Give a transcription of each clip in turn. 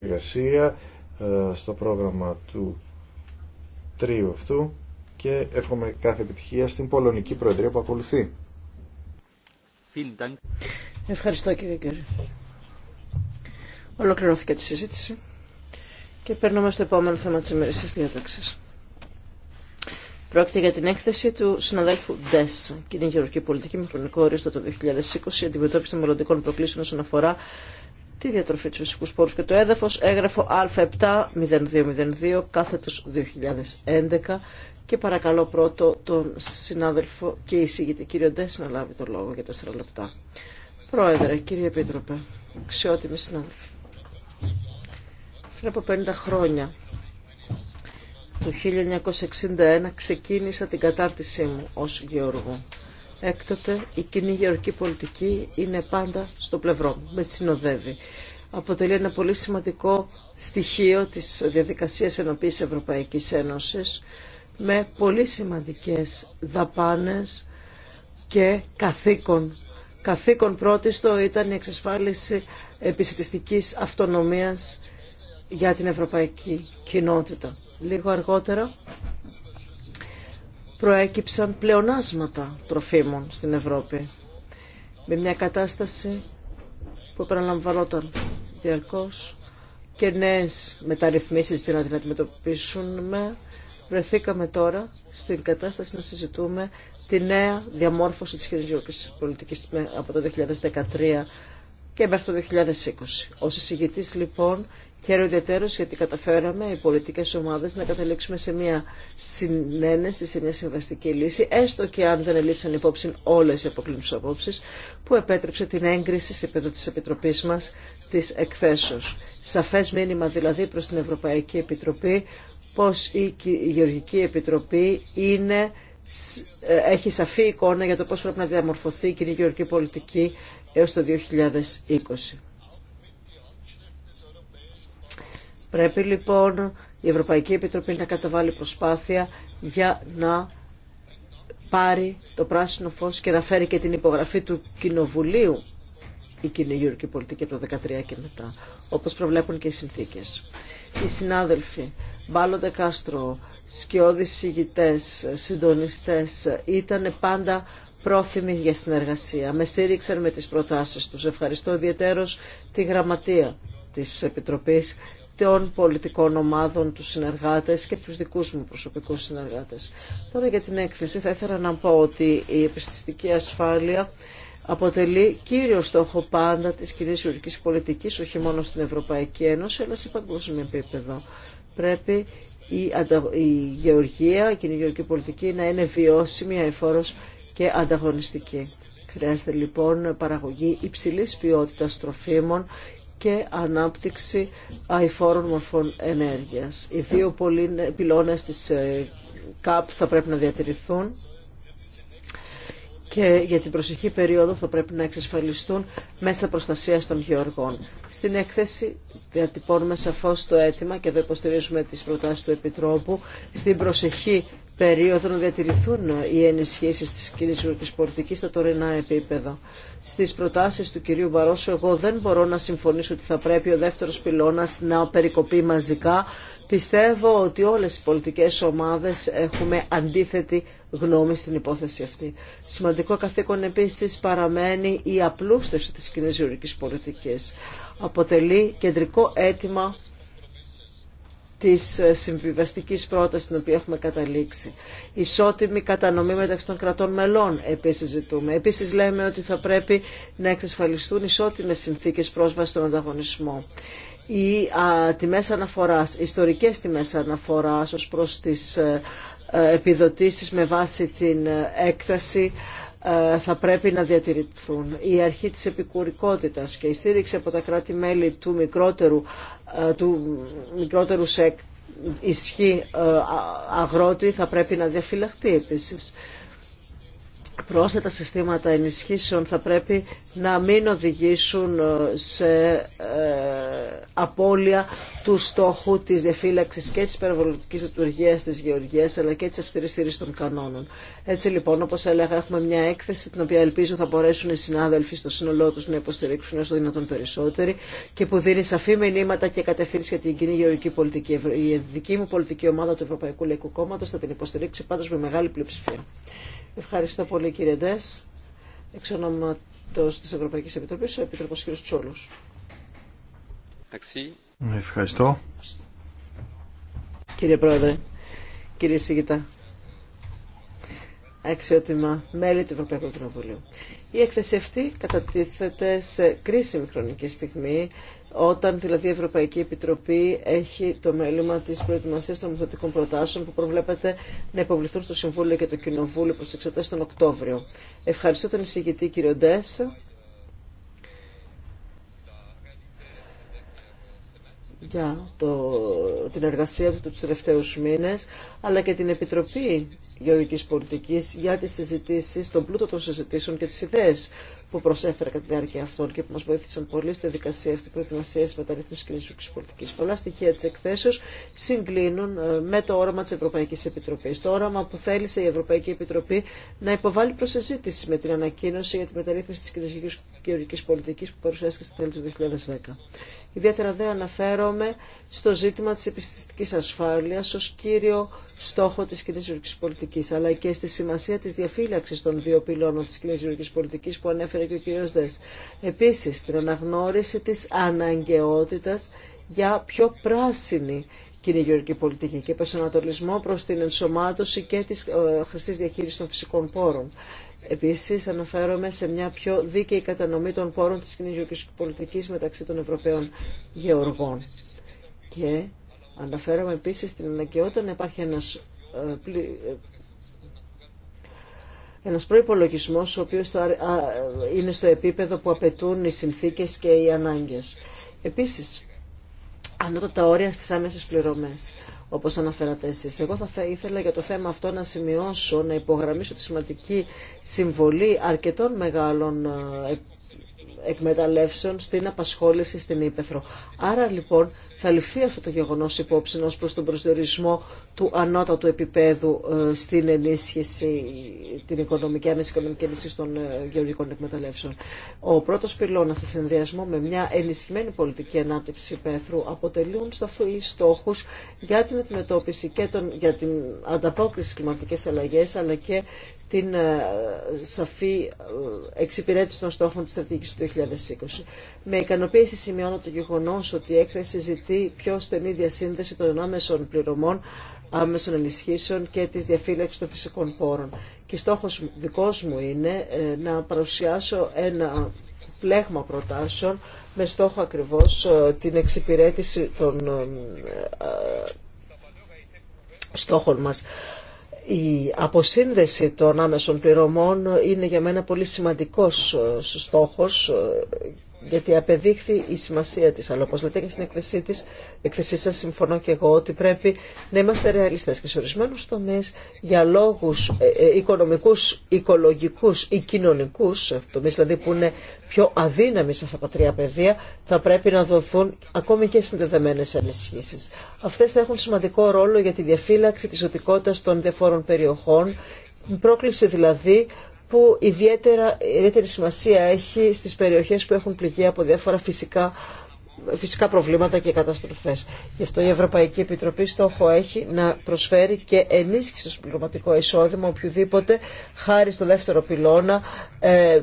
εργασία ε, στο πρόγραμμα του τρίου αυτού και εύχομαι κάθε επιτυχία στην Πολωνική Προεδρία που ακολουθεί. Ευχαριστώ κύριε Γκέρι. Ολοκληρώθηκε τη συζήτηση και περνούμε στο επόμενο θέμα της ημερησίας διάταξης. Πρόκειται για την έκθεση του συναδέλφου Ντέσσα, κοινή γεωργική πολιτική με χρονικό ορίστο το 2020, αντιμετώπιση των μελλοντικών προκλήσεων όσον αφορά τη διατροφή του φυσικού πόρου και το έδαφο, έγγραφο Α7-0202 κάθετο 2011. Και παρακαλώ πρώτο τον συνάδελφο και εισηγητή κύριο Ντέσ να λάβει το λόγο για τέσσερα λεπτά. Πρόεδρε, κύριε Επίτροπε, αξιότιμοι συνάδελφοι. Πριν από 50 χρόνια, το 1961, ξεκίνησα την κατάρτισή μου ως γεωργό. Έκτοτε η κοινή γεωργική πολιτική είναι πάντα στο πλευρό μου, με συνοδεύει. Αποτελεί ένα πολύ σημαντικό στοιχείο της διαδικασίας ενοποίησης Ευρωπαϊκής Ένωσης με πολύ σημαντικές δαπάνες και καθήκον. Καθήκον πρώτιστο ήταν η εξασφάλιση επιστηστικής αυτονομίας για την ευρωπαϊκή κοινότητα. Λίγο αργότερα προέκυψαν πλεονάσματα τροφίμων στην Ευρώπη με μια κατάσταση που επαναλαμβανόταν διαρκώς και νέες μεταρρυθμίσεις δηλαδή να την αντιμετωπίσουμε βρεθήκαμε τώρα στην κατάσταση να συζητούμε τη νέα διαμόρφωση της χειρουργικής πολιτικής από το 2013 και μέχρι το 2020. Ως εισηγητής λοιπόν Χαίρομαι ιδιαίτερως γιατί καταφέραμε οι πολιτικέ ομάδε να καταλήξουμε σε μια συνένεση, σε μια συμβαστική λύση, έστω και αν δεν ελήφθησαν υπόψη όλε οι αποκλίνουσες απόψει, που επέτρεψε την έγκριση σε επίπεδο της Επιτροπής μας τη εκθέσεω. Σαφές μήνυμα δηλαδή προ την Ευρωπαϊκή Επιτροπή πω η Γεωργική Επιτροπή είναι ε, έχει σαφή εικόνα για το πώ πρέπει να διαμορφωθεί η κοινή γεωργική πολιτική έω το 2020. Πρέπει λοιπόν η Ευρωπαϊκή Επιτροπή να καταβάλει προσπάθεια για να πάρει το πράσινο φως και να φέρει και την υπογραφή του Κοινοβουλίου η κοινή πολιτική από το 2013 και μετά, όπως προβλέπουν και οι συνθήκες. Οι συνάδελφοι Μπάλλοντε Κάστρο, σκιώδεις συγητές, συντονιστές, ήταν πάντα πρόθυμοι για συνεργασία. Με στήριξαν με τις προτάσεις τους. Ευχαριστώ ιδιαίτερως τη γραμματεία της Επιτροπής των πολιτικών ομάδων, τους συνεργάτες και τους δικούς μου προσωπικούς συνεργάτες. Τώρα για την έκθεση θα ήθελα να πω ότι η επιστηστική ασφάλεια αποτελεί κύριο στόχο πάντα της κυρίας γεωργικής πολιτικής, όχι μόνο στην Ευρωπαϊκή Ένωση, αλλά σε παγκόσμιο επίπεδο. Πρέπει η, η γεωργία, η κοινή γεωργική πολιτική να είναι βιώσιμη, αεφόρος και ανταγωνιστική. Χρειάζεται λοιπόν παραγωγή υψηλής ποιότητας τροφίμων, και ανάπτυξη αηφόρων μορφών ενέργειας. Οι δύο πυλώνες της ε, ΚΑΠ θα πρέπει να διατηρηθούν και για την προσεχή περίοδο θα πρέπει να εξασφαλιστούν μέσα προστασίας των γεωργών. Στην έκθεση διατυπώνουμε σαφώς το αίτημα και εδώ υποστηρίζουμε τις προτάσεις του Επιτρόπου στην προσεχή περίοδο να διατηρηθούν οι ενισχύσεις της κοινή γεωργικής πολιτικής στα τωρινά επίπεδα. Στις προτάσεις του κυρίου Μπαρόσου, εγώ δεν μπορώ να συμφωνήσω ότι θα πρέπει ο δεύτερος πυλώνας να περικοπεί μαζικά. Πιστεύω ότι όλες οι πολιτικές ομάδες έχουμε αντίθετη γνώμη στην υπόθεση αυτή. Σημαντικό καθήκον επίσης παραμένει η απλούστευση της κοινή πολιτικής. Αποτελεί κεντρικό αίτημα της συμβιβαστικής πρότασης την οποία έχουμε καταλήξει. Ισότιμη κατανομή μεταξύ των κρατών μελών επίσης ζητούμε. Επίσης λέμε ότι θα πρέπει να εξασφαλιστούν ισότιμες συνθήκες πρόσβασης στον ανταγωνισμό. Οι α, τιμές αναφοράς, ιστορικές τιμές αναφοράς ως προς τις ε, ε, επιδοτήσεις με βάση την ε, έκταση ε, θα πρέπει να διατηρηθούν. Η αρχή της επικουρικότητας και η στήριξη από τα κράτη-μέλη του μικρότερου, ε, του μικρότερου ισχύ ε, αγρότη θα πρέπει να διαφυλαχτεί επίσης πρόσθετα συστήματα ενισχύσεων θα πρέπει να μην οδηγήσουν ε, σε ε, απώλεια του στόχου της διαφύλαξης και της περιβαλλοντικής λειτουργίας της γεωργίας αλλά και της στήριξη των κανόνων. Έτσι λοιπόν όπως έλεγα έχουμε μια έκθεση την οποία ελπίζω θα μπορέσουν οι συνάδελφοι στο σύνολό τους να υποστηρίξουν όσο δυνατόν περισσότεροι και που δίνει σαφή μηνύματα και κατευθύνσει για την κοινή γεωργική πολιτική. Η δική μου πολιτική ομάδα του Ευρωπαϊκού Λαϊκού Κόμματος θα την υποστηρίξει πάντως με μεγάλη πλειοψηφία. Ευχαριστώ πολύ κύριε Ντές, εξ ονόματος της Ευρωπαϊκής Επιτροπής, ο Επίτροπος κ. Τσόλος. Ευχαριστώ. Κύριε Πρόεδρε, κύριε Σίγητα, αξιότιμα μέλη του Ευρωπαϊκού Κοινοβουλίου. Η έκθεση αυτή κατατίθεται σε κρίσιμη χρονική στιγμή όταν δηλαδή η Ευρωπαϊκή Επιτροπή έχει το μέλημα της προετοιμασία των μεθοδικών προτάσεων που προβλέπεται να υποβληθούν στο Συμβούλιο και το Κοινοβούλιο προ εξετάσεις τον Οκτώβριο. Ευχαριστώ τον εισηγητή κύριο Ντές. για το, την εργασία του τους τελευταίους μήνες, αλλά και την Επιτροπή Γεωργικής Πολιτικής για τις συζητήσεις, τον πλούτο των συζητήσεων και τις ιδέες που προσέφερα κατά τη διάρκεια αυτών και που μα βοήθησαν πολύ στη δικασία αυτή προετοιμασία τη μεταρρύθμιση και τη πολιτική. Πολλά στοιχεία τη εκθέσεω συγκλίνουν ε, με το όραμα τη Ευρωπαϊκή Επιτροπή. Το όραμα που θέλησε η Ευρωπαϊκή Επιτροπή να υποβάλει προ με την ανακοίνωση για τη μεταρρύθμιση τη κοινωνική γεωργική πολιτική που παρουσιάστηκε στα τέλη του 2010. Ιδιαίτερα δεν αναφέρομαι στο ζήτημα της επιστημιστικής ασφάλειας ως κύριο στόχο τη κοινή γεωργική πολιτική, αλλά και στη σημασία τη διαφύλαξη των δύο πυλώνων τη κοινή γεωργική πολιτική που ανέφερε και ο κύριος Δε. Επίση, την αναγνώριση τη αναγκαιότητας για πιο πράσινη κοινή γεωργική πολιτική και προσανατολισμό προς την ενσωμάτωση και τη ε, χρηστής διαχείρισης των φυσικών πόρων. Επίσης αναφέρομαι σε μια πιο δίκαιη κατανομή των πόρων της κοινωνικής πολιτική μεταξύ των Ευρωπαίων γεωργών. Και αναφέρομαι επίσης στην αναγκαιότητα να υπάρχει ένας, ε, ε, ένας προϋπολογισμός ο οποίος είναι στο επίπεδο που απαιτούν οι συνθήκες και οι ανάγκες. Επίσης, ανώτατα όρια στις άμεσες πληρωμές όπως αναφέρατε εσείς. Εγώ θα ήθελα για το θέμα αυτό να σημειώσω, να υπογραμμίσω τη σημαντική συμβολή αρκετών μεγάλων ε, εκμεταλλεύσεων στην απασχόληση στην Ήπεθρο. Άρα λοιπόν θα ληφθεί αυτό το γεγονός υπόψη ω προς τον προσδιορισμό του ανώτατου επίπεδου ε, στην ενίσχυση, την οικονομική άμεση οικονομική ενίσχυση των ε, γεωργικών εκμεταλλεύσεων. Ο πρώτος πυλώνας σε συνδυασμό με μια ενισχυμένη πολιτική ανάπτυξη Ήπεθρου αποτελούν σταθμοί στόχους για την αντιμετώπιση και τον, για την ανταπόκριση στις κλιματικές αλλαγές αλλά και την ε, σαφή ε, εξυπηρέτηση των στόχων της στρατηγικής του 2020. Με ικανοποίηση σημειώνω το γεγονός ότι η έκθεση ζητεί πιο στενή διασύνδεση των άμεσων πληρωμών, άμεσων ενισχύσεων και της διαφύλαξης των φυσικών πόρων. Και στόχος δικός μου είναι ε, να παρουσιάσω ένα πλέγμα προτάσεων με στόχο ακριβώς την εξυπηρέτηση των στόχων μας η αποσύνδεση των άμεσων πληρωμών είναι για μένα πολύ σημαντικός ε, στόχος ε, γιατί απεδείχθη η σημασία της. Αλλά όπως λέτε και στην εκθεσή, της, σας συμφωνώ και εγώ ότι πρέπει να είμαστε ρεαλιστές και σε ορισμένους τομείς για λόγους ε, ε, οικονομικούς, οικολογικούς ή κοινωνικούς τομείς, δηλαδή που είναι πιο αδύναμοι σε αυτά τα τρία πεδία, θα πρέπει να δοθούν ακόμη και συνδεδεμένες ενισχύσεις. Αυτές θα έχουν σημαντικό ρόλο για τη διαφύλαξη της ζωτικότητας των διαφόρων περιοχών, πρόκληση δηλαδή που ιδιαίτερα, ιδιαίτερη σημασία έχει στις περιοχές που έχουν πληγεί από διάφορα φυσικά, φυσικά προβλήματα και καταστροφές. Γι' αυτό η Ευρωπαϊκή Επιτροπή στόχο έχει να προσφέρει και ενίσχυση στο συμπληρωματικό εισόδημα οποιοδήποτε χάρη στο δεύτερο πυλώνα ε,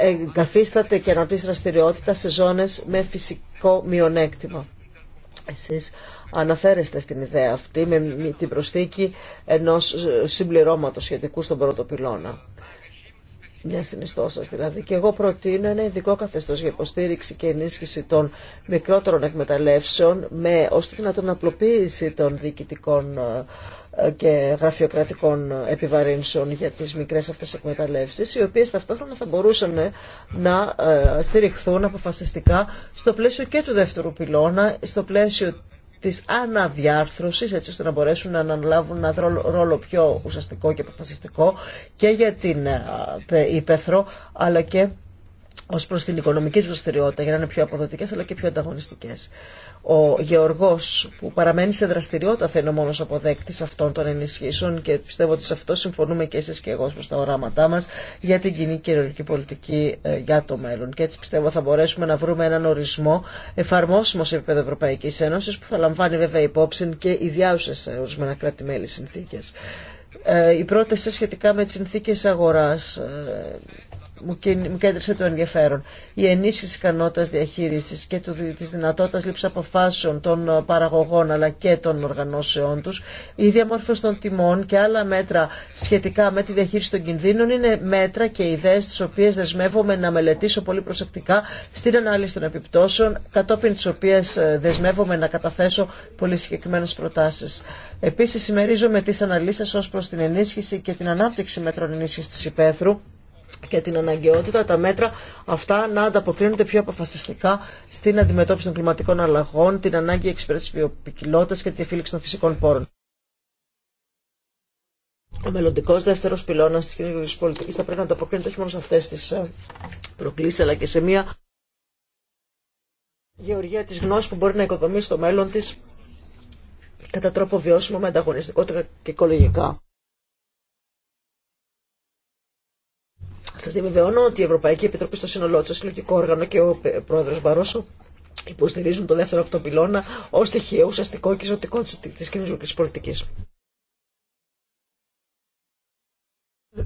εγκαθίσταται και αναπτύσσει δραστηριότητα σε ζώνες με φυσικό μειονέκτημα. Εσείς αναφέρεστε στην ιδέα αυτή με την προσθήκη ενός ε, συμπληρώματος σχετικού στον πρώτο πυλώνα μια συνιστόσα δηλαδή. Και εγώ προτείνω ένα ειδικό καθεστώ για υποστήριξη και ενίσχυση των μικρότερων εκμεταλλεύσεων με να δυνατόν απλοποίηση των διοικητικών ε, και γραφειοκρατικών επιβαρύνσεων για τις μικρές αυτές εκμεταλλεύσεις, οι οποίες ταυτόχρονα θα μπορούσαν ε, να ε, στηριχθούν αποφασιστικά στο πλαίσιο και του δεύτερου πυλώνα, στο πλαίσιο της αναδιάρθρωσης έτσι ώστε να μπορέσουν να αναλάβουν ένα ρόλο πιο ουσιαστικό και αποφασιστικό και για την υπεθρο αλλά και ως προς την οικονομική του δραστηριότητα για να είναι πιο αποδοτικές αλλά και πιο ανταγωνιστικές ο γεωργός που παραμένει σε δραστηριότητα θα είναι ο μόνος αποδέκτης αυτών των ενισχύσεων και πιστεύω ότι σε αυτό συμφωνούμε και εσείς και εγώ προς τα οράματά μας για την κοινή κυριολογική πολιτική ε, για το μέλλον. Και έτσι πιστεύω θα μπορέσουμε να βρούμε έναν ορισμό εφαρμόσιμο σε επίπεδο Ευρωπαϊκής Ένωσης που θα λαμβάνει βέβαια υπόψη και σε ορισμενα ορισμένα κράτη-μέλη συνθήκες. Ε, η πρόταση σχετικά με τις συνθήκες αγοράς ε, μου κέντρισε το ενδιαφέρον. Η ενίσχυση ικανότητα διαχείριση και τη δυνατότητα λήψη αποφάσεων των ε, παραγωγών αλλά και των οργανώσεών του, η διαμόρφωση των τιμών και άλλα μέτρα σχετικά με τη διαχείριση των κινδύνων είναι μέτρα και ιδέε τι οποίε δεσμεύομαι να μελετήσω πολύ προσεκτικά στην ανάλυση των επιπτώσεων, κατόπιν τι οποίε ε, δεσμεύομαι να καταθέσω πολύ συγκεκριμένε προτάσει. Επίση, συμμερίζομαι τι αναλύσει ω προ την ενίσχυση και την ανάπτυξη μέτρων ενίσχυση τη υπαίθρου και την αναγκαιότητα τα μέτρα αυτά να ανταποκρίνονται πιο αποφασιστικά στην αντιμετώπιση των κλιματικών αλλαγών, την ανάγκη εξυπηρέτηση βιοπικιλότητα και τη φύλαξη των φυσικών πόρων. Ο μελλοντικό δεύτερο πυλώνα τη κοινωνική πολιτική θα πρέπει να ανταποκρίνεται όχι μόνο σε αυτέ τι ε, προκλήσει, αλλά και σε μια γεωργία τη γνώση που μπορεί να οικοδομήσει το μέλλον τη κατά τρόπο βιώσιμο με ανταγωνιστικότητα και οικολογικά. Σα διαβεβαιώνω ότι η Ευρωπαϊκή Επιτροπή στο σύνολό της, συλλογικό όργανο και ο Πρόεδρο Μπαρόσο υποστηρίζουν το δεύτερο αυτό πυλώνα ω στοιχείο ουσιαστικό και ζωτικό της κοινωνικής πολιτική.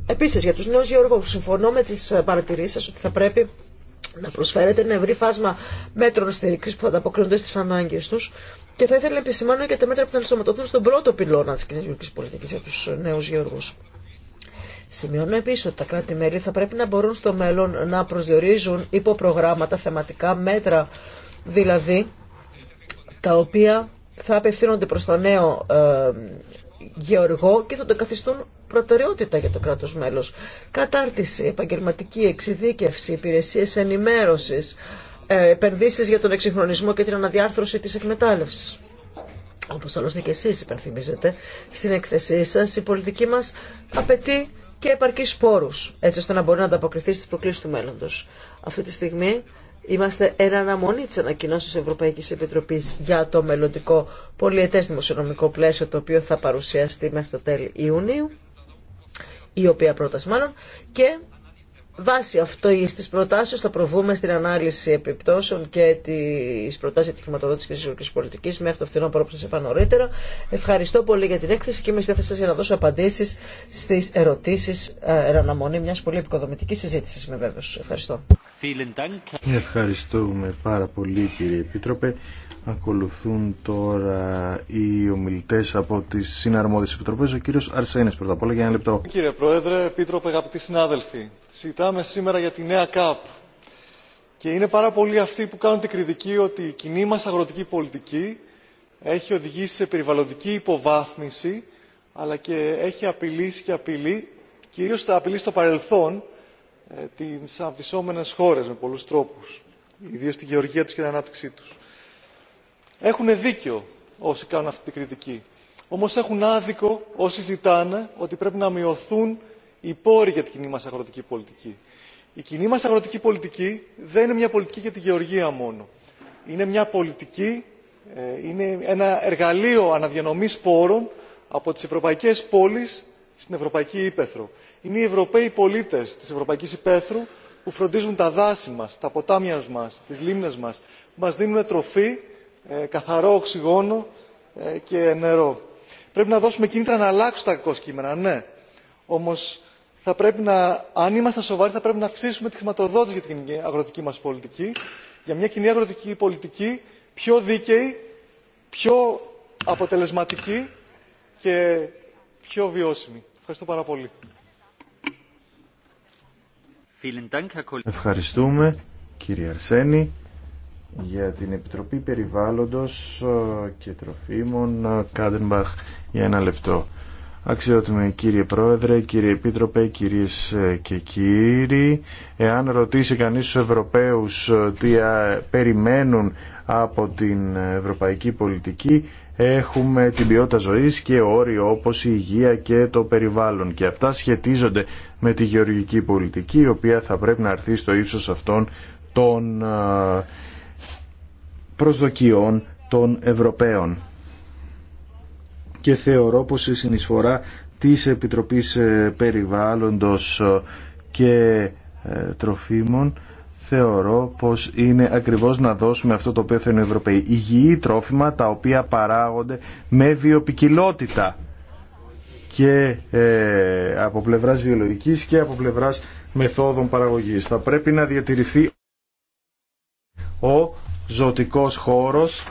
Επίση, για του νέου γεωργούς συμφωνώ με τι παρατηρήσει ότι θα πρέπει να προσφέρετε ένα ευρύ φάσμα μέτρων στήριξη που θα ανταποκρίνονται στι ανάγκε του. Και θα ήθελα να επισημάνω και τα μέτρα που θα ενσωματωθούν στον πρώτο πυλώνα τη κοινωνική πολιτική για του νέου γεωργού. Σημειώνω επίση ότι τα κράτη-μέλη θα πρέπει να μπορούν στο μέλλον να προσδιορίζουν υποπρογράμματα, θεματικά μέτρα δηλαδή, τα οποία θα απευθύνονται προς το νέο ε, γεωργό και θα το καθιστούν προτεραιότητα για το κράτος μέλος. Κατάρτιση, επαγγελματική εξειδίκευση, υπηρεσίες ενημέρωσης, ε, επενδύσεις για τον εξυγχρονισμό και την αναδιάρθρωση της εκμετάλλευσης. Όπως άλλωστε και εσείς υπενθυμίζετε, στην εκθεσή σας η πολιτική μας απαιτεί και επαρκείς πόρου έτσι ώστε να μπορεί να ανταποκριθεί στι προκλήσει του μέλλοντο. Αυτή τη στιγμή είμαστε εν αναμονή τη τη Ευρωπαϊκή Επιτροπή για το μελλοντικό πολιετέ δημοσιονομικό πλαίσιο, το οποίο θα παρουσιαστεί μέχρι το τέλη Ιουνίου, η οποία πρόταση μάλλον, και Βάσει αυτό τη προτάσεις θα προβούμε στην ανάλυση επιπτώσεων και τι προτάσει για τη χρηματοδότηση και τη ζωική πολιτική μέχρι το φθηνό που σα είπα νωρίτερα. Ευχαριστώ πολύ για την έκθεση και είμαι στη για να δώσω απαντήσει στι ερωτήσει ε, εν αναμονή μια πολύ επικοδομητική συζήτηση. Είμαι βέβαιο. Ευχαριστώ. Ευχαριστούμε πάρα πολύ κύριε Επίτροπε. Ακολουθούν τώρα οι ομιλητέ από τι συναρμόδιε επιτροπέ. Ο κύριο Αρσένη πρώτα απ' όλα για ένα λεπτό. Κύριε Πρόεδρε, Επίτροπε, αγαπητοί συνάδελφοι, συζητάμε σήμερα για τη νέα ΚΑΠ. Και είναι πάρα πολλοί αυτοί που κάνουν την κριτική ότι η κοινή μα αγροτική πολιτική έχει οδηγήσει σε περιβαλλοντική υποβάθμιση, αλλά και έχει απειλήσει και απειλεί, κυρίω τα απειλή στο παρελθόν, ε, τι αναπτυσσόμενε χώρε με πολλού τρόπου, ιδίω τη γεωργία του και την ανάπτυξή του έχουν δίκιο όσοι κάνουν αυτή την κριτική. Όμω έχουν άδικο όσοι ζητάνε ότι πρέπει να μειωθούν οι πόροι για την κοινή μα αγροτική πολιτική. Η κοινή μα αγροτική πολιτική δεν είναι μια πολιτική για τη γεωργία μόνο. Είναι μια πολιτική, ε, είναι ένα εργαλείο αναδιανομή πόρων από τι ευρωπαϊκέ πόλει στην ευρωπαϊκή Ήπεθρο. Είναι οι Ευρωπαίοι πολίτε τη ευρωπαϊκή Ήπεθρου που φροντίζουν τα δάση μα, τα ποτάμια μα, τι λίμνε μα, μα δίνουν τροφή ε, καθαρό οξυγόνο ε, και νερό. Πρέπει να δώσουμε κίνητρα να αλλάξουν τα κοσκήμενα, ναι. Όμως θα πρέπει να, αν είμαστε σοβαροί θα πρέπει να αυξήσουμε τη χρηματοδότηση για την αγροτική μας πολιτική, για μια κοινή αγροτική πολιτική πιο δίκαιη, πιο αποτελεσματική και πιο βιώσιμη. Ευχαριστώ πάρα πολύ. Ευχαριστούμε κύριε Αρσένη για την Επιτροπή Περιβάλλοντος ε, και Τροφίμων ε, Κάντενμπαχ για ένα λεπτό. με κύριε Πρόεδρε, κύριε Επίτροπε, κυρίες ε, και κύριοι, εάν ρωτήσει κανείς τους Ευρωπαίους τι περιμένουν από την ευρωπαϊκή πολιτική, έχουμε την ποιότητα ζωής και όριο όπως η υγεία και το περιβάλλον και αυτά σχετίζονται με τη γεωργική πολιτική η οποία θα πρέπει να έρθει στο ύψος αυτών των προσδοκιών των Ευρωπαίων. Και θεωρώ πως η συνεισφορά της Επιτροπής ε, Περιβάλλοντος ε, και ε, Τροφίμων θεωρώ πως είναι ακριβώς να δώσουμε αυτό το οποίο θέλουν οι Ευρωπαίοι. Υγιή τρόφιμα τα οποία παράγονται με βιοπικιλότητα και από πλευράς βιολογικής και από πλευράς μεθόδων παραγωγής. Θα πρέπει να διατηρηθεί ο ζωτικός χώρος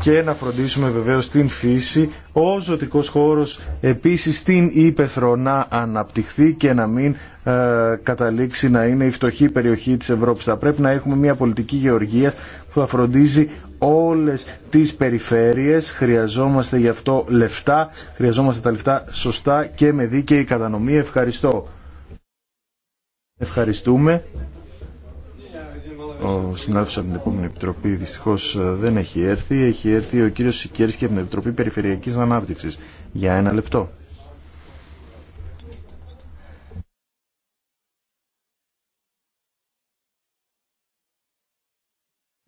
και να φροντίσουμε βεβαίως την φύση, ο ζωτικός χώρος επίσης την Ήπεθρο να αναπτυχθεί και να μην ε, καταλήξει να είναι η φτωχή περιοχή της Ευρώπης. Θα πρέπει να έχουμε μια πολιτική γεωργίας που θα φροντίζει όλες τις περιφέρειες. Χρειαζόμαστε γι' αυτό λεφτά, χρειαζόμαστε τα λεφτά σωστά και με δίκαιη κατανομή. Ευχαριστώ. Ευχαριστούμε. Ο συνάδελφος από την επόμενη επιτροπή δυστυχώς ε, δεν έχει έρθει. Έχει έρθει ο κύριος Σικέρης και από την Επιτροπή Περιφερειακής Ανάπτυξης. Για ένα λεπτό.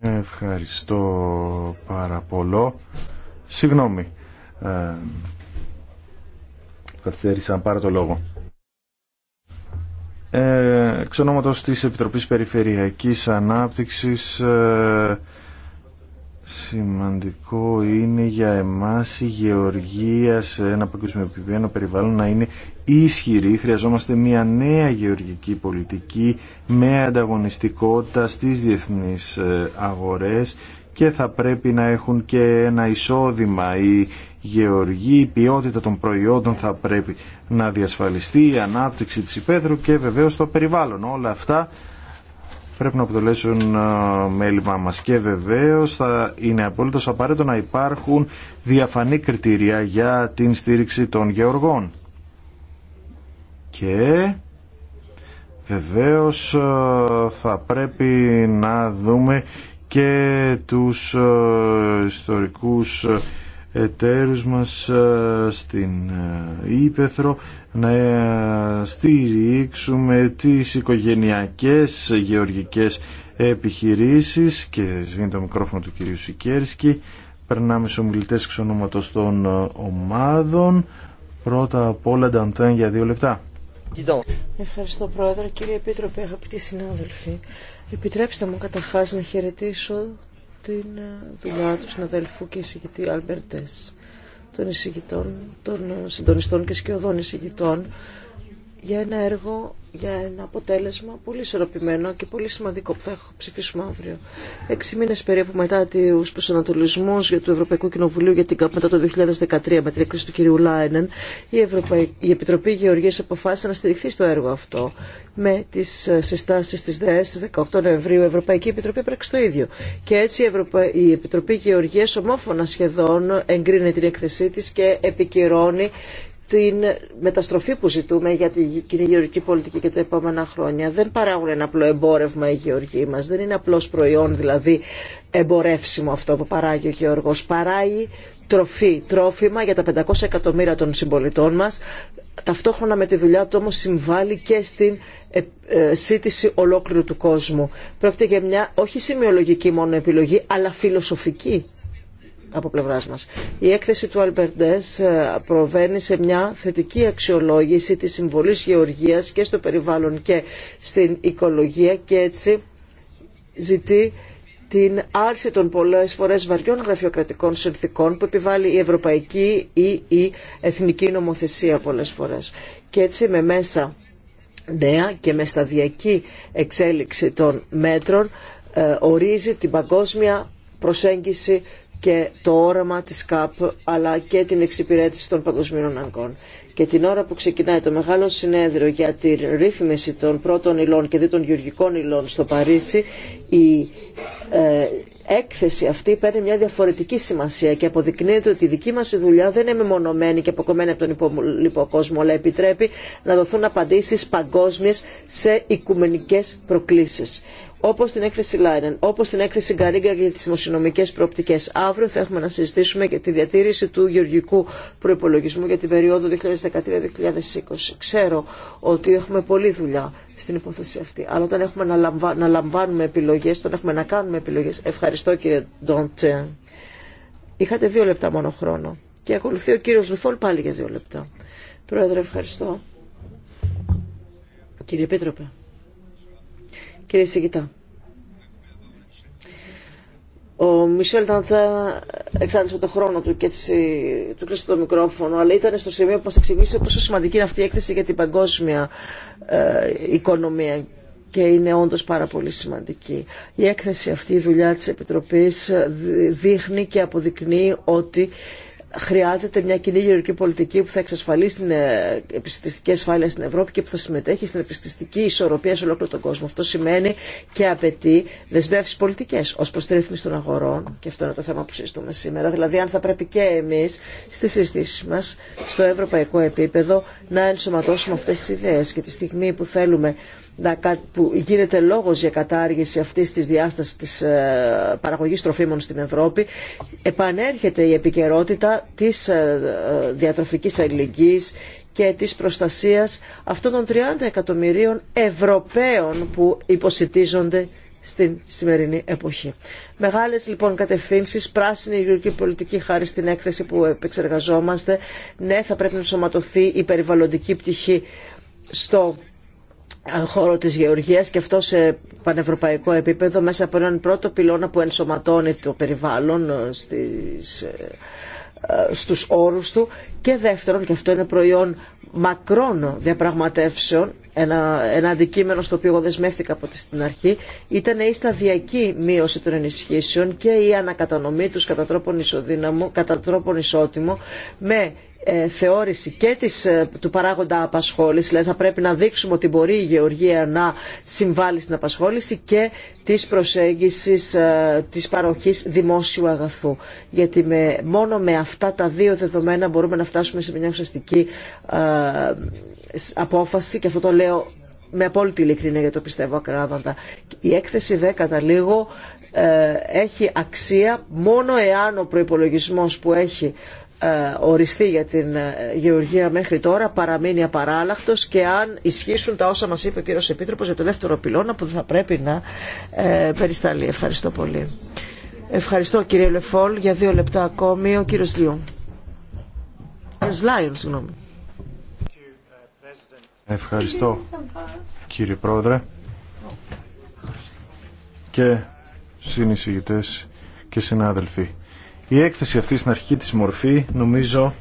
Ευχαριστώ πάρα πολύ. Συγγνώμη. Ε, να πάρα το λόγο. Ε, εξ ονόματος της Επιτροπής Περιφερειακής Ανάπτυξης ε, σημαντικό είναι για εμάς η γεωργία σε ένα παγκοσμιοποιημένο περιβάλλον να είναι ίσχυρη. Χρειαζόμαστε μια νέα γεωργική πολιτική με ανταγωνιστικότητα στις διεθνείς ε, αγορές και θα πρέπει να έχουν και ένα εισόδημα. Η γεωργή, η ποιότητα των προϊόντων θα πρέπει να διασφαλιστεί, η ανάπτυξη της και βεβαίως το περιβάλλον. Όλα αυτά πρέπει να αποτελέσουν μέλημά μας και βεβαίως θα είναι απολύτως απαραίτητο να υπάρχουν διαφανή κριτήρια για την στήριξη των γεωργών. Και βεβαίως θα πρέπει να δούμε και τους ε, ιστορικούς ε, εταίρους μας ε, στην Ήπεθρο να στηρίξουμε τις οικογενειακές γεωργικές επιχειρήσεις και σβήνει το μικρόφωνο του κυρίου Σικέρσκη περνάμε στους ομιλητές εξ των ομάδων πρώτα απ' όλα Νταντέν για δύο λεπτά Ευχαριστώ Πρόεδρε, κύριε Επίτροπε, αγαπητοί συνάδελφοι Επιτρέψτε μου καταρχάς να χαιρετήσω την ε, δουλειά του συναδέλφου και εισηγητή Άλμπερτες των εισηγητών, των ε, συντονιστών και σκιωδών εισηγητών για ένα έργο, για ένα αποτέλεσμα πολύ ισορροπημένο και πολύ σημαντικό που θα ψηφίσουμε αύριο. Έξι μήνε περίπου μετά του προσανατολισμού του Ευρωπαϊκού Κοινοβουλίου για την ΚΑΠ μετά το 2013 με την έκρηξη του κ. Λάινεν, η, Επιτροπή Γεωργία αποφάσισε να στηριχθεί στο έργο αυτό. Με τι ε, συστάσει τη ΔΕΕ στι 18 Νοεμβρίου, η Ευρωπαϊκή Επιτροπη έπραξε το ίδιο. Και έτσι η, Ευρωπα... Επιτροπή Γεωργία ομόφωνα σχεδόν εγκρίνει την έκθεσή τη και επικυρώνει την μεταστροφή που ζητούμε για την κοινή γεωργική πολιτική και τα επόμενα χρόνια. Δεν παράγουν ένα απλό εμπόρευμα οι γεωργοί μας, δεν είναι απλώς προϊόν δηλαδή εμπορεύσιμο αυτό που παράγει ο γεωργός. Παράγει τροφή, τρόφιμα για τα 500 εκατομμύρια των συμπολιτών μας. Ταυτόχρονα με τη δουλειά του όμως συμβάλλει και στην ε, ε, σύντηση ολόκληρου του κόσμου. Πρόκειται για μια όχι σημειολογική μόνο επιλογή, αλλά φιλοσοφική από πλευράς μας. Η έκθεση του Αλμπερντές προβαίνει σε μια θετική αξιολόγηση της συμβολής γεωργίας και στο περιβάλλον και στην οικολογία και έτσι ζητεί την άρση των πολλές φορές βαριών γραφειοκρατικών συνθήκων που επιβάλλει η ευρωπαϊκή ή η εθνική νομοθεσία πολλές φορές. Και έτσι με μέσα νέα και με σταδιακή εξέλιξη των μέτρων ε, ορίζει την παγκόσμια προσέγγιση και το όραμα της ΚΑΠ αλλά και την εξυπηρέτηση των παγκοσμίων αγκών. Και την ώρα που ξεκινάει το μεγάλο συνέδριο για τη ρύθμιση των πρώτων υλών και δι των γεωργικών υλών στο Παρίσι, η ε, έκθεση αυτή παίρνει μια διαφορετική σημασία και αποδεικνύεται ότι η δική μας δουλειά δεν είναι μεμονωμένη και αποκομμένη από τον υπόλοιπο κόσμο, αλλά επιτρέπει να δοθούν απαντήσεις παγκόσμιες σε οικουμενικές προκλήσεις όπω την έκθεση Λάιρεν, όπω την έκθεση Γκαρίγκα για τι δημοσιονομικέ προοπτικέ. Αύριο θα έχουμε να συζητήσουμε και τη διατήρηση του γεωργικού προπολογισμού για την περίοδο 2013-2020. Ξέρω ότι έχουμε πολλή δουλειά στην υπόθεση αυτή, αλλά όταν έχουμε να, να λαμβάνουμε επιλογέ, όταν έχουμε να κάνουμε επιλογέ. Ευχαριστώ κύριε Ντόντσε. Είχατε δύο λεπτά μόνο χρόνο. Και ακολουθεί ο κύριο Λουφόλ πάλι για δύο λεπτά. Πρόεδρε, ευχαριστώ. Κύριε Πίτροπε. Κύριε Σιγητά. Ο Μισελ Ταντζά εξάντλησε το χρόνο του και έτσι του κλείσε το μικρόφωνο, αλλά ήταν στο σημείο που μας εξηγήσε πόσο σημαντική είναι αυτή η έκθεση για την παγκόσμια ε, οικονομία και είναι όντως πάρα πολύ σημαντική. Η έκθεση αυτή, η δουλειά της Επιτροπής δείχνει και αποδεικνύει ότι χρειάζεται μια κοινή γεωργική πολιτική που θα εξασφαλίσει την ε, επιστημιστική ασφάλεια στην Ευρώπη και που θα συμμετέχει στην επιστημιστική ισορροπία σε ολόκληρο τον κόσμο. Αυτό σημαίνει και απαιτεί δεσμεύσει πολιτικέ ω προ τη ρύθμιση των αγορών, και αυτό είναι το θέμα που συζητούμε σήμερα. Δηλαδή, αν θα πρέπει και εμεί στι συζητήσει μα στο ευρωπαϊκό επίπεδο να ενσωματώσουμε αυτέ τι ιδέε και τη στιγμή που θέλουμε που γίνεται λόγος για κατάργηση αυτής της διάστασης της ε, παραγωγής τροφίμων στην Ευρώπη επανέρχεται η επικαιρότητα της ε, διατροφικής αλληλεγγύης και της προστασίας αυτών των 30 εκατομμυρίων Ευρωπαίων που υποσυτίζονται στην σημερινή εποχή. Μεγάλες λοιπόν κατευθύνσεις, πράσινη γεωργική πολιτική χάρη στην έκθεση που επεξεργαζόμαστε. Ναι, θα πρέπει να σωματωθεί η περιβαλλοντική πτυχή στο χώρο της γεωργίας και αυτό σε πανευρωπαϊκό επίπεδο μέσα από έναν πρώτο πυλώνα που ενσωματώνει το περιβάλλον ε, στις, ε, ε, στους όρους του και δεύτερον, και αυτό είναι προϊόν μακρών διαπραγματεύσεων, ένα, ένα αντικείμενο στο οποίο εγώ δεσμεύτηκα από την αρχή, ήταν η σταδιακή μείωση των ενισχύσεων και η ανακατανομή τους κατά τρόπον, ισοδύναμο, κατά τρόπον ισότιμο με ε, θεώρηση και της, ε, του παράγοντα απασχόληση, δηλαδή θα πρέπει να δείξουμε ότι μπορεί η γεωργία να συμβάλλει στην απασχόληση και της προσέγγισης ε, της παροχής δημόσιου αγαθού. Γιατί με, μόνο με αυτά τα δύο δεδομένα μπορούμε να φτάσουμε σε μια ουσιαστική ε, ε, απόφαση και αυτό το λέω με απόλυτη ειλικρίνεια γιατί το πιστεύω ακράδαντα. Η έκθεση δε κατά λίγο ε, έχει αξία μόνο εάν ο προϋπολογισμός που έχει ε, οριστεί για την γεωργία μέχρι τώρα παραμείνει απαράλλαχτος και αν ισχύσουν τα όσα μας είπε ο κύριος Επίτροπος για το δεύτερο πυλώνα που θα πρέπει να περισταλεί. Ευχαριστώ πολύ. Ευχαριστώ κύριε Λεφόλ. Για δύο λεπτά ακόμη ο κύριος Λιού. Ο κύριος Λάιον, συγγνώμη. Ευχαριστώ κύριε Πρόεδρε και συνεισηγητές και συνάδελφοι. Η έκθεση αυτή στην αρχική της μορφή νομίζω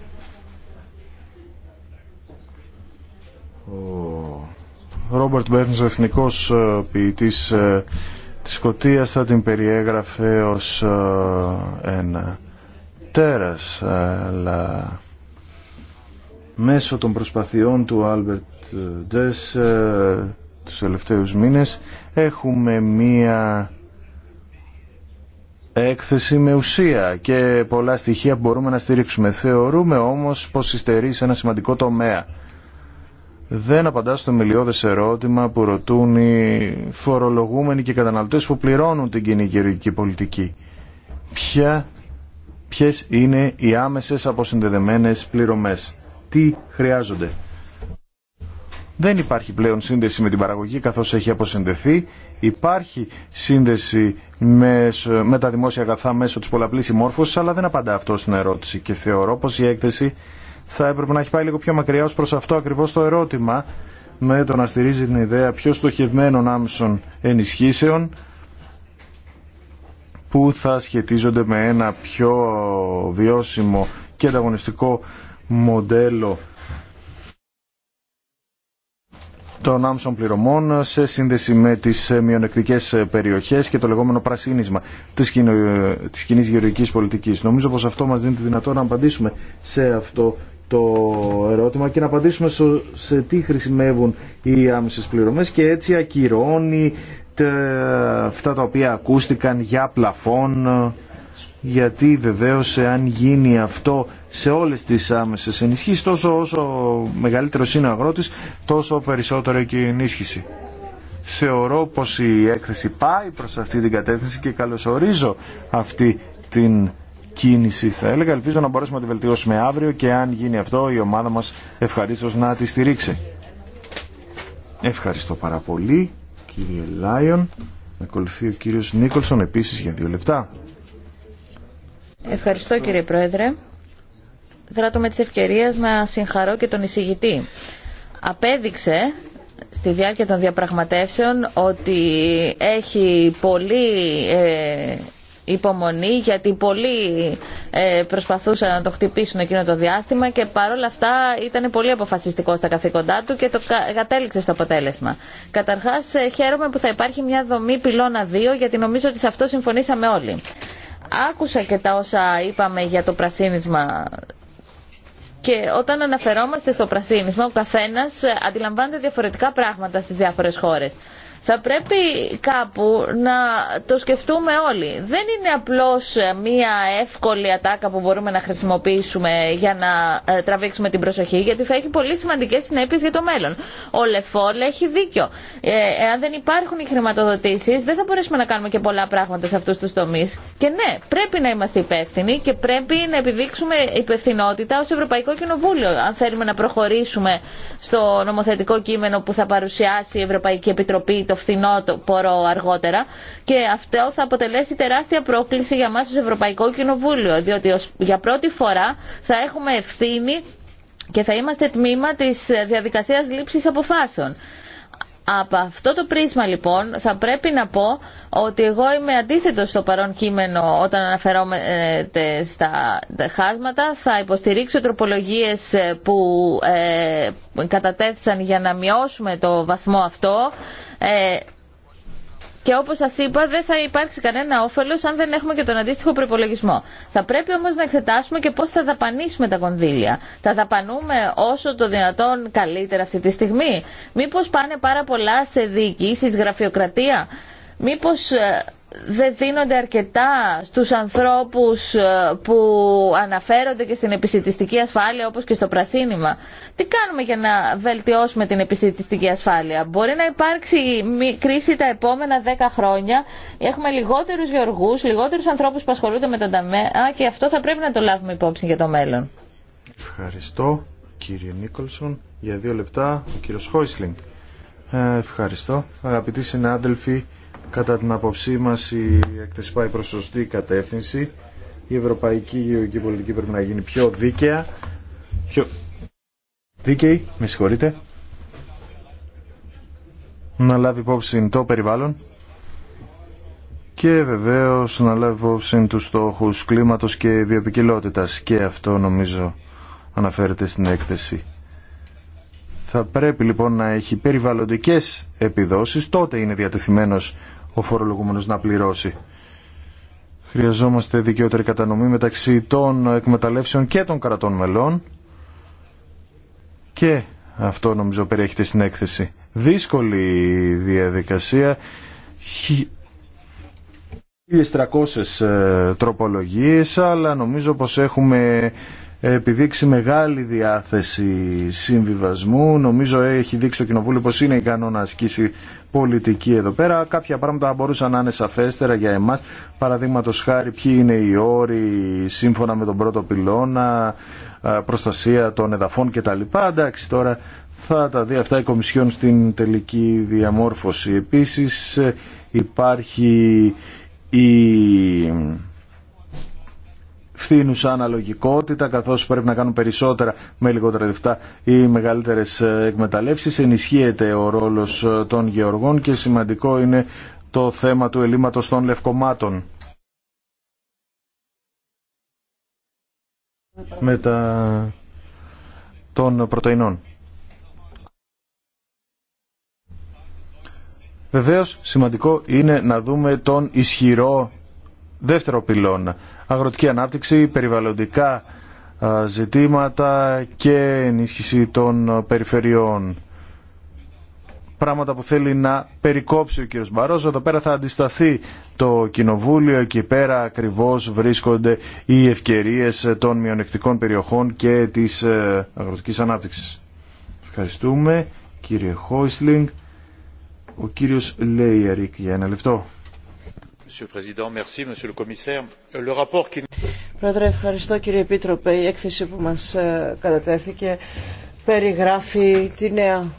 ο Ρόμπερτ Μπέρνς, ο εθνικός ε, ποιητής ε, της Σκοτίας θα την περιέγραφε ως ε, ένα τέρας μέσω των προσπαθειών του Άλμπερτ Ντες ε, τους τελευταίους μήνες έχουμε μία έκθεση με ουσία και πολλά στοιχεία που μπορούμε να στηρίξουμε. Θεωρούμε όμως πως υστερεί σε ένα σημαντικό τομέα. Δεν απαντά στο μιλιώδες ερώτημα που ρωτούν οι φορολογούμενοι και καταναλωτές που πληρώνουν την κοινή κυριολογική πολιτική. Ποια, ποιες είναι οι άμεσες αποσυνδεδεμένες πληρωμές τι χρειάζονται. Δεν υπάρχει πλέον σύνδεση με την παραγωγή καθώς έχει αποσυνδεθεί. Υπάρχει σύνδεση με, τα δημόσια αγαθά μέσω της πολλαπλής συμμόρφωσης, αλλά δεν απαντά αυτό στην ερώτηση και θεωρώ πως η έκθεση θα έπρεπε να έχει πάει λίγο πιο μακριά ως προς αυτό ακριβώς το ερώτημα με το να στηρίζει την ιδέα πιο στοχευμένων άμεσων ενισχύσεων που θα σχετίζονται με ένα πιο βιώσιμο και ανταγωνιστικό μοντέλο των άμεσων πληρωμών σε σύνδεση με τις ε, μειονεκτικές ε, περιοχές και το λεγόμενο πρασίνισμα της, της κοινή γεωργικής πολιτικής. Νομίζω πως αυτό μας δίνει τη δυνατότητα να απαντήσουμε σε αυτό το ερώτημα και να απαντήσουμε σε τι χρησιμεύουν οι άμεσε πληρωμές και έτσι ακυρώνει αυτά τα οποία ακούστηκαν για πλαφόν γιατί βεβαίως εάν γίνει αυτό σε όλες τις άμεσες ενισχύσεις τόσο όσο μεγαλύτερο είναι ο αγρότης τόσο περισσότερο και η ενίσχυση. Θεωρώ πως η έκθεση πάει προς αυτή την κατεύθυνση και καλωσορίζω αυτή την κίνηση θα έλεγα. Ελπίζω να μπορέσουμε να τη βελτιώσουμε αύριο και αν γίνει αυτό η ομάδα μας ευχαρίστως να τη στηρίξει. Ευχαριστώ πάρα πολύ κύριε Λάιον. Ακολουθεί ο κύριος Νίκολσον επίσης για δύο λεπτά. Ευχαριστώ κύριε Πρόεδρε. Δράτω με τις ευκαιρίες να συγχαρώ και τον εισηγητή. Απέδειξε στη διάρκεια των διαπραγματεύσεων ότι έχει πολύ ε, υπομονή γιατί πολλοί ε, προσπαθούσαν να το χτυπήσουν εκείνο το διάστημα και παρόλα αυτά ήταν πολύ αποφασιστικό στα καθήκοντά του και το κατέληξε στο αποτέλεσμα. Καταρχάς ε, χαίρομαι που θα υπάρχει μια δομή πυλώνα 2 γιατί νομίζω ότι σε αυτό συμφωνήσαμε όλοι. Άκουσα και τα όσα είπαμε για το πρασίνισμα και όταν αναφερόμαστε στο πρασίνισμα, ο καθένας ε, αντιλαμβάνεται διαφορετικά πράγματα στις διάφορες χώρες. Θα πρέπει κάπου να το σκεφτούμε όλοι. Δεν είναι απλώς ε, μία εύκολη ατάκα που μπορούμε να χρησιμοποιήσουμε για να ε, τραβήξουμε την προσοχή, γιατί θα έχει πολύ σημαντικές συνέπειες για το μέλλον. Ο Λεφόλ έχει δίκιο. Ε, εάν δεν υπάρχουν οι χρηματοδοτήσεις, δεν θα μπορέσουμε να κάνουμε και πολλά πράγματα σε αυτούς τους τομείς. Και ναι, πρέπει να είμαστε υπεύθυνοι και πρέπει να επιδείξουμε υπευθυνότητα ως Ευρωπαϊκό Κοινοβούλιο, αν θέλουμε να προχωρήσουμε στο νομοθετικό κείμενο που θα παρουσιάσει η Ευρωπαϊκή Επιτροπή πόρο αργότερα και αυτό θα αποτελέσει τεράστια πρόκληση για μας ως Ευρωπαϊκό Κοινοβούλιο διότι για πρώτη φορά θα έχουμε ευθύνη και θα είμαστε τμήμα της διαδικασίας λήψης αποφάσεων. Από αυτό το πρίσμα λοιπόν θα πρέπει να πω ότι εγώ είμαι αντίθετο στο παρόν κείμενο όταν αναφερόμαστε στα χάσματα. Θα υποστηρίξω τροπολογίες που ε, κατατέθησαν για να μειώσουμε το βαθμό αυτό. Ε, και όπω σα είπα, δεν θα υπάρξει κανένα όφελο αν δεν έχουμε και τον αντίστοιχο προπολογισμό. Θα πρέπει όμω να εξετάσουμε και πώ θα δαπανίσουμε τα κονδύλια. Θα δαπανούμε όσο το δυνατόν καλύτερα αυτή τη στιγμή. Μήπω πάνε πάρα πολλά σε διοικήσει, γραφειοκρατία. Μήπω ε, δεν δίνονται αρκετά στους ανθρώπους ε, που αναφέρονται και στην επιστημιστική ασφάλεια όπως και στο πρασίνημα. Τι κάνουμε για να βελτιώσουμε την επιστημιστική ασφάλεια. Μπορεί να υπάρξει κρίση τα επόμενα δέκα χρόνια. Έχουμε λιγότερους γεωργούς, λιγότερους ανθρώπους που ασχολούνται με τον ταμέα και αυτό θα πρέπει να το λάβουμε υπόψη για το μέλλον. Ευχαριστώ κύριε Νίκολσον. Για δύο λεπτά ο κύριος Χόισλινγκ. Ε, ευχαριστώ. Αγαπητοί συνάδελφοι, Κατά την απόψή μας η έκθεση πάει προς σωστή κατεύθυνση. Η ευρωπαϊκή γεωργική πολιτική πρέπει να γίνει πιο δίκαια. Πιο... Δίκαιη, με συγχωρείτε. Να λάβει υπόψη το περιβάλλον και βεβαίως να λάβει υπόψη τους στόχους κλίματος και βιοπικιλότητας και αυτό νομίζω αναφέρεται στην έκθεση. Θα πρέπει λοιπόν να έχει περιβαλλοντικές επιδόσεις, τότε είναι διατεθειμένος ο φορολογούμενος να πληρώσει. Χρειαζόμαστε δικαιότερη κατανομή μεταξύ των εκμεταλλεύσεων και των κρατών μελών και αυτό νομίζω περιέχεται στην έκθεση. Δύσκολη διαδικασία, 1300 ε, τροπολογίες αλλά νομίζω πως έχουμε επιδείξει μεγάλη διάθεση συμβιβασμού. Νομίζω έχει δείξει το Κοινοβούλιο πως είναι ικανό να ασκήσει πολιτική εδώ πέρα. Κάποια πράγματα μπορούσαν να είναι σαφέστερα για εμάς. Παραδείγματο χάρη ποιοι είναι οι όροι σύμφωνα με τον πρώτο πυλώνα, προστασία των εδαφών κτλ. Εντάξει τώρα θα τα δει αυτά η Κομισιόν στην τελική διαμόρφωση. Επίσης ε, υπάρχει η φθήνουσα αναλογικότητα, καθώ πρέπει να κάνουν περισσότερα με λιγότερα λεφτά ή μεγαλύτερε εκμεταλλεύσει. Ενισχύεται ο ρόλο ε, των γεωργών και σημαντικό είναι το θέμα του ελλείμματο των λευκομάτων. με τα... των πρωτεϊνών. Βεβαίως σημαντικό είναι να δούμε τον ισχυρό δεύτερο πυλώνα αγροτική ανάπτυξη, περιβαλλοντικά ζητήματα και ενίσχυση των περιφερειών. Πράγματα που θέλει να περικόψει ο κ. Μπαρόζο. Εδώ πέρα θα αντισταθεί το Κοινοβούλιο. Εκεί πέρα ακριβώς βρίσκονται οι ευκαιρίες των μειονεκτικών περιοχών και της ε, αγροτικής ανάπτυξης. Ευχαριστούμε κύριε Χόισλινγκ. Ο κύριος Λέιερικ για ένα λεπτό. Πρόεδρε, ευχαριστώ κύριε Επίτροπε. Η έκθεση που μας ε, κατατέθηκε περιγράφει τη νέα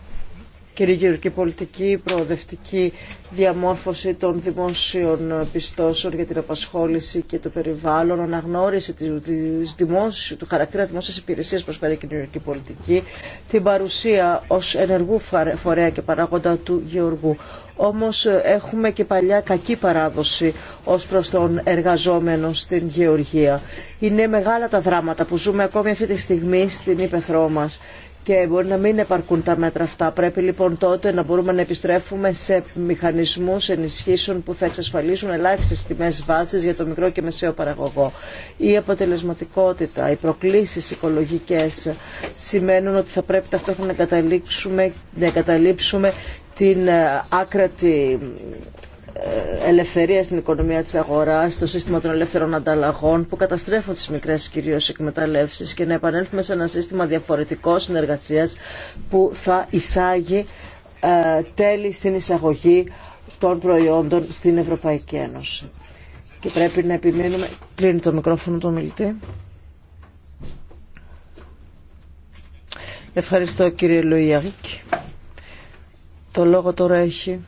κυριγυρική πολιτική, προοδευτική διαμόρφωση των δημόσιων πιστώσεων για την απασχόληση και το περιβάλλον, αναγνώριση της δημόσιου, του χαρακτήρα δημόσιας υπηρεσίας προσφέρει η κοινωνική πολιτική, την παρουσία ω ενεργού φορέα και παράγοντα του γεωργού. Όμω έχουμε και παλιά κακή παράδοση ω προ τον εργαζόμενο στην γεωργία. Είναι μεγάλα τα δράματα που ζούμε ακόμη αυτή τη στιγμή στην Ήπεθρό μα και μπορεί να μην επαρκούν τα μέτρα αυτά. Πρέπει λοιπόν τότε να μπορούμε να επιστρέφουμε σε μηχανισμούς ενισχύσεων που θα εξασφαλίσουν ελάχιστες τιμές βάσης για το μικρό και μεσαίο παραγωγό. Η αποτελεσματικότητα, οι προκλήσεις οικολογικές σημαίνουν ότι θα πρέπει ταυτόχρονα να, να εγκαταλείψουμε την ε, άκρατη ελευθερία στην οικονομία της αγοράς, στο σύστημα των ελεύθερων ανταλλαγών που καταστρέφουν τις μικρές κυρίως εκμεταλλεύσεις και να επανέλθουμε σε ένα σύστημα διαφορετικό συνεργασίας που θα εισάγει ε, τέλη στην εισαγωγή των προϊόντων στην Ευρωπαϊκή Ένωση. Και πρέπει να επιμείνουμε... Κλείνει το μικρόφωνο του ομιλητή. Ευχαριστώ κύριε Λουιαγκ Το λόγο τώρα έχει...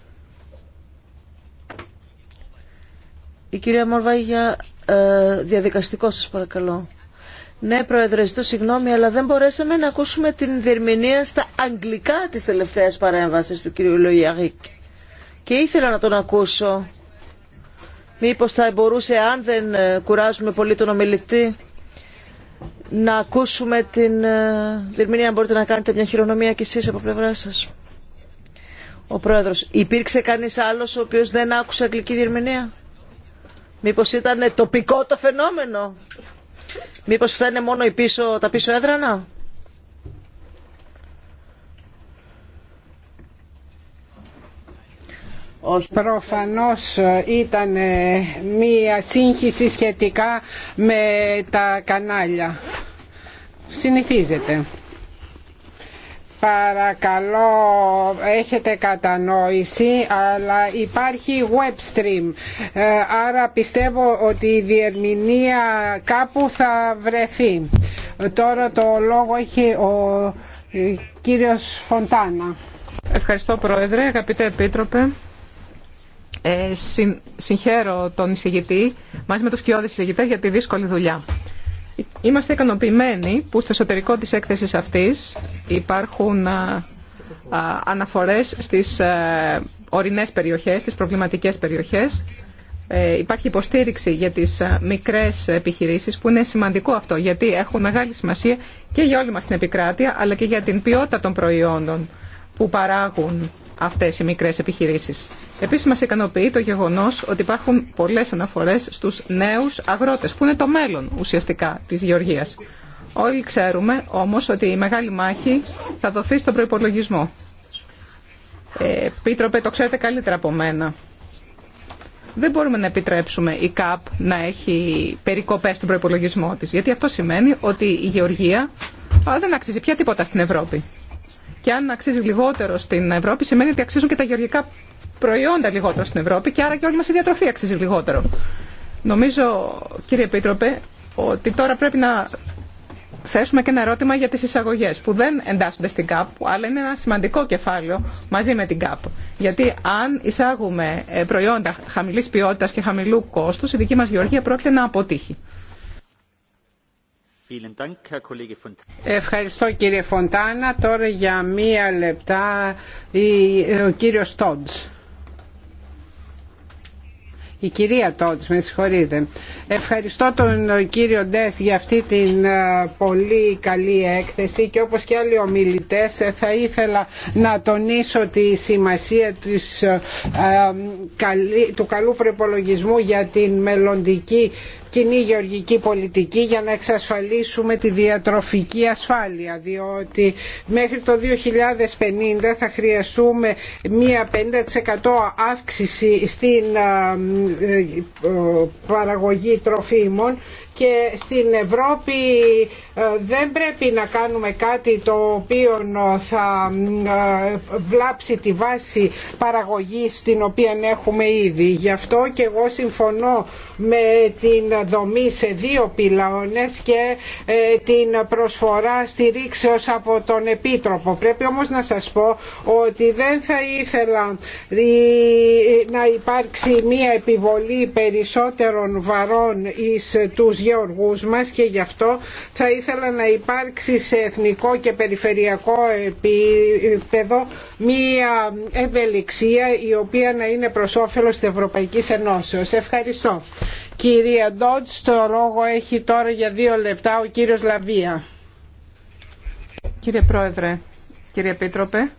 Η κυρία Μόρβα για ε, διαδικαστικό σας παρακαλώ. Ναι, Πρόεδρε, ζητώ συγγνώμη, αλλά δεν μπορέσαμε να ακούσουμε την διερμηνία στα αγγλικά της τελευταίας παρέμβαση του κυρίου Λογιαρίκ. Και ήθελα να τον ακούσω. Μήπως θα μπορούσε, αν δεν ε, κουράζουμε πολύ τον ομιλητή, να ακούσουμε την ε, διερμηνία, αν μπορείτε να κάνετε μια χειρονομία κι εσείς από πλευρά σας. Ο Πρόεδρος, υπήρξε κανείς άλλος ο οποίος δεν άκουσε αγγλική διερμηνία. Μήπως ήταν τοπικό το φαινόμενο. Μήπως είναι μόνο η πίσω, τα πίσω έδρανα. Όχι. Προφανώς ε, ήταν μία σύγχυση σχετικά με τα κανάλια. Συνηθίζεται. Παρακαλώ, έχετε κατανόηση, αλλά υπάρχει web stream. Ε, άρα πιστεύω ότι η διερμηνία κάπου θα βρεθεί. Τώρα το λόγο έχει ο ε, κύριος Φοντάνα. Ευχαριστώ Πρόεδρε, αγαπητέ Επίτροπε. Ε, συγχαίρω τον εισηγητή, μαζί με τους κοιόδης εισηγητές, για τη δύσκολη δουλειά. Είμαστε ικανοποιημένοι που στο εσωτερικό της έκθεσης αυτής υπάρχουν αναφορές στις ε, ορεινές περιοχές, στις προβληματικές περιοχές. Ε, υπάρχει υποστήριξη για τις ε, μικρές επιχειρήσεις που είναι σημαντικό αυτό γιατί έχουν μεγάλη σημασία και για όλη μας την επικράτεια αλλά και για την ποιότητα των προϊόντων που παράγουν αυτές οι μικρές επιχειρήσεις. Επίσης μας ικανοποιεί το γεγονός ότι υπάρχουν πολλές αναφορές στους νέους αγρότες, που είναι το μέλλον ουσιαστικά της γεωργίας. Όλοι ξέρουμε όμως ότι η μεγάλη μάχη θα δοθεί στον προπολογισμό. Ε, πίτροπε, το ξέρετε καλύτερα από μένα. Δεν μπορούμε να επιτρέψουμε η ΚΑΠ να έχει περικοπές στον προπολογισμό της, γιατί αυτό σημαίνει ότι η γεωργία δεν αξίζει πια τίποτα στην Ευρώπη. Και αν αξίζει λιγότερο στην Ευρώπη, σημαίνει ότι αξίζουν και τα γεωργικά προϊόντα λιγότερο στην Ευρώπη και άρα και όλη μας η διατροφή αξίζει λιγότερο. Νομίζω, κύριε Επίτροπε, ότι τώρα πρέπει να θέσουμε και ένα ερώτημα για τι εισαγωγέ που δεν εντάσσονται στην ΚΑΠ, αλλά είναι ένα σημαντικό κεφάλαιο μαζί με την ΚΑΠ. Γιατί αν εισάγουμε ε, προϊόντα χαμηλή ποιότητα και χαμηλού κόστου, η δική μα γεωργία πρόκειται να αποτύχει. Ευχαριστώ κύριε Φοντάνα. Τώρα για μία λεπτά ο κύριος Τόντς. Η κυρία Τόντς, με συγχωρείτε. Ευχαριστώ τον κύριο Ντές για αυτή την ε, πολύ καλή έκθεση και όπως και άλλοι ομιλητές ε, θα ήθελα να τονίσω τη σημασία ε, του καλού προπολογισμού για την μελλοντική κοινή γεωργική πολιτική για να εξασφαλίσουμε τη διατροφική ασφάλεια διότι μέχρι το 2050 θα χρειαστούμε μία 50% αύξηση στην ε, ε, παραγωγή τροφίμων και στην Ευρώπη ε, δεν πρέπει να κάνουμε κάτι το οποίο ε, θα ε, βλάψει τη βάση παραγωγής την οποία έχουμε ήδη. Γι' αυτό και εγώ συμφωνώ με την δομή σε δύο πυλαώνες και την προσφορά στηρίξεως από τον Επίτροπο. Πρέπει όμως να σας πω ότι δεν θα ήθελα να υπάρξει μία επιβολή περισσότερων βαρών εις τους γεωργούς μας και γι' αυτό θα ήθελα να υπάρξει σε εθνικό και περιφερειακό επίπεδο μία ευελιξία η οποία να είναι προς όφελος της Ευρωπαϊκής Ενώσεως. Ευχαριστώ. Κυρία Ντότς, το λόγο έχει τώρα για δύο λεπτά ο κύριος Λαβία. Κύριε Πρόεδρε, κύριε Επίτροπε,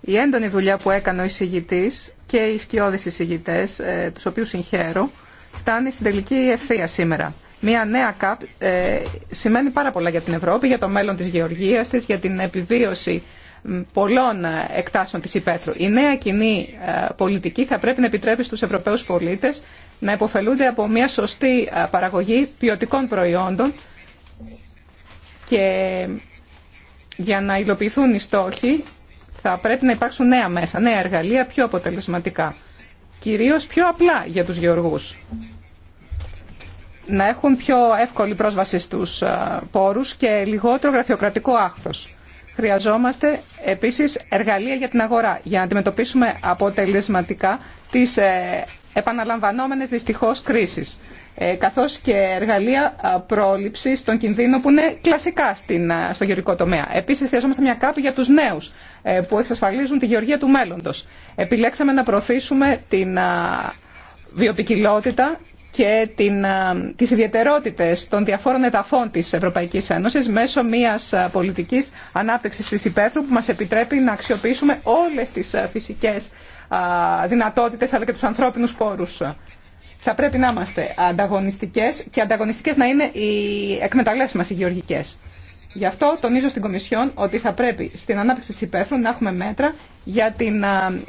η έντονη δουλειά που έκανε ο εισηγητής και οι σκιώδεις εισηγητές, ε, τους οποίους συγχαίρω, φτάνει στην τελική ευθεία σήμερα. Μία νέα ΚΑΠ ε, σημαίνει πάρα πολλά για την Ευρώπη, για το μέλλον της γεωργίας της, για την επιβίωση πολλών ε, εκτάσεων της υπαίθρου. Η νέα κοινή ε, πολιτική θα πρέπει να επιτρέπει στους Ευρωπαίους πολίτες να υποφελούνται από μια σωστή παραγωγή ποιοτικών προϊόντων και για να υλοποιηθούν οι στόχοι θα πρέπει να υπάρξουν νέα μέσα, νέα εργαλεία, πιο αποτελεσματικά. Κυρίως πιο απλά για τους γεωργούς να έχουν πιο εύκολη πρόσβαση στους ε, πόρους και λιγότερο γραφειοκρατικό άχθος. Χρειαζόμαστε επίσης εργαλεία για την αγορά, για να αντιμετωπίσουμε αποτελεσματικά τις ε, επαναλαμβανόμενες δυστυχώς κρίσεις, ε, καθώς και εργαλεία πρόληψης των κινδύνων που είναι κλασικά στην, στο γεωργικό τομέα. Επίσης χρειαζόμαστε μια κάπη για τους νέους που εξασφαλίζουν τη γεωργία του μέλλοντος. Επιλέξαμε να προωθήσουμε την βιοπικιλότητα και την, τις ιδιαιτερότητες των διαφόρων εδαφών της Ευρωπαϊκής Ένωσης μέσω μιας πολιτικής ανάπτυξης της υπαίθρου που μας επιτρέπει να αξιοποιήσουμε όλες τις φυσικές δυνατότητες αλλά και τους ανθρώπινους πόρους. Θα πρέπει να είμαστε ανταγωνιστικές και ανταγωνιστικές να είναι οι εκμεταλλεύσεις μας οι γεωργικές. Γι' αυτό τονίζω στην Κομισιόν ότι θα πρέπει στην ανάπτυξη της υπαίθρου να έχουμε μέτρα για την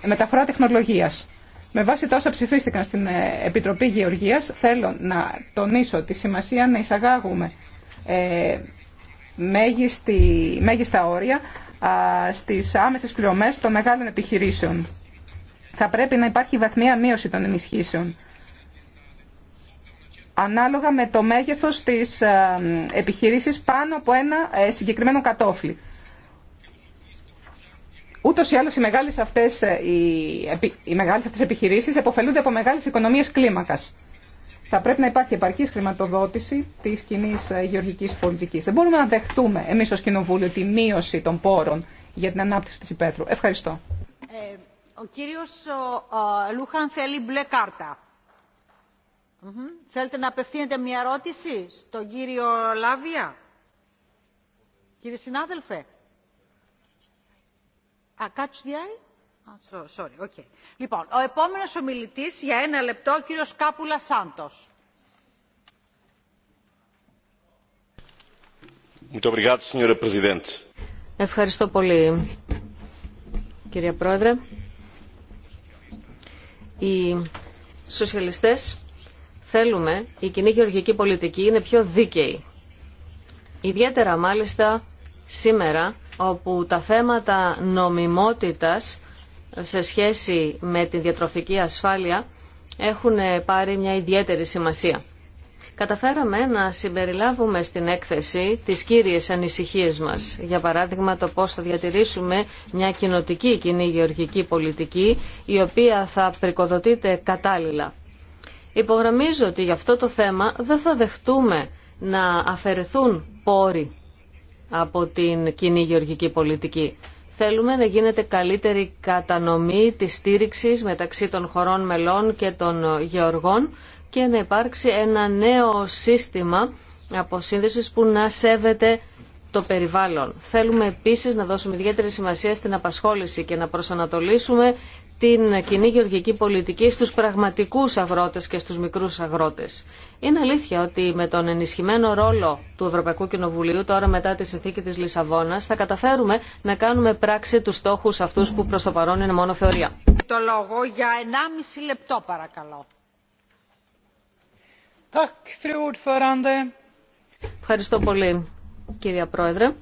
μεταφορά τεχνολογίας με βάση τα όσα ψηφίστηκαν στην ε, Επιτροπή Γεωργίας, θέλω να τονίσω τη σημασία να εισαγάγουμε ε, μέγιστη, μέγιστα όρια α, στις άμεσες πληρωμές των μεγάλων επιχειρήσεων. Θα πρέπει να υπάρχει βαθμία μείωση των ενισχύσεων ανάλογα με το μέγεθος της ε, ε, επιχείρησης πάνω από ένα συγκεκριμένο κατόφλι. Ούτω ή άλλω οι μεγάλε αυτέ ε, οι, οι από μεγάλε οικονομίε κλίμακα. Θα πρέπει να υπάρχει επαρκή χρηματοδότηση τη κοινή ε, γεωργική πολιτική. Δεν μπορούμε να δεχτούμε εμεί ω Κοινοβούλιο τη μείωση των πόρων για την ανάπτυξη τη υπαίθρου. Ευχαριστώ. Ε, ο κύριο Λούχαν θέλει μπλε κάρτα. Mm -hmm. Θέλετε να απευθύνετε μια ερώτηση στον κύριο Λάβια. Κύριε συνάδελφε, Catch the Λοιπόν, ο επόμενος ομιλητής για ένα λεπτό, ο κύριος Κάπουλα Σάντος. Ευχαριστώ πολύ, κυρία Πρόεδρε. Οι σοσιαλιστές θέλουμε η κοινή γεωργική πολιτική είναι πιο δίκαιη. Ιδιαίτερα μάλιστα σήμερα όπου τα θέματα νομιμότητας σε σχέση με τη διατροφική ασφάλεια έχουν πάρει μια ιδιαίτερη σημασία. Καταφέραμε να συμπεριλάβουμε στην έκθεση τις κύριες ανησυχίες μας. Για παράδειγμα το πώς θα διατηρήσουμε μια κοινοτική κοινή γεωργική πολιτική η οποία θα πρικοδοτείται κατάλληλα. Υπογραμμίζω ότι για αυτό το θέμα δεν θα δεχτούμε να αφαιρεθούν πόροι από την κοινή γεωργική πολιτική. Θέλουμε να γίνεται καλύτερη κατανομή της στήριξης μεταξύ των χωρών μελών και των γεωργών και να υπάρξει ένα νέο σύστημα αποσύνδεσης που να σέβεται το περιβάλλον. Θέλουμε επίσης να δώσουμε ιδιαίτερη σημασία στην απασχόληση και να προσανατολίσουμε την κοινή γεωργική πολιτική στους πραγματικούς αγρότες και στους μικρούς αγρότες. Είναι αλήθεια ότι με τον ενισχυμένο ρόλο του Ευρωπαϊκού Κοινοβουλίου τώρα μετά τη συνθήκη της Λισαβόνας θα καταφέρουμε να κάνουμε πράξη τους στόχους αυτούς που προς το παρόν είναι μόνο θεωρία. Το λόγο για 1,5 λεπτό παρακαλώ. Ευχαριστώ πολύ κυρία Πρόεδρε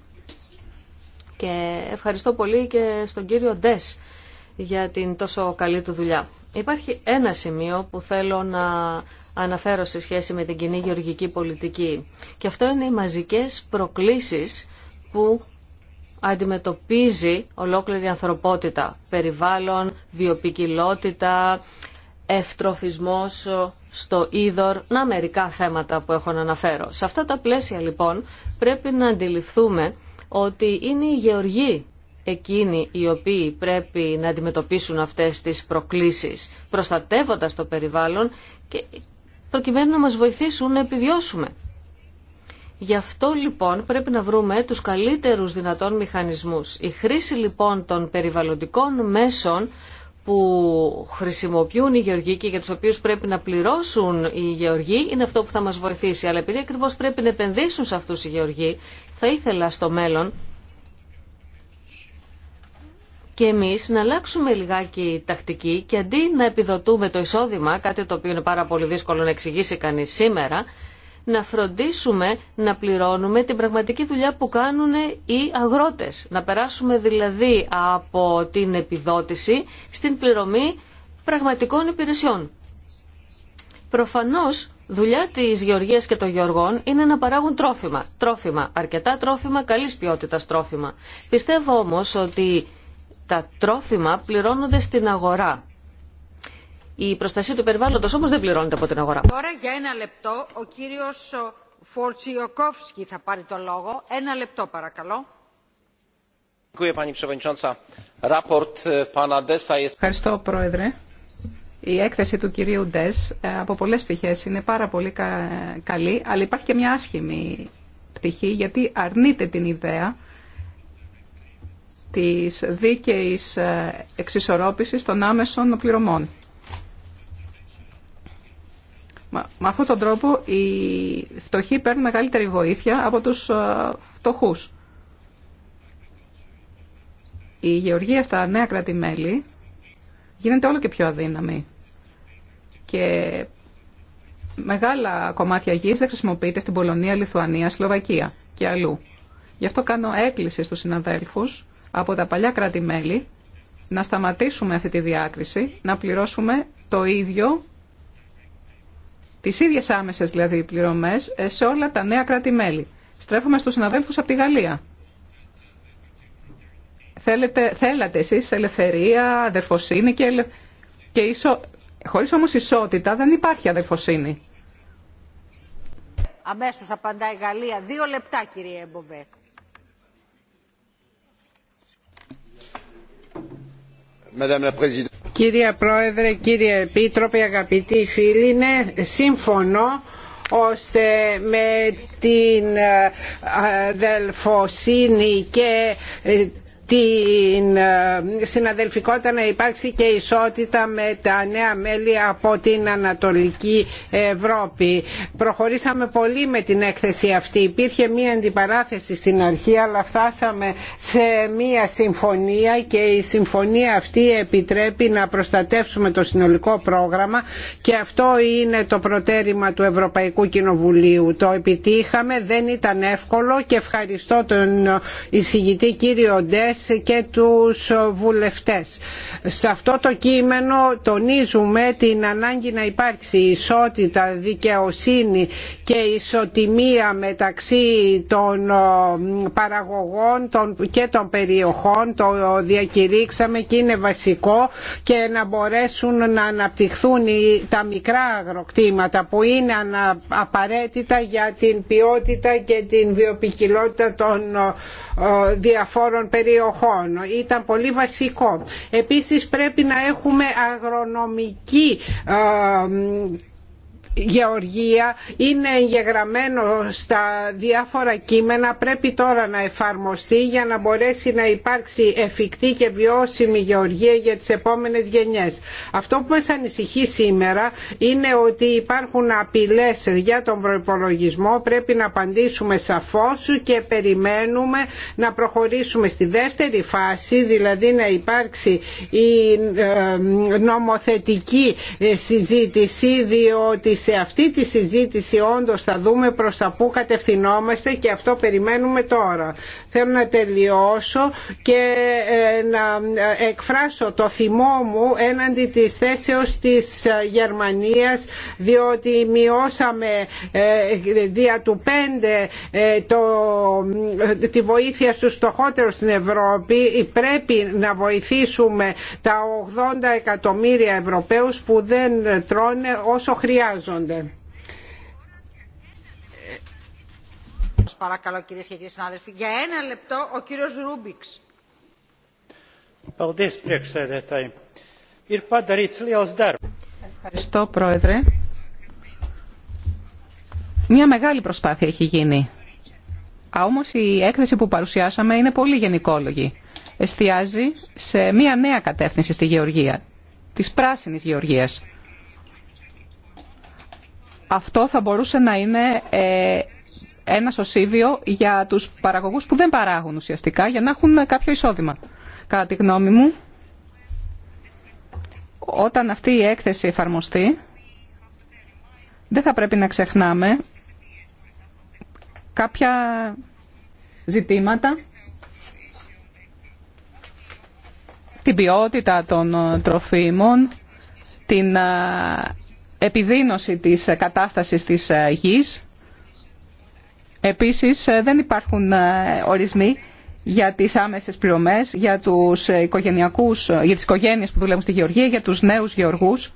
και ευχαριστώ πολύ και στον κύριο Ντες για την τόσο καλή του δουλειά. Υπάρχει ένα σημείο που θέλω να αναφέρω σε σχέση με την κοινή γεωργική πολιτική. Και αυτό είναι οι μαζικές προκλήσεις που αντιμετωπίζει ολόκληρη η ανθρωπότητα. Περιβάλλον, βιοπικιλότητα, ευτροφισμός στο είδωρ, να μερικά θέματα που έχω να αναφέρω. Σε αυτά τα πλαίσια λοιπόν πρέπει να αντιληφθούμε ότι είναι οι γεωργοί εκείνοι οι οποίοι πρέπει να αντιμετωπίσουν αυτές τις προκλήσεις, προστατεύοντας το περιβάλλον προκειμένου να μας βοηθήσουν να επιβιώσουμε. Γι' αυτό λοιπόν πρέπει να βρούμε τους καλύτερους δυνατών μηχανισμούς. Η χρήση λοιπόν των περιβαλλοντικών μέσων που χρησιμοποιούν οι γεωργοί και για τους οποίους πρέπει να πληρώσουν οι γεωργοί είναι αυτό που θα μας βοηθήσει. Αλλά επειδή ακριβώ πρέπει να επενδύσουν σε αυτούς οι γεωργοί, θα ήθελα στο μέλλον και εμείς να αλλάξουμε λιγάκι τακτική και αντί να επιδοτούμε το εισόδημα, κάτι το οποίο είναι πάρα πολύ δύσκολο να εξηγήσει κανείς σήμερα, να φροντίσουμε να πληρώνουμε την πραγματική δουλειά που κάνουν οι αγρότες. Να περάσουμε δηλαδή από την επιδότηση στην πληρωμή πραγματικών υπηρεσιών. Προφανώς δουλειά της γεωργίας και των γεωργών είναι να παράγουν τρόφιμα. Τρόφιμα, αρκετά τρόφιμα, καλή ποιότητας τρόφιμα. Πιστεύω ότι τα τρόφιμα πληρώνονται στην αγορά. Η προστασία του περιβάλλοντος όμως δεν πληρώνεται από την αγορά. Τώρα για ένα λεπτό ο κύριος Φορτσιοκόφσκι θα πάρει το λόγο. Ένα λεπτό παρακαλώ. Ε, Ευχαριστώ Πρόεδρε. Η έκθεση του κυρίου Ντες ε, από πολλές πτυχές είναι πάρα πολύ καλή, αλλά υπάρχει και μια άσχημη πτυχή γιατί αρνείται την ιδέα της δίκαιης ε, εξισορρόπησης των άμεσων πληρωμών. Με αυτόν τον τρόπο οι φτωχοί παίρνουν μεγαλύτερη βοήθεια από τους ε, φτωχούς. Η γεωργία στα νέα κράτη-μέλη γίνεται όλο και πιο αδύναμη και μεγάλα κομμάτια γης δεν χρησιμοποιείται στην Πολωνία, Λιθουανία, Σλοβακία και αλλού. Γι' αυτό κάνω έκκληση στους συναδέλφους από τα παλιά κράτη-μέλη να σταματήσουμε αυτή τη διάκριση, να πληρώσουμε το ίδιο, τις ίδιες άμεσες δηλαδή πληρωμές, ε, σε όλα τα νέα κράτη-μέλη. Στρέφομαι στους συναδέλφους από τη Γαλλία. Θέλετε, θέλατε εσείς ελευθερία, αδερφοσύνη και, ελε... και χωρίς όμως ισότητα δεν υπάρχει αδερφοσύνη. Αμέσως απαντάει η Γαλλία. Δύο λεπτά κύριε Εμποβέ. Κυρία Πρόεδρε, κύριε Επίτροπε, αγαπητοί φίλοι, ναι, σύμφωνο ώστε με την ε, αδελφοσύνη και ε, την ε, συναδελφικότητα να υπάρξει και ισότητα με τα νέα μέλη από την Ανατολική Ευρώπη. Προχωρήσαμε πολύ με την έκθεση αυτή. Υπήρχε μία αντιπαράθεση στην αρχή αλλά φτάσαμε σε μία συμφωνία και η συμφωνία αυτή επιτρέπει να προστατεύσουμε το συνολικό πρόγραμμα και αυτό είναι το προτέρημα του Ευρωπαϊκού Κοινοβουλίου. Το επιτύχαμε, δεν ήταν εύκολο και ευχαριστώ τον εισηγητή κύριο Ντέ και τους βουλευτές. Σε αυτό το κείμενο τονίζουμε την ανάγκη να υπάρξει ισότητα, δικαιοσύνη και ισοτιμία μεταξύ των ε, παραγωγών και των περιοχών. Το διακηρύξαμε και είναι βασικό και να μπορέσουν να αναπτυχθούν τα μικρά αγροκτήματα που είναι απαραίτητα για την ποιότητα και την βιοπικιλότητα των ε, διαφόρων περιοχών ήταν πολύ βασικό. Επίσης πρέπει να έχουμε αγρονομική ε, γεωργία είναι εγγεγραμμένο στα διάφορα κείμενα πρέπει τώρα να εφαρμοστεί για να μπορέσει να υπάρξει εφικτή και βιώσιμη γεωργία για τις επόμενες γενιές. Αυτό που μας ανησυχεί σήμερα είναι ότι υπάρχουν απειλές για τον προϋπολογισμό πρέπει να απαντήσουμε σαφώς και περιμένουμε να προχωρήσουμε στη δεύτερη φάση δηλαδή να υπάρξει η ε, νομοθετική συζήτηση διότι σε αυτή τη συζήτηση όντως θα δούμε προς τα που κατευθυνόμαστε και αυτό περιμένουμε τώρα. Θέλω να τελειώσω και ε, να ε, εκφράσω το θυμό μου έναντι της θέσεως της ε, Γερμανίας διότι μειώσαμε δια του 5 το, τη βοήθεια στους στοχότερους στην Ευρώπη. Πρέπει να βοηθήσουμε τα 80 εκατομμύρια Ευρωπαίους που δεν τρώνε όσο χρειάζονται χρειάζονται. Σας παρακαλώ κυρίες και κύριοι συνάδελφοι. Για ένα λεπτό ο κύριος Ρούμπιξ. Ευχαριστώ Πρόεδρε. Μια μεγάλη προσπάθεια έχει γίνει. Α, όμως η έκθεση που παρουσιάσαμε είναι πολύ γενικόλογη. Εστιάζει σε μια νέα κατεύθυνση στη γεωργία, της πράσινης γεωργίας. Αυτό θα μπορούσε να είναι ε, ένα σωσίβιο για τους παραγωγούς που δεν παράγουν ουσιαστικά για να έχουν κάποιο εισόδημα. Κατά τη γνώμη μου, όταν αυτή η έκθεση εφαρμοστεί, δεν θα πρέπει να ξεχνάμε κάποια ζητήματα, την ποιότητα των τροφίμων, την επιδείνωση της κατάστασης της ε, γης. Επίσης ε, δεν υπάρχουν ε, ορισμοί για τις άμεσες πληρωμές, για, τους οικογενειακούς, για τις οικογένειες που δουλεύουν στη Γεωργία, για τους νέους γεωργούς.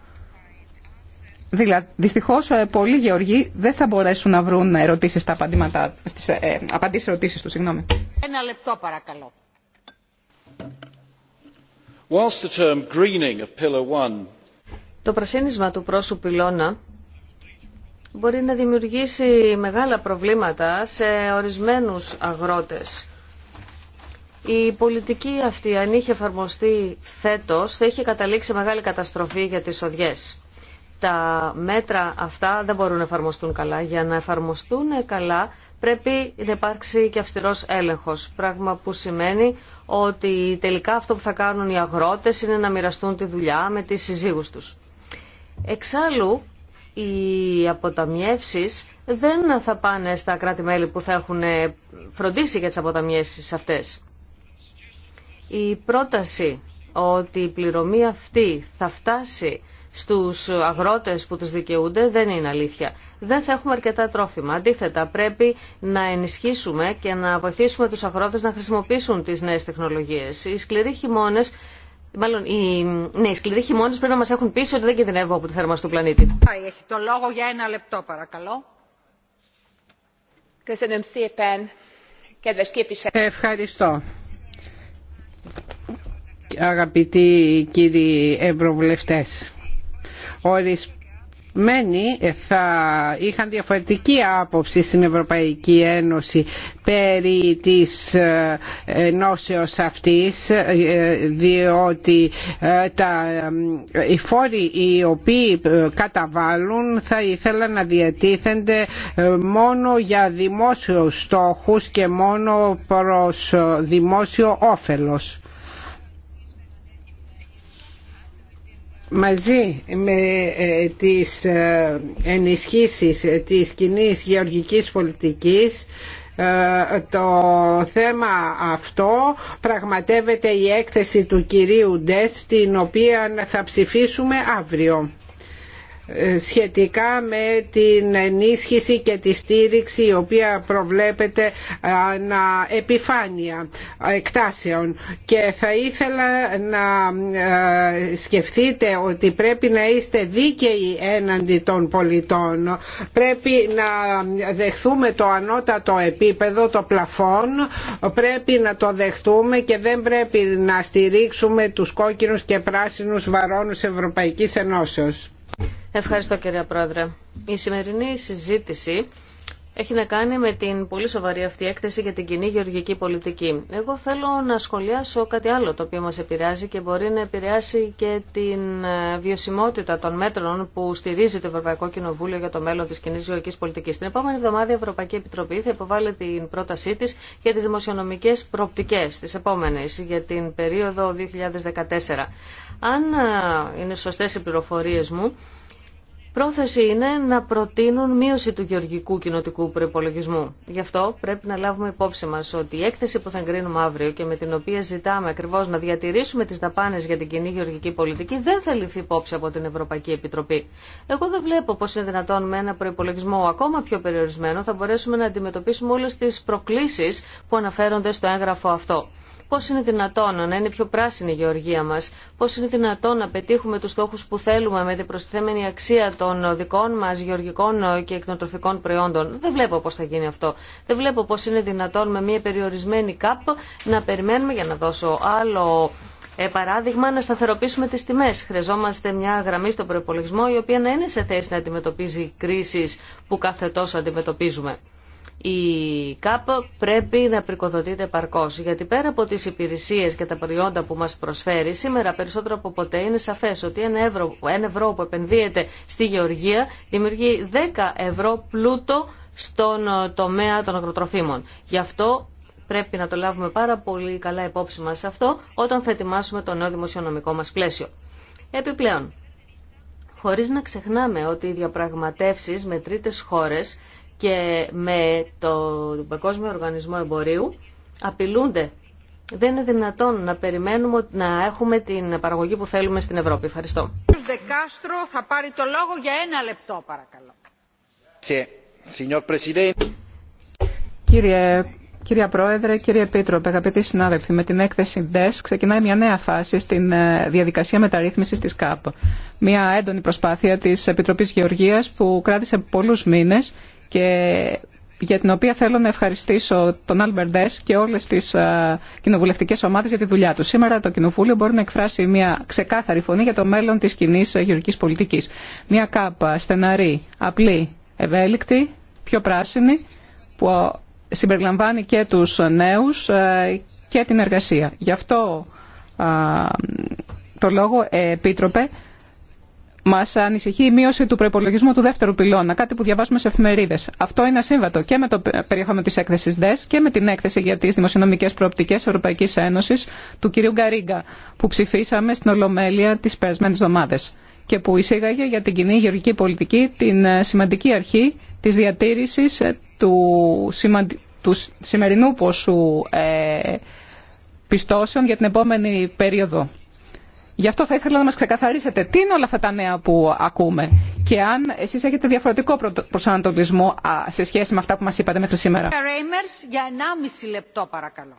Δηλαδή, δυστυχώς πολλοί γεωργοί δεν θα μπορέσουν να βρουν ερωτήσεις στα απαντήματα, στις, απαντήσεις ερωτήσεις του. Συγγνώμη. Ένα λεπτό παρακαλώ. Whilst the term greening of pillar 1 το πρασίνισμα του πρόσου πυλώνα μπορεί να δημιουργήσει μεγάλα προβλήματα σε ορισμένους αγρότες. Η πολιτική αυτή, αν είχε εφαρμοστεί φέτος, θα είχε καταλήξει μεγάλη καταστροφή για τις οδιές. Τα μέτρα αυτά δεν μπορούν να εφαρμοστούν καλά. Για να εφαρμοστούν καλά πρέπει να υπάρξει και αυστηρός έλεγχος, πράγμα που σημαίνει ότι τελικά αυτό που θα κάνουν οι αγρότες είναι να μοιραστούν τη δουλειά με τις συζύγους τους. Εξάλλου, οι αποταμιεύσεις δεν θα πάνε στα κράτη-μέλη που θα έχουν φροντίσει για τις αποταμιεύσεις αυτές. Η πρόταση ότι η πληρωμή αυτή θα φτάσει στους αγρότες που τους δικαιούνται δεν είναι αλήθεια. Δεν θα έχουμε αρκετά τρόφιμα. Αντίθετα, πρέπει να ενισχύσουμε και να βοηθήσουμε τους αγρότες να χρησιμοποιήσουν τις νέες τεχνολογίες. Οι Μάλλον οι, ναι, οι σκληροί χειμώνε πρέπει να μα έχουν πείσει ότι δεν κινδυνεύουμε από τη θέρμανση του πλανήτη. Έχει το λόγο για ένα λεπτό παρακαλώ. Ευχαριστώ αγαπητοί κύριοι ευρωβουλευτέ, Ορισ μένει θα είχαν διαφορετική άποψη στην Ευρωπαϊκή Ένωση περί της ε, ενώσεως αυτής ε, διότι ε, τα, οι φόροι οι οποίοι καταβάλουν θα ήθελαν να διατίθενται μόνο για δημόσιους στόχους και μόνο προς δημόσιο όφελος. μαζί με ε, τις ε, ενισχύσεις της κοινή γεωργικής πολιτικής ε, το θέμα αυτό πραγματεύεται η έκθεση του κυρίου Ντες την οποία θα ψηφίσουμε αύριο. Ε, σχετικά με την ενίσχυση και τη στήριξη η οποία προβλέπεται ε, ανά επιφάνεια εκτάσεων και θα ήθελα να ε, σκεφτείτε ότι πρέπει να είστε δίκαιοι έναντι των πολιτών πρέπει να δεχθούμε το ανώτατο επίπεδο το πλαφόν πρέπει να το δεχτούμε και δεν πρέπει να στηρίξουμε τους κόκκινους και πράσινους βαρώνους Ευρωπαϊκής Ενώσεως Ευχαριστώ κύριε Πρόεδρε. Η σημερινή συζήτηση έχει να κάνει με την πολύ σοβαρή αυτή έκθεση για την κοινή γεωργική πολιτική. Εγώ θέλω να σχολιάσω κάτι άλλο το οποίο μας επηρεάζει και μπορεί να επηρεάσει και την ε, βιωσιμότητα των μέτρων που στηρίζει το Ευρωπαϊκό Κοινοβούλιο για το μέλλον της κοινή γεωργικής πολιτικής. Την επόμενη εβδομάδα η Ευρωπαϊκή Επιτροπή θα υποβάλει την πρότασή τη για τις δημοσιονομικές προοπτικές τη επόμενη για την περίοδο 2014. Αν ε, είναι σωστές οι πληροφορίες μου, Πρόθεση είναι να προτείνουν μείωση του γεωργικού κοινοτικού προπολογισμού. Γι' αυτό πρέπει να λάβουμε υπόψη μα ότι η έκθεση που θα εγκρίνουμε αύριο και με την οποία ζητάμε ακριβώ να διατηρήσουμε τι δαπάνε για την κοινή γεωργική πολιτική δεν θα ληφθεί υπόψη από την Ευρωπαϊκή Επιτροπή. Εγώ δεν βλέπω πώ είναι δυνατόν με ένα προπολογισμό ακόμα πιο περιορισμένο θα μπορέσουμε να αντιμετωπίσουμε όλε τι προκλήσει που αναφέρονται στο έγγραφο αυτό. Πώ είναι δυνατόν να είναι πιο πράσινη η γεωργία μα, πώ είναι δυνατόν να πετύχουμε του στόχου που θέλουμε με την προστιθέμενη αξία των δικών μα γεωργικών και εκνοτροφικών προϊόντων. Δεν βλέπω πώ θα γίνει αυτό. Δεν βλέπω πώ είναι δυνατόν με μια περιορισμένη ΚΑΠ να περιμένουμε, για να δώσω άλλο ε, παράδειγμα, να σταθεροποιήσουμε τι τιμέ. Χρειαζόμαστε μια γραμμή στον προπολογισμό η οποία να είναι σε θέση να αντιμετωπίζει κρίσει που κάθε τόσο αντιμετωπίζουμε η ΚΑΠ πρέπει να πρικοδοτείται παρκώς, γιατί πέρα από τις υπηρεσίες και τα προϊόντα που μας προσφέρει, σήμερα περισσότερο από ποτέ είναι σαφές ότι ένα ευρώ, ένα ευρώ που επενδύεται στη γεωργία δημιουργεί 10 ευρώ πλούτο στον ε, τομέα των αγροτροφίμων. Γι' αυτό πρέπει να το λάβουμε πάρα πολύ καλά υπόψη μας αυτό όταν θα ετοιμάσουμε το νέο δημοσιονομικό μας πλαίσιο. Επιπλέον, χωρίς να ξεχνάμε ότι οι διαπραγματεύσεις με τρίτες χώρες και με τον Παγκόσμιο Οργανισμό Εμπορίου απειλούνται. Δεν είναι δυνατόν να περιμένουμε να έχουμε την παραγωγή που θέλουμε στην Ευρώπη. Ευχαριστώ. Ο Δεκάστρο θα πάρει το λόγο για ένα λεπτό παρακαλώ. Κύριε, κύριε Πρόεδρε, κύριε Επίτροπε, αγαπητοί συνάδελφοι, με την έκθεση DES ξεκινάει μια νέα φάση στην ε, διαδικασία μεταρρύθμισης της ΚΑΠ. Μια έντονη προσπάθεια της Επιτροπής Γεωργίας που κράτησε πολλούς μήνες και για την οποία θέλω να ευχαριστήσω τον Άλμπερντες και όλες τις ε, κοινοβουλευτικές ομάδες για τη δουλειά του. Σήμερα το Κοινοβούλιο μπορεί να εκφράσει μια ξεκάθαρη φωνή για το μέλλον της κοινή γεωργικής πολιτικής. Μια κάπα στεναρή, απλή, ευέλικτη, πιο πράσινη, που συμπεριλαμβάνει και τους νέους ε, και την εργασία. Γι' αυτό ε, το λόγο, Επίτροπε, Μα ανησυχεί η μείωση του προπολογισμού του δεύτερου πυλώνα, κάτι που διαβάζουμε σε εφημερίδε. Αυτό είναι ασύμβατο και με το περιεχόμενο τη έκθεση ΔΕΣ και με την έκθεση για τι δημοσιονομικέ προοπτικέ Ευρωπαϊκή Ένωση του κ. Γκαρίγκα, που ψηφίσαμε στην Ολομέλεια τι περασμένε εβδομάδε και που εισήγαγε για την κοινή γεωργική πολιτική την ε, σημαντική αρχή τη διατήρηση ε, του, σημαν... του σημερινού ποσού ε, πιστώσεων για την επόμενη περίοδο. Γι' αυτό θα ήθελα να μας ξεκαθαρίσετε τι είναι όλα αυτά τα νέα που ακούμε και αν εσείς έχετε διαφορετικό προσανατολισμό σε σχέση με αυτά που μας είπατε μέχρι σήμερα. για 1,5 λεπτό παρακαλώ.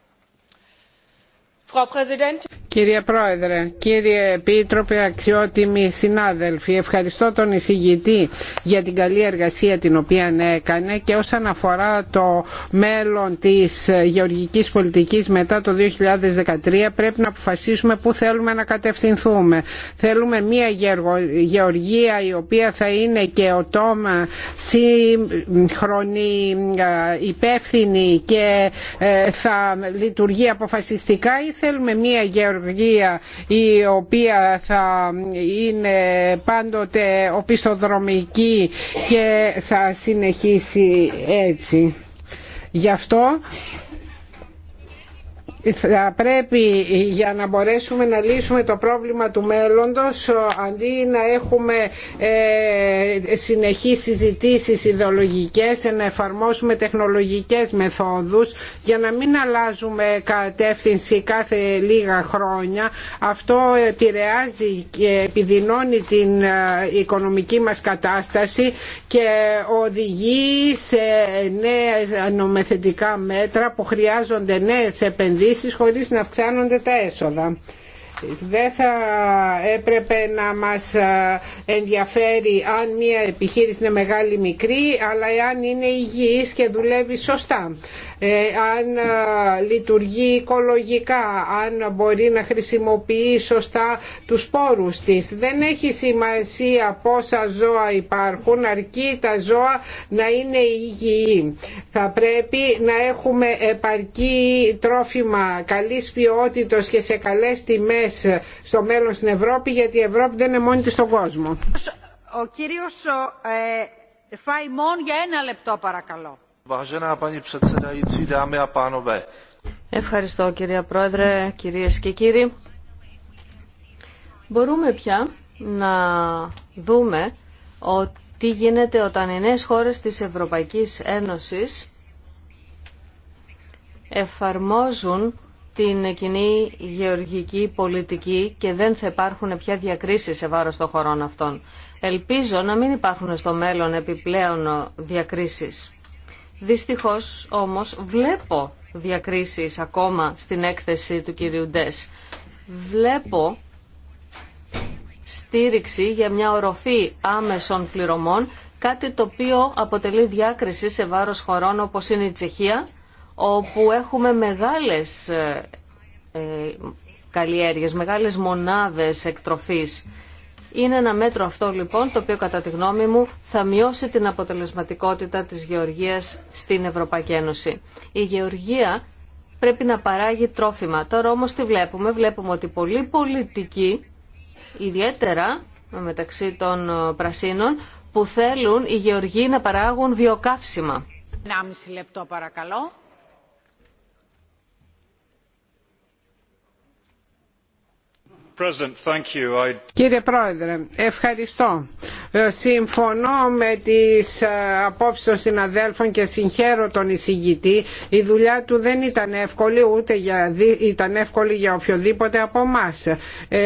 Κύριε Πρόεδρε, κύριε Επίτροπε, αξιότιμοι συνάδελφοι, ευχαριστώ τον εισηγητή για την καλή εργασία την οποία ναι έκανε και όσον αφορά το μέλλον της γεωργικής πολιτικής μετά το 2013 πρέπει να αποφασίσουμε πού θέλουμε να κατευθυνθούμε. Θέλουμε μια γεωργία η οποία θα είναι και οτόμα σύγχρονη, ε, υπεύθυνη και ε, θα λειτουργεί αποφασιστικά ή θέλουμε μια γεωργία η οποία θα είναι πάντοτε οπισθοδρομική και θα συνεχίσει έτσι. Γι' αυτό θα πρέπει για να μπορέσουμε να λύσουμε το πρόβλημα του μέλλοντος αντί να έχουμε ε, συνεχείς συζητήσεις ιδεολογικές να εφαρμόσουμε τεχνολογικές μεθόδους για να μην αλλάζουμε κατεύθυνση κάθε λίγα χρόνια αυτό επηρεάζει και επιδεινώνει την ε, οικονομική μας κατάσταση και οδηγεί σε νέα νομοθετικά μέτρα που χρειάζονται νέες επενδύσεις Χωρί χωρίς να αυξάνονται τα έσοδα. Δεν θα έπρεπε να μας ε, ενδιαφέρει αν μια επιχείρηση είναι μεγάλη ή μικρή, αλλά αν είναι υγιής και δουλεύει σωστά. Ε, αν λειτουργεί οικολογικά, αν μπορεί να χρησιμοποιεί σωστά τους σπόρους της. Δεν έχει σημασία πόσα ζώα υπάρχουν, αρκεί τα ζώα να είναι υγιή. Θα πρέπει να έχουμε επαρκή τρόφιμα καλής ποιότητα και σε καλές τιμές στο μέλλον στην Ευρώπη, γιατί η Ευρώπη δεν είναι μόνη της στον κόσμο. Ο κύριος ε, μόνο για ένα λεπτό παρακαλώ. Ευχαριστώ κυρία Πρόεδρε, κυρίες και κύριοι. Μπορούμε πια να δούμε ότι τι γίνεται όταν οι νέες χώρες της Ευρωπαϊκής Ένωσης εφαρμόζουν την κοινή γεωργική πολιτική και δεν θα υπάρχουν πια διακρίσεις σε βάρος των χωρών αυτών. Ελπίζω να μην υπάρχουν στο μέλλον επιπλέον διακρίσεις. Δυστυχώς όμως βλέπω διακρίσεις ακόμα στην έκθεση του κυρίου Ντες. Βλέπω στήριξη για μια οροφή άμεσων πληρωμών, κάτι το οποίο αποτελεί διάκριση σε βάρος χωρών όπως είναι η Τσεχία, όπου έχουμε μεγάλες ε, ε καλλιέργειες, μεγάλες μονάδες εκτροφής. Είναι ένα μέτρο αυτό λοιπόν το οποίο κατά τη γνώμη μου θα μειώσει την αποτελεσματικότητα της γεωργίας στην Ευρωπαϊκή Ένωση. Η γεωργία πρέπει να παράγει τρόφιμα. Τώρα όμως τι βλέπουμε. Βλέπουμε ότι πολλοί πολιτικοί, ιδιαίτερα μεταξύ των ε, πρασίνων, που θέλουν οι γεωργοί να παράγουν βιοκαύσιμα. 1,5 λεπτό παρακαλώ. Κύριε Πρόεδρε, ευχαριστώ. Ε, συμφωνώ με τις ε, απόψεις των συναδέλφων και συγχαίρω τον εισηγητή. Η δουλειά του δεν ήταν εύκολη, ούτε για, ήταν εύκολη για οποιοδήποτε από εμά. Ε,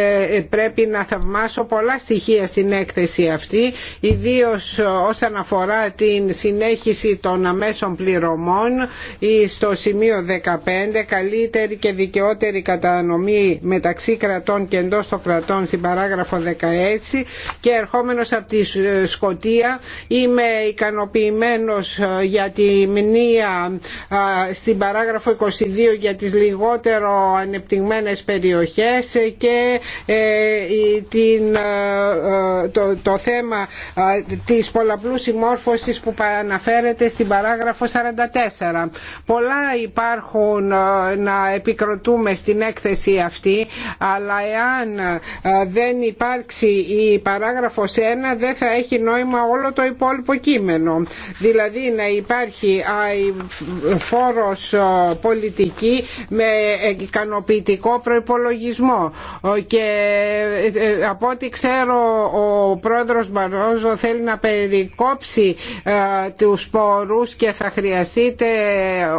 πρέπει να θαυμάσω πολλά στοιχεία στην έκθεση αυτή, ιδίως όσον αφορά την συνέχιση των αμέσων πληρωμών στο σημείο 15, καλύτερη και δικαιότερη κατανομή μεταξύ κρατών και εντός των κρατών στην παράγραφο 16 και ερχόμενος από τη ε, Σκοτία είμαι ικανοποιημένος ε, για τη μνήα ε, στην παράγραφο 22 για τις λιγότερο ανεπτυγμένες περιοχές και την, το, το θέμα της πολλαπλούς συμμόρφωσης που αναφέρεται στην παράγραφο 44. Πολλά υπάρχουν να επικροτούμε στην έκθεση αυτή αλλά εάν αν ε, δεν υπάρξει η παράγραφος 1 δεν θα έχει νόημα όλο το υπόλοιπο κείμενο. Δηλαδή να υπάρχει φόρος ε, πολιτική με ικανοποιητικό προϋπολογισμό και ε, από ό,τι ξέρω ο πρόεδρος Μπαρόζο θέλει να περικόψει τους πόρους και θα χρειαστείτε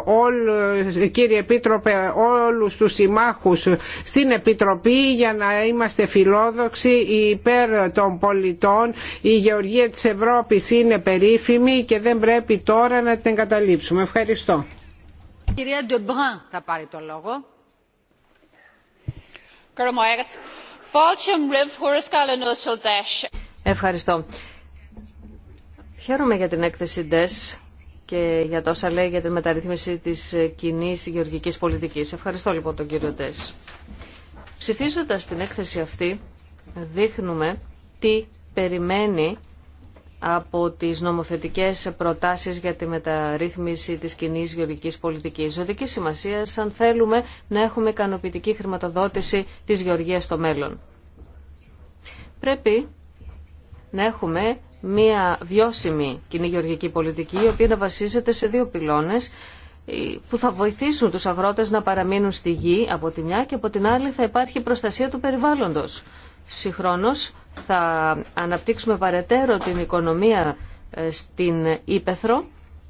όλους, κύριε Επίτροπε όλους τους συμμάχους στην Επιτροπή για να είμαστε φιλόδοξοι υπέρ των πολιτών. Η γεωργία της Ευρώπης είναι περίφημη και δεν πρέπει τώρα να την εγκαταλείψουμε. Ευχαριστώ. θα λόγο. Ευχαριστώ. Χαίρομαι για την έκθεση ΔΕΣ και για τόσα λέει για την μεταρρύθμιση της κοινή γεωργικής πολιτικής. Ευχαριστώ λοιπόν τον κύριο Ψηφίζοντας την έκθεση αυτή δείχνουμε τι περιμένει από τις νομοθετικές προτάσεις για τη μεταρρύθμιση της κοινή γεωργικής πολιτικής. Ζωτική σημασία αν θέλουμε να έχουμε ικανοποιητική χρηματοδότηση της γεωργίας στο μέλλον. Πρέπει να έχουμε μία βιώσιμη κοινή γεωργική πολιτική, η οποία να βασίζεται σε δύο πυλώνες, ε, που θα βοηθήσουν τους αγρότες να παραμείνουν στη γη από τη μια και από την άλλη θα υπάρχει προστασία του περιβάλλοντος. Συγχρόνως θα αναπτύξουμε παρετέρω την οικονομία ε, στην Ήπεθρο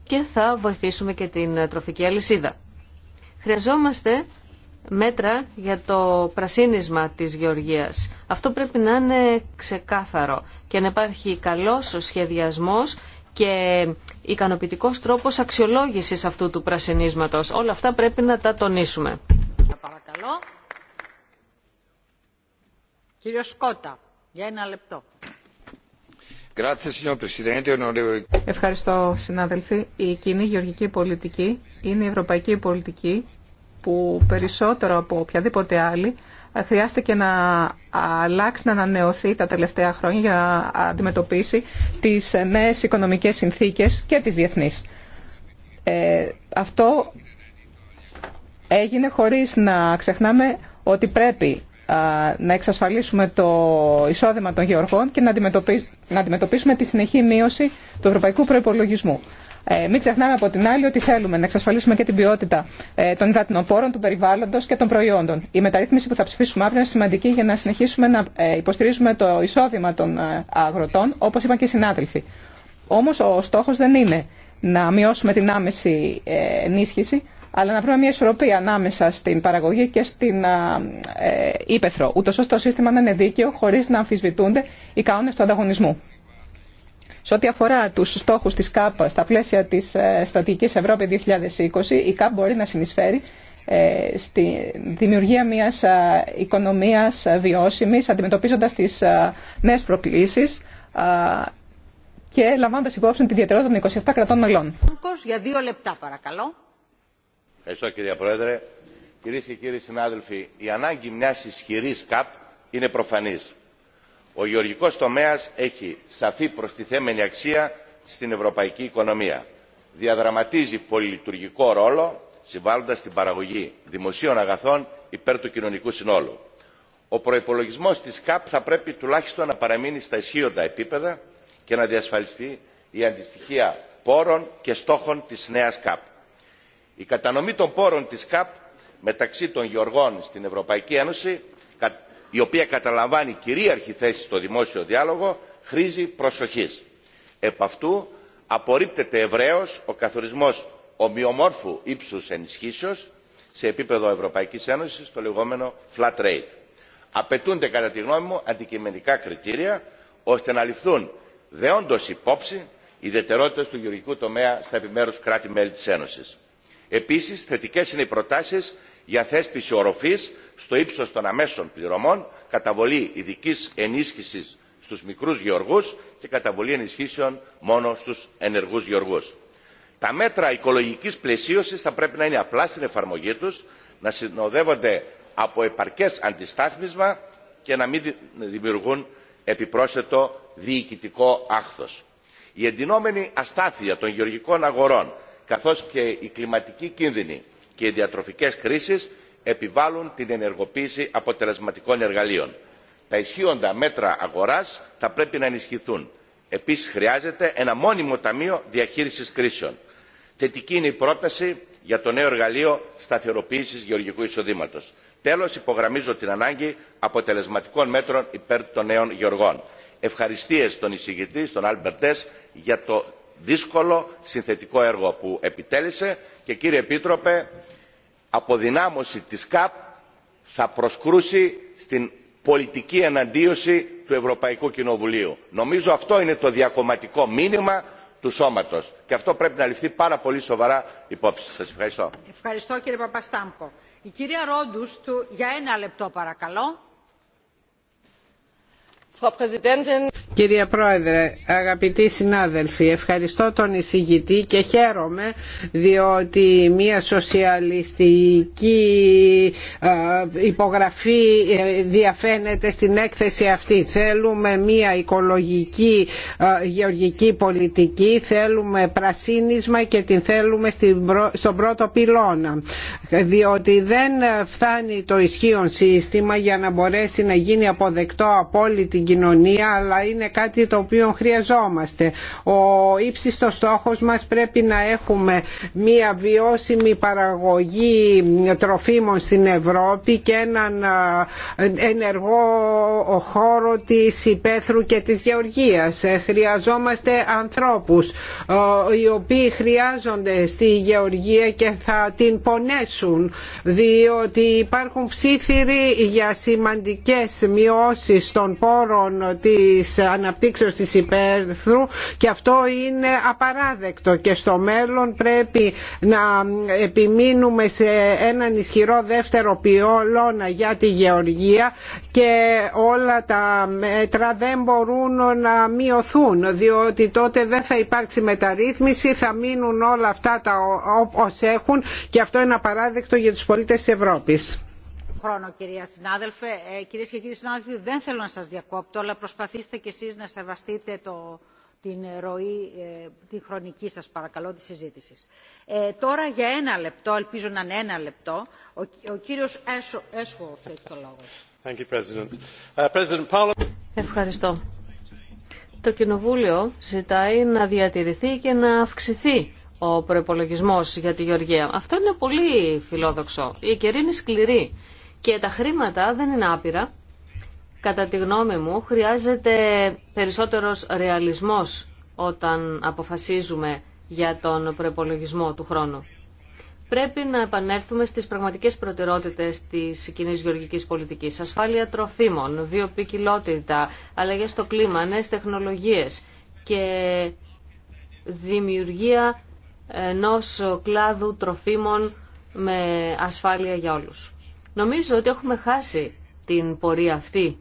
και θα βοηθήσουμε και την τροφική αλυσίδα. Χρειαζόμαστε μέτρα για το πρασίνισμα της γεωργίας. Αυτό πρέπει να είναι ξεκάθαρο και να υπάρχει καλός σχεδιασμός και ικανοποιητικός τρόπος αξιολόγησης αυτού του πρασινίσματος. Όλα αυτά πρέπει να τα τονίσουμε. Παρακαλώ. Κύριο Σκότα, για ένα λεπτό. Ευχαριστώ, συνάδελφοι. Η κοινή γεωργική πολιτική είναι η ευρωπαϊκή πολιτική που περισσότερο από οποιαδήποτε άλλη χρειάστηκε να αλλάξει, να ανανεωθεί τα τελευταία χρόνια για να αντιμετωπίσει τις νέες οικονομικές συνθήκες και τις διεθνείς. Ε, αυτό έγινε χωρίς να ξεχνάμε ότι πρέπει να εξασφαλίσουμε το εισόδημα των γεωργών και να αντιμετωπίσουμε τη συνεχή μείωση του ευρωπαϊκού προϋπολογισμού. Ε, μην ξεχνάμε από την άλλη ότι θέλουμε να εξασφαλίσουμε και την ποιότητα ε, των υδατινοπόρων, του περιβάλλοντο και των προϊόντων. Η μεταρρύθμιση που θα ψηφίσουμε αύριο είναι σημαντική για να συνεχίσουμε να ε, υποστηρίζουμε το εισόδημα των ε, αγροτών, όπω είπαν και οι συνάδελφοι. Όμω ο στόχο δεν είναι να μειώσουμε την άμεση ενίσχυση, αλλά να βρούμε μια ισορροπία ανάμεσα στην παραγωγή και στην ύπεθρο, ούτω ώστε το σύστημα να είναι δίκαιο χωρί να αμφισβητούνται οι κανόνε του ανταγωνισμού. Σε ό,τι αφορά του στόχου τη ΚΑΠ στα πλαίσια τη ε, Στρατηγική Ευρώπη 2020, η ΚΑΠ μπορεί να συνεισφέρει ε, στη δημιουργία μιας ε, οικονομίας βιώσιμης, αντιμετωπίζοντας τις νέες προκλήσεις και λαμβάνοντας υπόψη τη ιδιαιτερότητα των 27 κρατών μελών. Για λεπτά παρακαλώ. Ευχαριστώ κύριε Πρόεδρε. Κυρίες και κύριοι συνάδελφοι, η ανάγκη μιας ισχυρής ΚΑΠ είναι προφανής ο γεωργικός τομέας έχει σαφή προστιθέμενη αξία στην ευρωπαϊκή οικονομία. Διαδραματίζει πολυλειτουργικό ρόλο συμβάλλοντα στην παραγωγή δημοσίων αγαθών υπέρ του κοινωνικού συνόλου. Ο προϋπολογισμός της ΚΑΠ θα πρέπει τουλάχιστον να παραμείνει στα ισχύοντα επίπεδα και να διασφαλιστεί η αντιστοιχεία πόρων και στόχων της νέας ΚΑΠ. Η κατανομή των πόρων της ΚΑΠ μεταξύ των γεωργών στην Ευρωπαϊκή Ένωση η οποία καταλαμβάνει κυρίαρχη θέση στο δημόσιο διάλογο χρήζει προσοχής. επ' αυτού απορρίπτεται ευρέως ο καθορισμός ομοιομόρφου ύψους ενισχύσεως σε επίπεδο ευρωπαϊκής ένωσης το λεγόμενο flat rate. απαιτούνται κατά τη γνώμη μου αντικειμενικά κριτήρια ώστε να ληφθούν δεόντως υπόψη ιδιαιτερότητες του γεωργικού τομέα στα επιμέρους κράτη μέλη της ένωσης. επίσης θετικές είναι οι προτάσεις για θέσπιση οροφής στο ύψος των αμέσων πληρωμών, καταβολή ειδική ενίσχυσης στους μικρούς γεωργούς και καταβολή ενισχύσεων μόνο στους ενεργούς γεωργούς. Τα μέτρα οικολογικής πλαισίωσης θα πρέπει να είναι απλά στην εφαρμογή τους, να συνοδεύονται από επαρκές αντιστάθμισμα και να μην δημιουργούν επιπρόσθετο διοικητικό άχθος. Η εντυνόμενη αστάθεια των γεωργικών αγορών καθώς και η κλιματική κίνδυνη και οι διατροφικές κρίσεις επιβάλλουν την ενεργοποίηση αποτελεσματικών εργαλείων. Τα ισχύοντα μέτρα αγοράς θα πρέπει να ενισχυθούν. Επίσης χρειάζεται ένα μόνιμο ταμείο διαχείρισης κρίσεων. Θετική είναι η πρόταση για το νέο εργαλείο σταθεροποίησης γεωργικού εισοδήματος. Τέλος, υπογραμμίζω την ανάγκη αποτελεσματικών μέτρων υπέρ των νέων γεωργών. Ευχαριστίες στον εισηγητή, στον Άλμπερτ για το δύσκολο, συνθετικό έργο που επιτέλεσε και κύριε Επίτροπε, αποδυνάμωση της ΚΑΠ θα προσκρούσει στην πολιτική εναντίωση του Ευρωπαϊκού Κοινοβουλίου. Νομίζω αυτό είναι το διακομματικό μήνυμα του σώματος και αυτό πρέπει να ληφθεί πάρα πολύ σοβαρά υπόψη. Σας ευχαριστώ. Ευχαριστώ κύριε Παπαστάμκο. Η κυρία Ρόντους, για ένα λεπτό παρακαλώ. Κυρία Πρόεδρε, αγαπητοί συνάδελφοι, ευχαριστώ τον εισηγητή και χαίρομαι διότι μια σοσιαλιστική ε, υπογραφή ε, διαφαίνεται στην έκθεση αυτή. Θέλουμε μια οικολογική ε, γεωργική πολιτική, θέλουμε πρασίνισμα και την θέλουμε στον πρώτο πυλώνα. Διότι δεν φτάνει το ισχύον σύστημα για να μπορέσει να γίνει αποδεκτό από κοινωνία αλλά είναι κάτι το οποίο χρειαζόμαστε. Ο ύψιστος στόχος μας πρέπει να έχουμε μια βιώσιμη παραγωγή τροφίμων στην Ευρώπη και έναν ενεργό χώρο της υπαίθρου και της γεωργίας. Ε, χρειαζόμαστε ανθρώπους οι οποίοι χρειάζονται στη γεωργία και θα την πονέσουν διότι υπάρχουν ψήθυροι για σημαντικές μειώσεις των πόρων μέτρων της αναπτύξεως της υπέρθρου και αυτό είναι απαράδεκτο και στο μέλλον πρέπει να επιμείνουμε σε έναν ισχυρό δεύτερο πιόλωνα για τη γεωργία και όλα τα μέτρα δεν μπορούν να μειωθούν διότι τότε δεν θα υπάρξει μεταρρύθμιση, θα μείνουν όλα αυτά τα έχουν και αυτό είναι απαράδεκτο για τους πολίτες της Ευρώπης χρόνο, κυρία συνάδελφε. Ε, Κυρίε και κύριοι συνάδελφοι, δεν θέλω να σα διακόπτω, αλλά προσπαθήστε κι εσεί να σεβαστείτε το, την ροή, ε, τη χρονική σα παρακαλώ, τη συζήτηση. Ε, τώρα για ένα λεπτό, ελπίζω να είναι ένα λεπτό, ο, ο κύριο Έσχορφ έχει το λόγο. Thank you, President. Uh, President Ευχαριστώ. Το Κοινοβούλιο ζητάει να διατηρηθεί και να αυξηθεί ο προπολογισμό για τη Γεωργία. Αυτό είναι πολύ φιλόδοξο. Η καιρή είναι σκληρή και τα χρήματα δεν είναι άπειρα. Κατά τη γνώμη μου χρειάζεται περισσότερος ρεαλισμός όταν αποφασίζουμε για τον προπολογισμό του χρόνου. Πρέπει να επανέλθουμε στις πραγματικές προτεραιότητες της κοινή γεωργικής πολιτικής. Ασφάλεια τροφίμων, βιοποικιλότητα, αλλαγές στο κλίμα, νέες τεχνολογίες και δημιουργία ενός κλάδου τροφίμων με ασφάλεια για όλους. Νομίζω ότι έχουμε χάσει την πορεία αυτή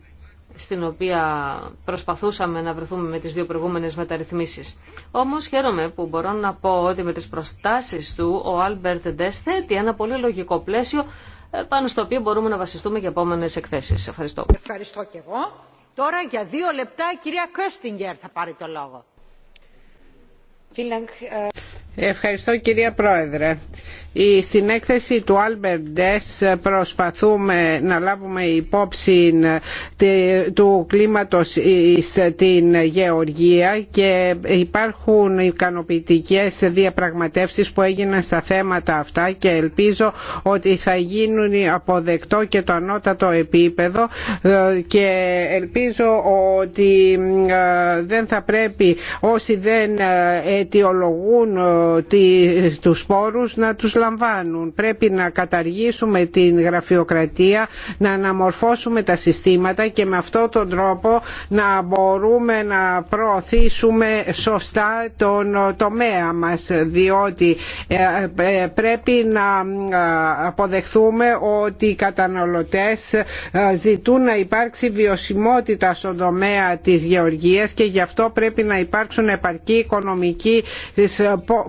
στην οποία προσπαθούσαμε να βρεθούμε με τις δύο προηγούμενες μεταρρυθμίσεις. Όμως χαίρομαι που μπορώ να πω ότι με τις προστάσεις του ο Άλμπερτ Ντες θέτει ένα πολύ λογικό πλαίσιο ε, πάνω στο οποίο μπορούμε να βασιστούμε για επόμενες εκθέσεις. Ευχαριστώ. Ευχαριστώ και εγώ. Τώρα για δύο λεπτά η κυρία Κέστιγκερ θα πάρει το λόγο. Ευχαριστώ κυρία Πρόεδρε. Ε, στην έκθεση του Albert Dess προσπαθούμε να λάβουμε υπόψη ε, του κλίματος στην ε, γεωργία και υπάρχουν ικανοποιητικές διαπραγματεύσεις που έγιναν στα θέματα αυτά και ελπίζω ότι θα γίνουν αποδεκτό και το ανώτατο επίπεδο και ελπίζω ότι δεν θα πρέπει όσοι δεν αιτιολογούν τους πόρους να τους λαμβάνουν Πρέπει να καταργήσουμε την γραφειοκρατία, να αναμορφώσουμε τα συστήματα και με αυτόν τον τρόπο να μπορούμε να προωθήσουμε σωστά τον τομέα μας διότι ε, ε, πρέπει να ε, αποδεχθούμε ότι οι καταναλωτές ζητούν να υπάρξει βιωσιμότητα στον τομέα της γεωργίας και γι' αυτό πρέπει να υπάρξουν επαρκή οικονομική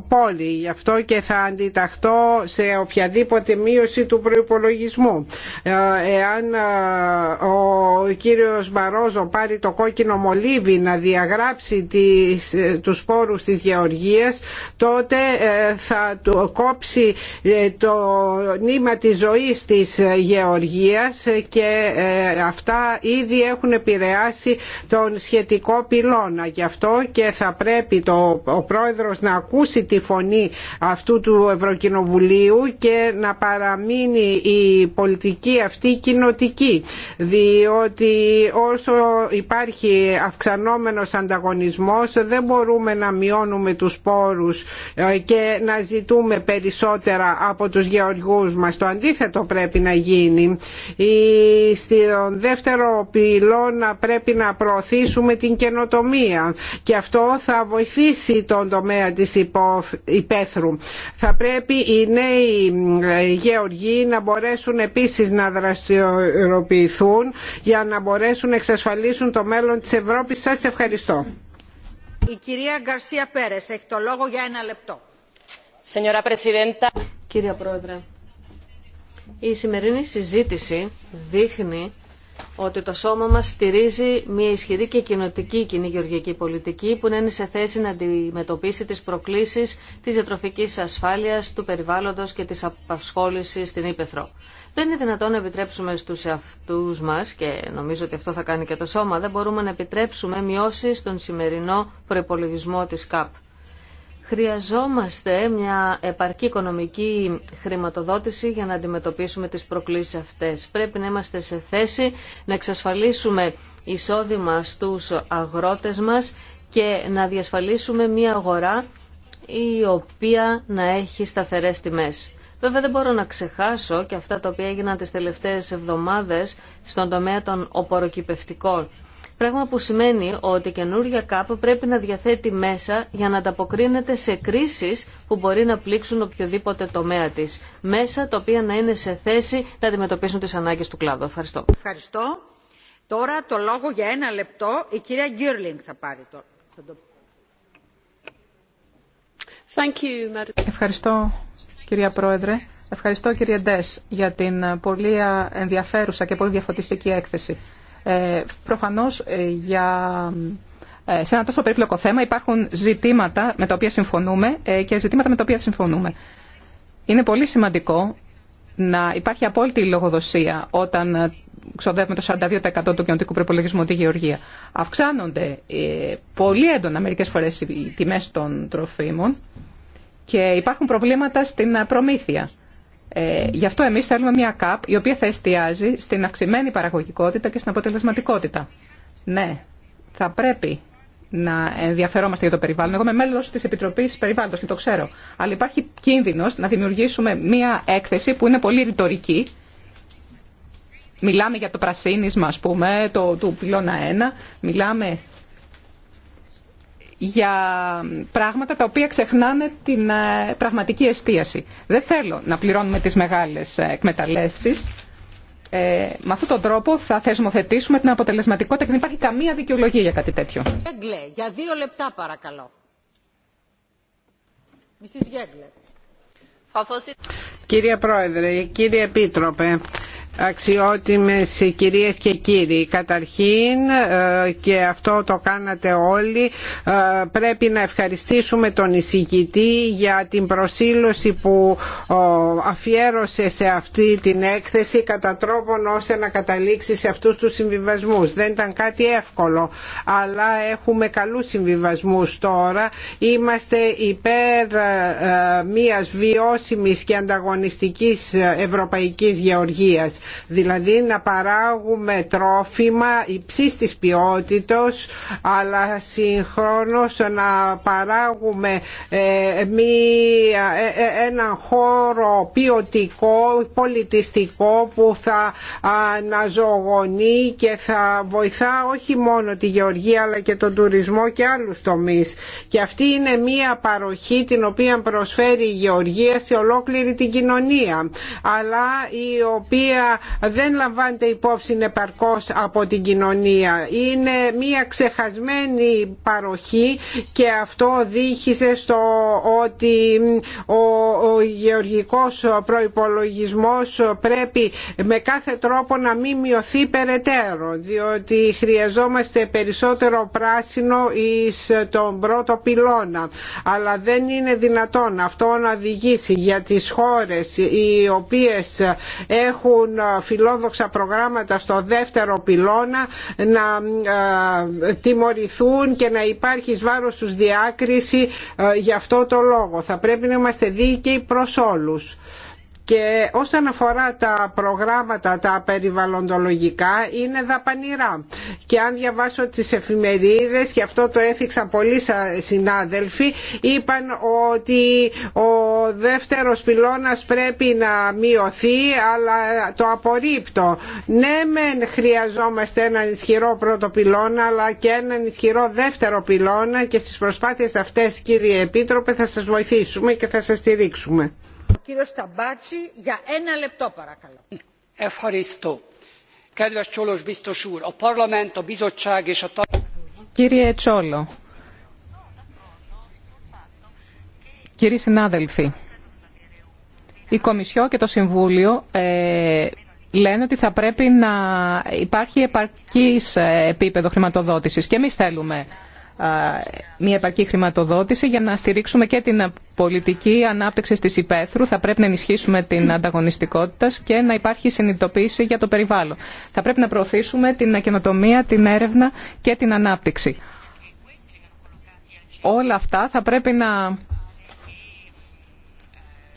πόλη. Γι' αυτό και θα αντιταχθώ σε οποιαδήποτε μείωση του προϋπολογισμού. Ε, εάν ε, ο κύριος Μπαρόζο πάρει το κόκκινο μολύβι να διαγράψει τις, ε, τους πόρους της γεωργίας τότε θα του κόψει το νήμα της ζωής της γεωργίας και αυτά ήδη έχουν επηρεάσει τον σχετικό πυλώνα γι' αυτό και θα πρέπει το, ο πρόεδρος να ακούσει τη φωνή αυτού του Ευρωκοινοβουλίου Κοινοβουλίου και να παραμείνει η πολιτική αυτή κοινοτική διότι όσο υπάρχει αυξανόμενος ανταγωνισμός δεν μπορούμε να μειώνουμε τους πόρους ε, και να ζητούμε περισσότερα από τους γεωργούς μας. Το αντίθετο πρέπει να γίνει. Στον δεύτερο πυλώνα πρέπει να προωθήσουμε την καινοτομία και αυτό θα βοηθήσει τον τομέα της υπαίθρου. Θα πρέπει η οι νέοι ε, γεωργοί να μπορέσουν επίσης να δραστηριοποιηθούν για να μπορέσουν να εξασφαλίσουν το μέλλον της Ευρώπης. Σας ευχαριστώ. Η κυρία Γκαρσία Πέρες έχει το λόγο για ένα λεπτό. Κύριε Πρόεδρε, η σημερινή συζήτηση δείχνει ότι το σώμα μας στηρίζει μια ισχυρή και κοινοτική κοινή γεωργική πολιτική που να είναι σε θέση να αντιμετωπίσει τις προκλήσεις της διατροφικής ασφάλειας, του περιβάλλοντος και της απασχόλησης στην Ήπεθρο. Δεν είναι δυνατόν να επιτρέψουμε στους εαυτούς μας, και νομίζω ότι αυτό θα κάνει και το σώμα, δεν μπορούμε να επιτρέψουμε μειώσεις στον σημερινό προπολογισμό της ΚΑΠ. Χρειαζόμαστε μια επαρκή οικονομική χρηματοδότηση για να αντιμετωπίσουμε τις προκλήσεις αυτές. Πρέπει να είμαστε σε θέση να εξασφαλίσουμε εισόδημα στους αγρότες μας και να διασφαλίσουμε μια αγορά η οποία να έχει σταθερές τιμές. Βέβαια δεν μπορώ να ξεχάσω και αυτά τα οποία έγιναν τις τελευταίες εβδομάδες στον τομέα των οποροκυπευτικών Πράγμα που σημαίνει ότι η καινούργια ΚΑΠ πρέπει να διαθέτει μέσα για να ανταποκρίνεται σε κρίσει που μπορεί να πλήξουν οποιοδήποτε τομέα τη. Μέσα τα οποία να είναι σε θέση να αντιμετωπίσουν τι ανάγκε του κλάδου. Ευχαριστώ. Ευχαριστώ. Τώρα το λόγο για ένα λεπτό η κυρία Γκίρλινγκ θα πάρει το... Ευχαριστώ κυρία Πρόεδρε. Ευχαριστώ κύριε Ντές για την πολύ ενδιαφέρουσα και πολύ διαφωτιστική έκθεση. Ε, προφανώς ε, για... Ε, σε ένα τόσο περίπλοκο θέμα υπάρχουν ζητήματα με τα οποία συμφωνούμε ε, και ζητήματα με τα οποία συμφωνούμε. Είναι πολύ σημαντικό να υπάρχει απόλυτη λογοδοσία όταν ξοδεύουμε το 42% του κοινωνικού προπολογισμού τη γεωργία. Αυξάνονται πολύ έντονα μερικέ φορέ οι τιμέ των τροφίμων και υπάρχουν προβλήματα στην προμήθεια. Ε, γι' αυτό εμείς θέλουμε μια ΚΑΠ η οποία θα εστιάζει στην αυξημένη παραγωγικότητα και στην αποτελεσματικότητα. Ναι, θα πρέπει να ενδιαφερόμαστε για το περιβάλλον. Εγώ είμαι μέλος της Επιτροπής Περιβάλλοντος και το ξέρω. Αλλά υπάρχει κίνδυνος να δημιουργήσουμε μια έκθεση που είναι πολύ ρητορική. Μιλάμε για το πρασίνισμα, ας πούμε, το, του πυλώνα 1. Μιλάμε για πράγματα τα οποία ξεχνάνε την ε, πραγματική εστίαση. Δεν θέλω να πληρώνουμε τις μεγάλες ε, εκμεταλλεύσεις. Ε, με αυτόν τον τρόπο θα θεσμοθετήσουμε την αποτελεσματικότητα και δεν υπάρχει καμία δικαιολογία για κάτι τέτοιο. για δύο λεπτά παρακαλώ. Κυρία Πρόεδρε, κύριε Επίτροπε, αξιότιμες κυρίες και κύριοι. Καταρχήν ε, και αυτό το κάνατε όλοι ε, πρέπει να ευχαριστήσουμε τον εισηγητή για την προσήλωση που ε, αφιέρωσε σε αυτή την έκθεση κατά τρόπον ώστε να καταλήξει σε αυτούς τους συμβιβασμούς. Δεν ήταν κάτι εύκολο αλλά έχουμε καλούς συμβιβασμούς τώρα. Είμαστε υπέρ μιας βιώσιμης και ανταγωνιστικής ευρωπαϊκής γεωργίας δηλαδή να παράγουμε τρόφιμα υψής της ποιότητος αλλά συγχρόνως να παράγουμε ε, ε, ε, έναν χώρο ποιοτικό, πολιτιστικό που θα αναζωογονεί και θα βοηθά όχι μόνο τη γεωργία αλλά και τον τουρισμό και άλλους τομείς. Και αυτή είναι μία παροχή την οποία προσφέρει η γεωργία σε ολόκληρη την κοινωνία αλλά η οποία δεν λαμβάνεται υπόψη επαρκώς από την κοινωνία. Είναι μια ξεχασμένη παροχή και αυτό οδήγησε στο ότι ο γεωργικός προϋπολογισμός πρέπει με κάθε τρόπο να μην μειωθεί περαιτέρω διότι χρειαζόμαστε περισσότερο πράσινο εις τον πρώτο πυλώνα αλλά δεν είναι δυνατόν αυτό να οδηγήσει για τις χώρες οι οποίες έχουν φιλόδοξα προγράμματα στο δεύτερο πυλώνα να ε, τιμωρηθούν και να υπάρχει βάρος τους διάκριση ε, γι' αυτό το λόγο. Θα πρέπει να είμαστε δίκαιοι προς όλους και όσον αφορά τα προγράμματα τα περιβαλλοντολογικά είναι δαπανηρά και αν διαβάσω τις εφημερίδες και αυτό το έθιξαν πολλοί συνάδελφοι είπαν ότι ο δεύτερος πυλώνας πρέπει να μειωθεί αλλά το απορρίπτω ναι μεν χρειαζόμαστε έναν ισχυρό πρώτο πυλώνα αλλά και έναν ισχυρό δεύτερο πυλώνα και στις προσπάθειες αυτές κύριε Επίτροπε θα σας βοηθήσουμε και θα σας στηρίξουμε. Κύριε Σταμπάτσι, για ένα λεπτό παρακαλώ. Ευχαριστώ. Κύριε Τσόλο, κύριοι συνάδελφοι, η Κομισιό και το Συμβούλιο ε, λένε ότι θα πρέπει να υπάρχει επαρκής ε, επίπεδο χρηματοδότησης και εμείς θέλουμε μια επαρκή χρηματοδότηση για να στηρίξουμε και την πολιτική ανάπτυξη της υπαίθρου. Θα πρέπει να ενισχύσουμε την ανταγωνιστικότητα και να υπάρχει συνειδητοποίηση για το περιβάλλον. Θα πρέπει να προωθήσουμε την καινοτομία, την έρευνα και την ανάπτυξη. Όλα αυτά θα πρέπει να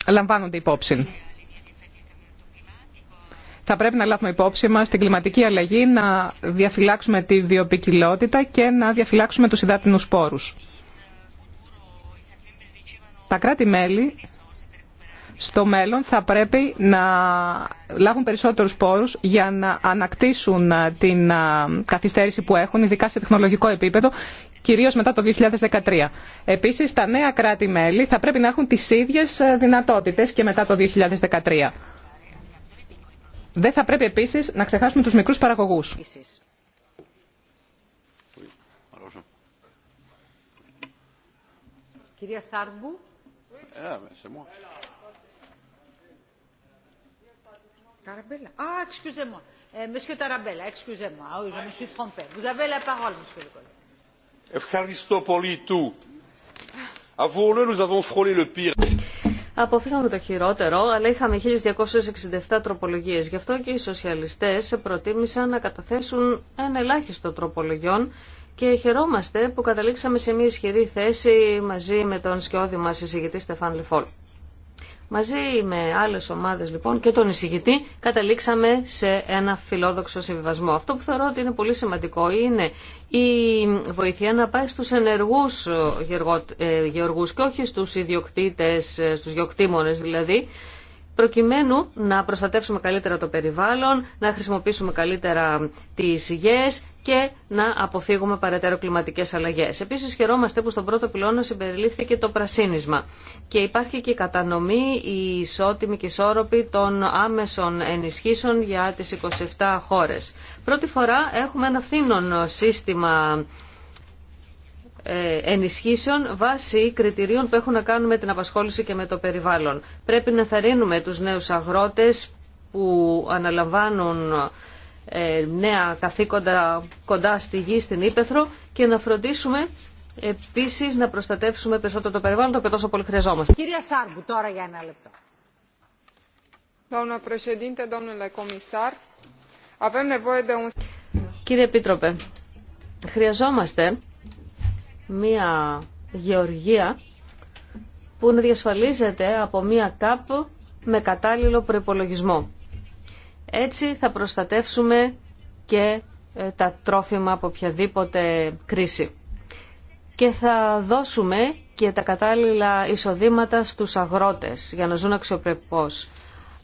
λαμβάνονται υπόψη θα πρέπει να λάβουμε υπόψη μας την κλιματική αλλαγή, να διαφυλάξουμε τη βιοπικιλότητα και να διαφυλάξουμε τους υδάτινου πόρους. Τα κράτη-μέλη στο μέλλον θα πρέπει να λάβουν περισσότερους πόρου για να ανακτήσουν την καθυστέρηση που έχουν, ειδικά σε τεχνολογικό επίπεδο, κυρίως μετά το 2013. Επίσης, τα νέα κράτη-μέλη θα πρέπει να έχουν τι ίδιε δυνατότητε και μετά το 2013. Δεν θα πρέπει επίση να ξεχάσουμε του μικρού παραγωγού. Ευχαριστώ πολύ Αποφύγαμε το χειρότερο, αλλά είχαμε 1267 τροπολογίες. Γι' αυτό και οι σοσιαλιστές προτίμησαν να καταθέσουν ένα ελάχιστο τροπολογιών και χαιρόμαστε που καταλήξαμε σε μια ισχυρή θέση μαζί με τον σκιώδη μα εισηγητή Στεφάν Λεφόλ. Μαζί με άλλε ομάδες λοιπόν και τον εισηγητή καταλήξαμε σε ένα φιλόδοξο συμβιβασμό. Αυτό που θεωρώ ότι είναι πολύ σημαντικό είναι η βοήθεια να πάει στους ενεργούς ε, ε, γεωργούς και όχι στους ιδιοκτήτε, ε, στους γεωκτήμονες δηλαδή, προκειμένου να προστατεύσουμε καλύτερα το περιβάλλον, να χρησιμοποιήσουμε καλύτερα τις υγιές και να αποφύγουμε παρατέρω κλιματικές αλλαγές. Επίσης χαιρόμαστε που στον πρώτο πυλώνα συμπεριλήφθηκε το πρασίνισμα και υπάρχει και η κατανομή η ισότιμη και ισόρροπη των άμεσων ενισχύσεων για τις 27 χώρες. Πρώτη φορά έχουμε ένα φθήνον σύστημα ε, ενισχύσεων βάσει κριτηρίων που έχουν να κάνουν με την απασχόληση και με το περιβάλλον. Πρέπει να θαρρύνουμε τους νέους αγρότες που αναλαμβάνουν ε, νέα καθήκοντα κοντά στη γη, στην Ήπεθρο και να φροντίσουμε επίσης να προστατεύσουμε περισσότερο το περιβάλλον το οποίο τόσο πολύ χρειαζόμαστε. Κυρία Σάρμπου, τώρα για ένα λεπτό. Κύριε Επίτροπε, χρειαζόμαστε μία γεωργία που να διασφαλίζεται από μία ΚΑΠ με κατάλληλο προϋπολογισμό. Έτσι θα προστατεύσουμε και ε, τα τρόφιμα από οποιαδήποτε κρίση. Και θα δώσουμε και τα κατάλληλα εισοδήματα στους αγρότες για να ζουν αξιοπρεπώς.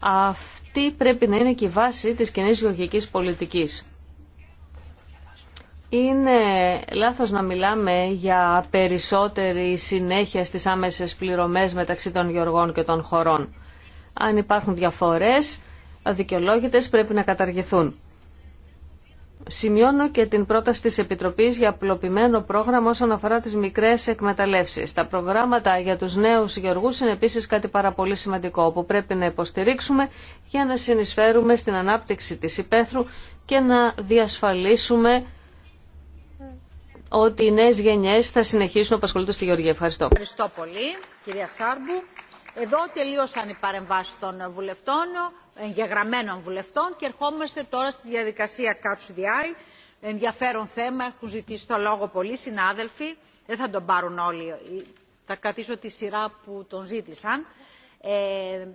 Αυτή πρέπει να είναι και η βάση της κοινή γεωργικής πολιτικής. Είναι λάθος να μιλάμε για περισσότερη συνέχεια στις άμεσες πληρωμές μεταξύ των γεωργών και των χωρών. Αν υπάρχουν διαφορές, αδικαιολόγητες πρέπει να καταργηθούν. Σημειώνω και την πρόταση της Επιτροπής για απλοποιημένο πρόγραμμα όσον αφορά τις μικρές εκμεταλλεύσεις. Τα προγράμματα για τους νέους γεωργούς είναι επίσης κάτι πάρα πολύ σημαντικό που πρέπει να υποστηρίξουμε για να συνεισφέρουμε στην ανάπτυξη της υπαίθρου και να διασφαλίσουμε ότι οι νέες γενιές θα συνεχίσουν να απασχολούνται στη Γεωργία. Ευχαριστώ. Ευχαριστώ πολύ, κυρία Σάρμπου. Εδώ τελείωσαν οι παρεμβάσει των βουλευτών, εγγεγραμμένων βουλευτών και ερχόμαστε τώρα στη διαδικασία Catch the Eye. Ενδιαφέρον θέμα, έχουν ζητήσει το λόγο πολλοί συνάδελφοι. Δεν θα τον πάρουν όλοι. Ε, θα κρατήσω τη σειρά που τον ζήτησαν. Ε,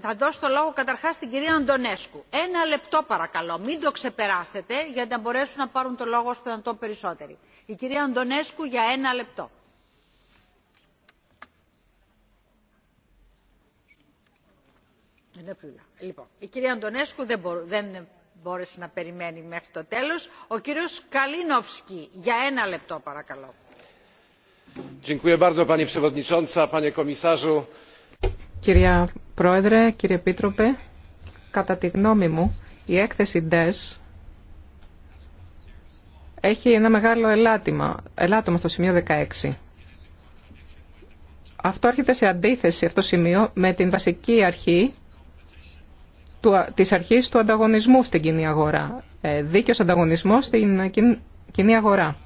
θα δώσω το λόγο καταρχάς στην κυρία Αντωνέσκου. Ένα λεπτό παρακαλώ, μην το ξεπεράσετε για να μπορέσουν να πάρουν το λόγο στον το περισσότεροι. Η κυρία Αντωνέσκου για ένα λεπτό. Λοιπόν, η κυρία Αντωνέσκου δεν, μπόρεσε να περιμένει μέχρι το τέλος. Ο κύριος Καλίνοφσκι για ένα λεπτό παρακαλώ. Dziękuję bardzo, Πρόεδρε, κύριε πίτροπε, κατά τη γνώμη μου, η έκθεση DES έχει ένα μεγάλο ελάττωμα, ελάττωμα στο σημείο 16. Αυτό έρχεται σε αντίθεση, αυτό σημείο, με την βασική αρχή του, της αρχής του ανταγωνισμού στην κοινή αγορά. Ε, δίκαιος ανταγωνισμός στην κοινή αγορά.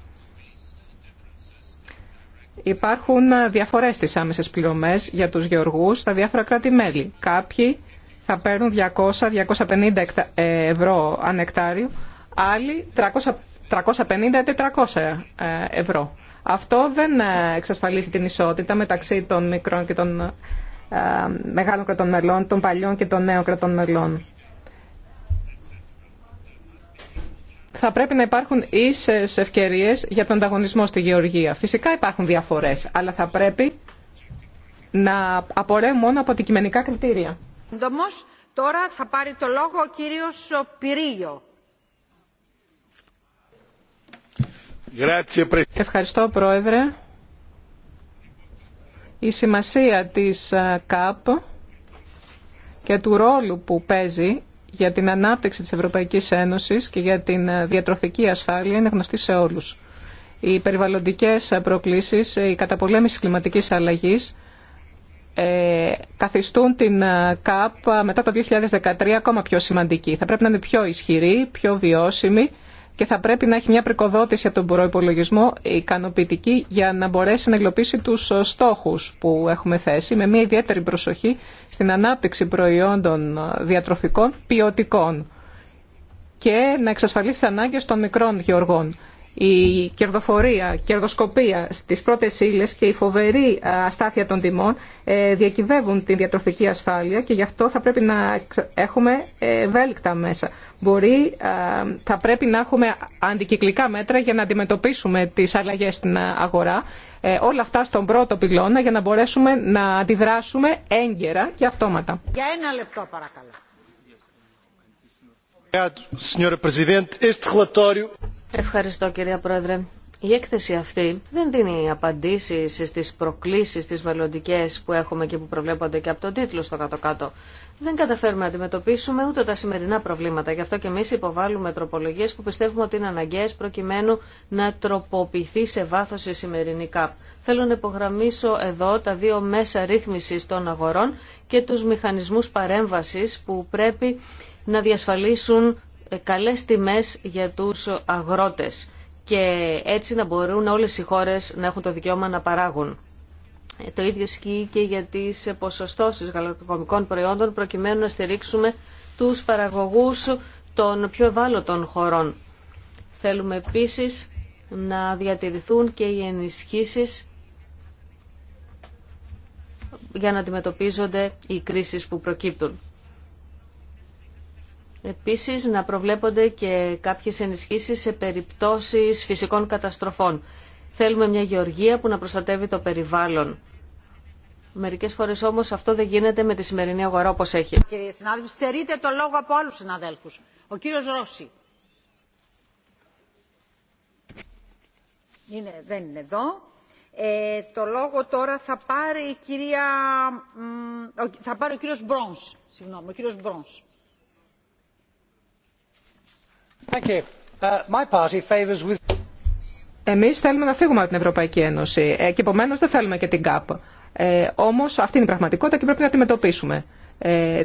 Υπάρχουν ε, διαφορές στις άμεσες πληρωμές για τους γεωργούς στα διάφορα κράτη-μέλη. Κάποιοι θα παίρνουν 200-250 ε, ευρώ ανεκτάριο, άλλοι 350-400 ε, ευρώ. Αυτό δεν εξασφαλίζει την ισότητα μεταξύ των μικρών και των μεγάλων κρατών μελών, των παλιών και των νέων κρατών μελών. θα πρέπει να υπάρχουν ίσες ευκαιρίες για τον ανταγωνισμό στη γεωργία. Φυσικά υπάρχουν διαφορές, αλλά θα πρέπει να απορρέουν μόνο από αντικειμενικά κριτήρια. τώρα θα πάρει το λόγο ο κύριος Ευχαριστώ, Πρόεδρε. Η σημασία της ε, ΚΑΠ και του ρόλου που παίζει για την ανάπτυξη της Ευρωπαϊκής Ένωσης και για την ε, διατροφική ασφάλεια είναι γνωστή σε όλους. Οι περιβαλλοντικές ε, προκλήσεις, ε, η καταπολέμηση κλιματικής αλλαγής καθιστούν την ΚΑΠ μετά το 2013 ακόμα πιο σημαντική. Θα πρέπει να είναι πιο ισχυρή, πιο βιώσιμη και θα πρέπει να έχει μια πρικοδότηση από τον προϋπολογισμό ικανοποιητική για να μπορέσει να υλοποιήσει τους ε, στόχους που έχουμε θέσει με μια ιδιαίτερη προσοχή στην ανάπτυξη προϊόντων ε, διατροφικών ποιοτικών και να εξασφαλίσει τις ανάγκες των μικρών γεωργών η κερδοφορία, κερδοσκοπία στις πρώτες ύλε και η φοβερή ε, αστάθεια των τιμών ε, διακυβεύουν την διατροφική ασφάλεια και γι' αυτό θα πρέπει να έχουμε ε, ευέλικτα μέσα. Μπορεί, θα πρέπει να έχουμε αντικυκλικά μέτρα για να αντιμετωπίσουμε τις αλλαγές στην αγορά. όλα αυτά στον πρώτο πυλώνα για να μπορέσουμε να αντιδράσουμε έγκαιρα και αυτόματα. Ευχαριστώ κυρία Πρόεδρε. Η έκθεση αυτή δεν δίνει απαντήσεις στις προκλήσεις, τις μελλοντικέ που έχουμε και που προβλέπονται και από τον τίτλο στο κάτω-κάτω. Δεν καταφέρουμε να αντιμετωπίσουμε ούτε τα σημερινά προβλήματα. Γι' αυτό και εμείς υποβάλλουμε τροπολογίες που πιστεύουμε ότι είναι αναγκαίες προκειμένου να τροποποιηθεί σε βάθος η σημερινή ΚΑΠ. Θέλω να υπογραμμίσω εδώ τα δύο μέσα ρύθμισης των αγορών και τους μηχανισμούς παρέμβασης που πρέπει να διασφαλίσουν καλές τιμές για τους αγρότες και έτσι να μπορούν όλες οι χώρες να έχουν το δικαίωμα να παράγουν. Το ίδιο σκύει και για τις ποσοστώσεις γαλακτοκομικών προϊόντων προκειμένου να στηρίξουμε τους παραγωγούς των πιο ευάλωτων χωρών. Θέλουμε επίσης να διατηρηθούν και οι ενισχύσεις για να αντιμετωπίζονται οι κρίσεις που προκύπτουν. Επίσης να προβλέπονται και κάποιες ενισχύσεις σε περιπτώσεις φυσικών καταστροφών. Θέλουμε μια γεωργία που να προστατεύει το περιβάλλον. Μερικές φορές όμως αυτό δεν γίνεται με τη σημερινή αγορά όπως έχει. Κύριε συνάδελφοι, στερείτε το λόγο από άλλους συναδέλφους. Ο κύριος Ρώση. δεν είναι εδώ. Ε, το λόγο τώρα θα πάρει η κυρία... Θα πάρει ο κύριος Μπρόνς. Συγγνώμη, ο κύριος Μπρόνς. Uh, Εμείς θέλουμε να φύγουμε από την Ευρωπαϊκή Ένωση ε, και επομένω δεν θέλουμε και την ΚΑΠ. Ε, όμως αυτή είναι η πραγματικότητα και πρέπει να τη μετωπίσουμε. Ε,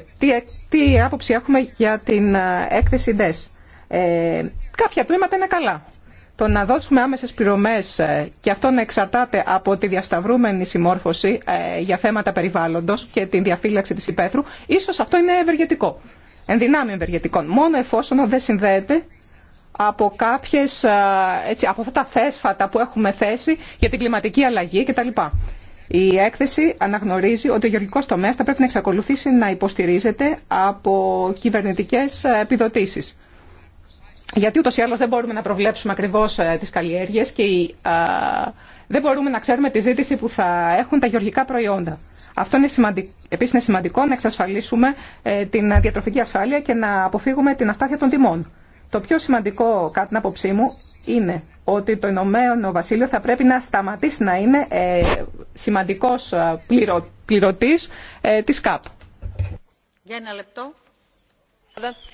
τι, άποψη έχουμε για την έκθεση ΔΕΣ. κάποια τμήματα είναι καλά. Το να δώσουμε άμεσες πληρωμές και αυτό να εξαρτάται από τη διασταυρούμενη συμμόρφωση για θέματα περιβάλλοντος και την διαφύλαξη της υπαίθρου, ίσως αυτό είναι ευεργετικό ενδυνάμει ευεργετικών, μόνο εφόσον δεν συνδέεται από κάποιες, έτσι, από αυτά τα θέσφατα που έχουμε θέσει για την κλιματική αλλαγή κτλ. Η έκθεση αναγνωρίζει ότι ο γεωργικό τομέα θα πρέπει να εξακολουθήσει να υποστηρίζεται από κυβερνητικέ επιδοτήσει. Γιατί ούτω ή άλλω δεν μπορούμε να προβλέψουμε ακριβώ ε, τι καλλιέργειε και η δεν μπορούμε να ξέρουμε τη ζήτηση που θα έχουν τα γεωργικά προϊόντα. Αυτό είναι σημαντικό. Επίσης είναι σημαντικό να εξασφαλίσουμε ε, την διατροφική ασφάλεια και να αποφύγουμε την αστάθεια των τιμών. Το πιο σημαντικό, κάτι, την άποψή μου, είναι ότι το Ηνωμένο Βασίλειο θα πρέπει να σταματήσει να είναι ε, σημαντικός ε, πληρω, πληρωτής της ΚΑΠ. Για ένα λεπτό. Ευχαριστώ.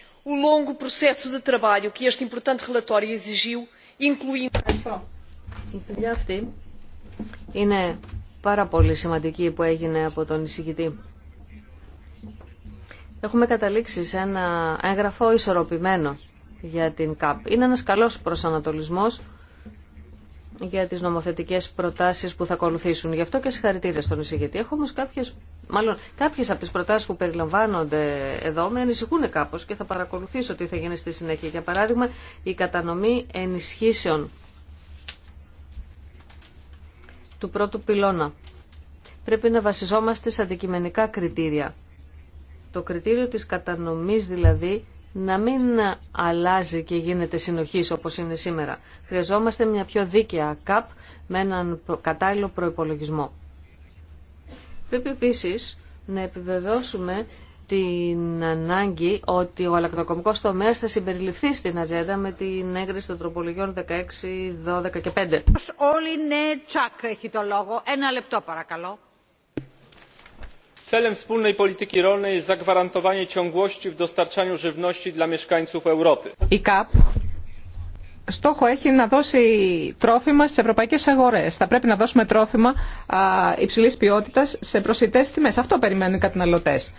Η δουλειά αυτή είναι πάρα πολύ σημαντική που έγινε από τον εισηγητή. Έχουμε καταλήξει σε ένα έγγραφο ισορροπημένο για την ΚΑΠ. Είναι ένας καλός προσανατολισμός για τις νομοθετικές προτάσεις που θα ακολουθήσουν. Γι' αυτό και συγχαρητήρια στον εισηγητή. Έχω όμως κάποιες, μάλλον, κάποιες από τις προτάσεις που περιλαμβάνονται εδώ με ανησυχούν κάπως και θα παρακολουθήσω τι θα γίνει στη συνέχεια. Για παράδειγμα, η κατανομή ενισχύσεων του πρώτου πυλώνα. Πρέπει να βασιζόμαστε σε αντικειμενικά κριτήρια. Το κριτήριο της κατανομής δηλαδή να μην αλλάζει και γίνεται συνοχής όπως είναι σήμερα. Χρειαζόμαστε μια πιο δίκαια ΚΑΠ με έναν κατάλληλο προϋπολογισμό. Πρέπει επίσης να επιβεβαιώσουμε την ανάγκη ότι ο αλλακτοκομικός τομέας θα συμπεριληφθεί στην ατζέντα με την έγκριση των τροπολογιών 16, 12 και 5. Όλοι ναι, τσακ έχει το λόγο. Ένα λεπτό παρακαλώ. Celem wspólnej polityki rolnej jest zagwarantowanie ciągłości w dostarczaniu żywności dla mieszkańców Europy. I ΚΑΠ στόχο έχει να δώσει τρόφιμα στις ευρωπαϊκές αγορές. Θα πρέπει να δώσουμε τρόφιμα α, υψηλής σε προσιτές τιμές. Αυτό περιμένουν οι καταναλωτές.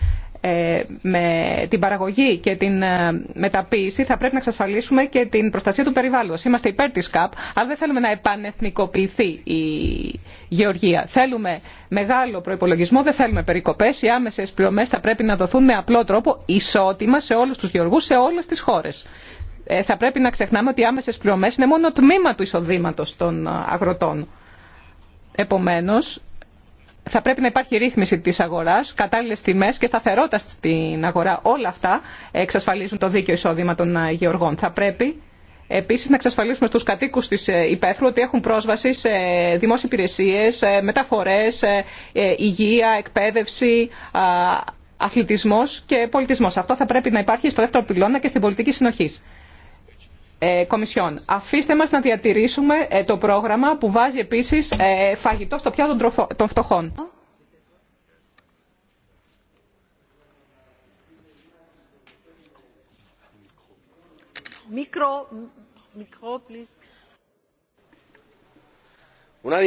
Ε, με την παραγωγή και την ε, μεταποίηση θα πρέπει να εξασφαλίσουμε και την προστασία του περιβάλλοντος. Είμαστε υπέρ της ΚΑΠ, αλλά δεν θέλουμε να επανεθνικοποιηθεί η γεωργία. Θέλουμε μεγάλο προπολογισμό, δεν θέλουμε περικοπές. Οι άμεσες πληρωμές θα πρέπει να δοθούν με απλό τρόπο ισότιμα σε όλους τους γεωργούς, σε όλες τις χώρες. Ε, θα πρέπει να ξεχνάμε ότι οι άμεσες πληρωμές είναι μόνο τμήμα του εισοδήματο των αγροτών. Επομένως, θα πρέπει να υπάρχει ρύθμιση της αγοράς, κατάλληλες τιμές και σταθερότητα στην αγορά. Όλα αυτά εξασφαλίζουν το δίκαιο εισόδημα των ε, γεωργών. Θα πρέπει επίσης να εξασφαλίσουμε στους κατοίκους της ε, υπαίθρου ότι έχουν πρόσβαση σε δημόσιες υπηρεσίες, ε, μεταφορές, υγεία, εκπαίδευση, αθλητισμός και πολιτισμός. Αυτό θα πρέπει να υπάρχει στο δεύτερο πυλώνα και στην πολιτική συνοχής. Ε, Κομισιόν. Αφήστε μας να διατηρήσουμε ε, το πρόγραμμα που βάζει επίσης ε, φαγητό στο πιάτο των, φτωχών. Una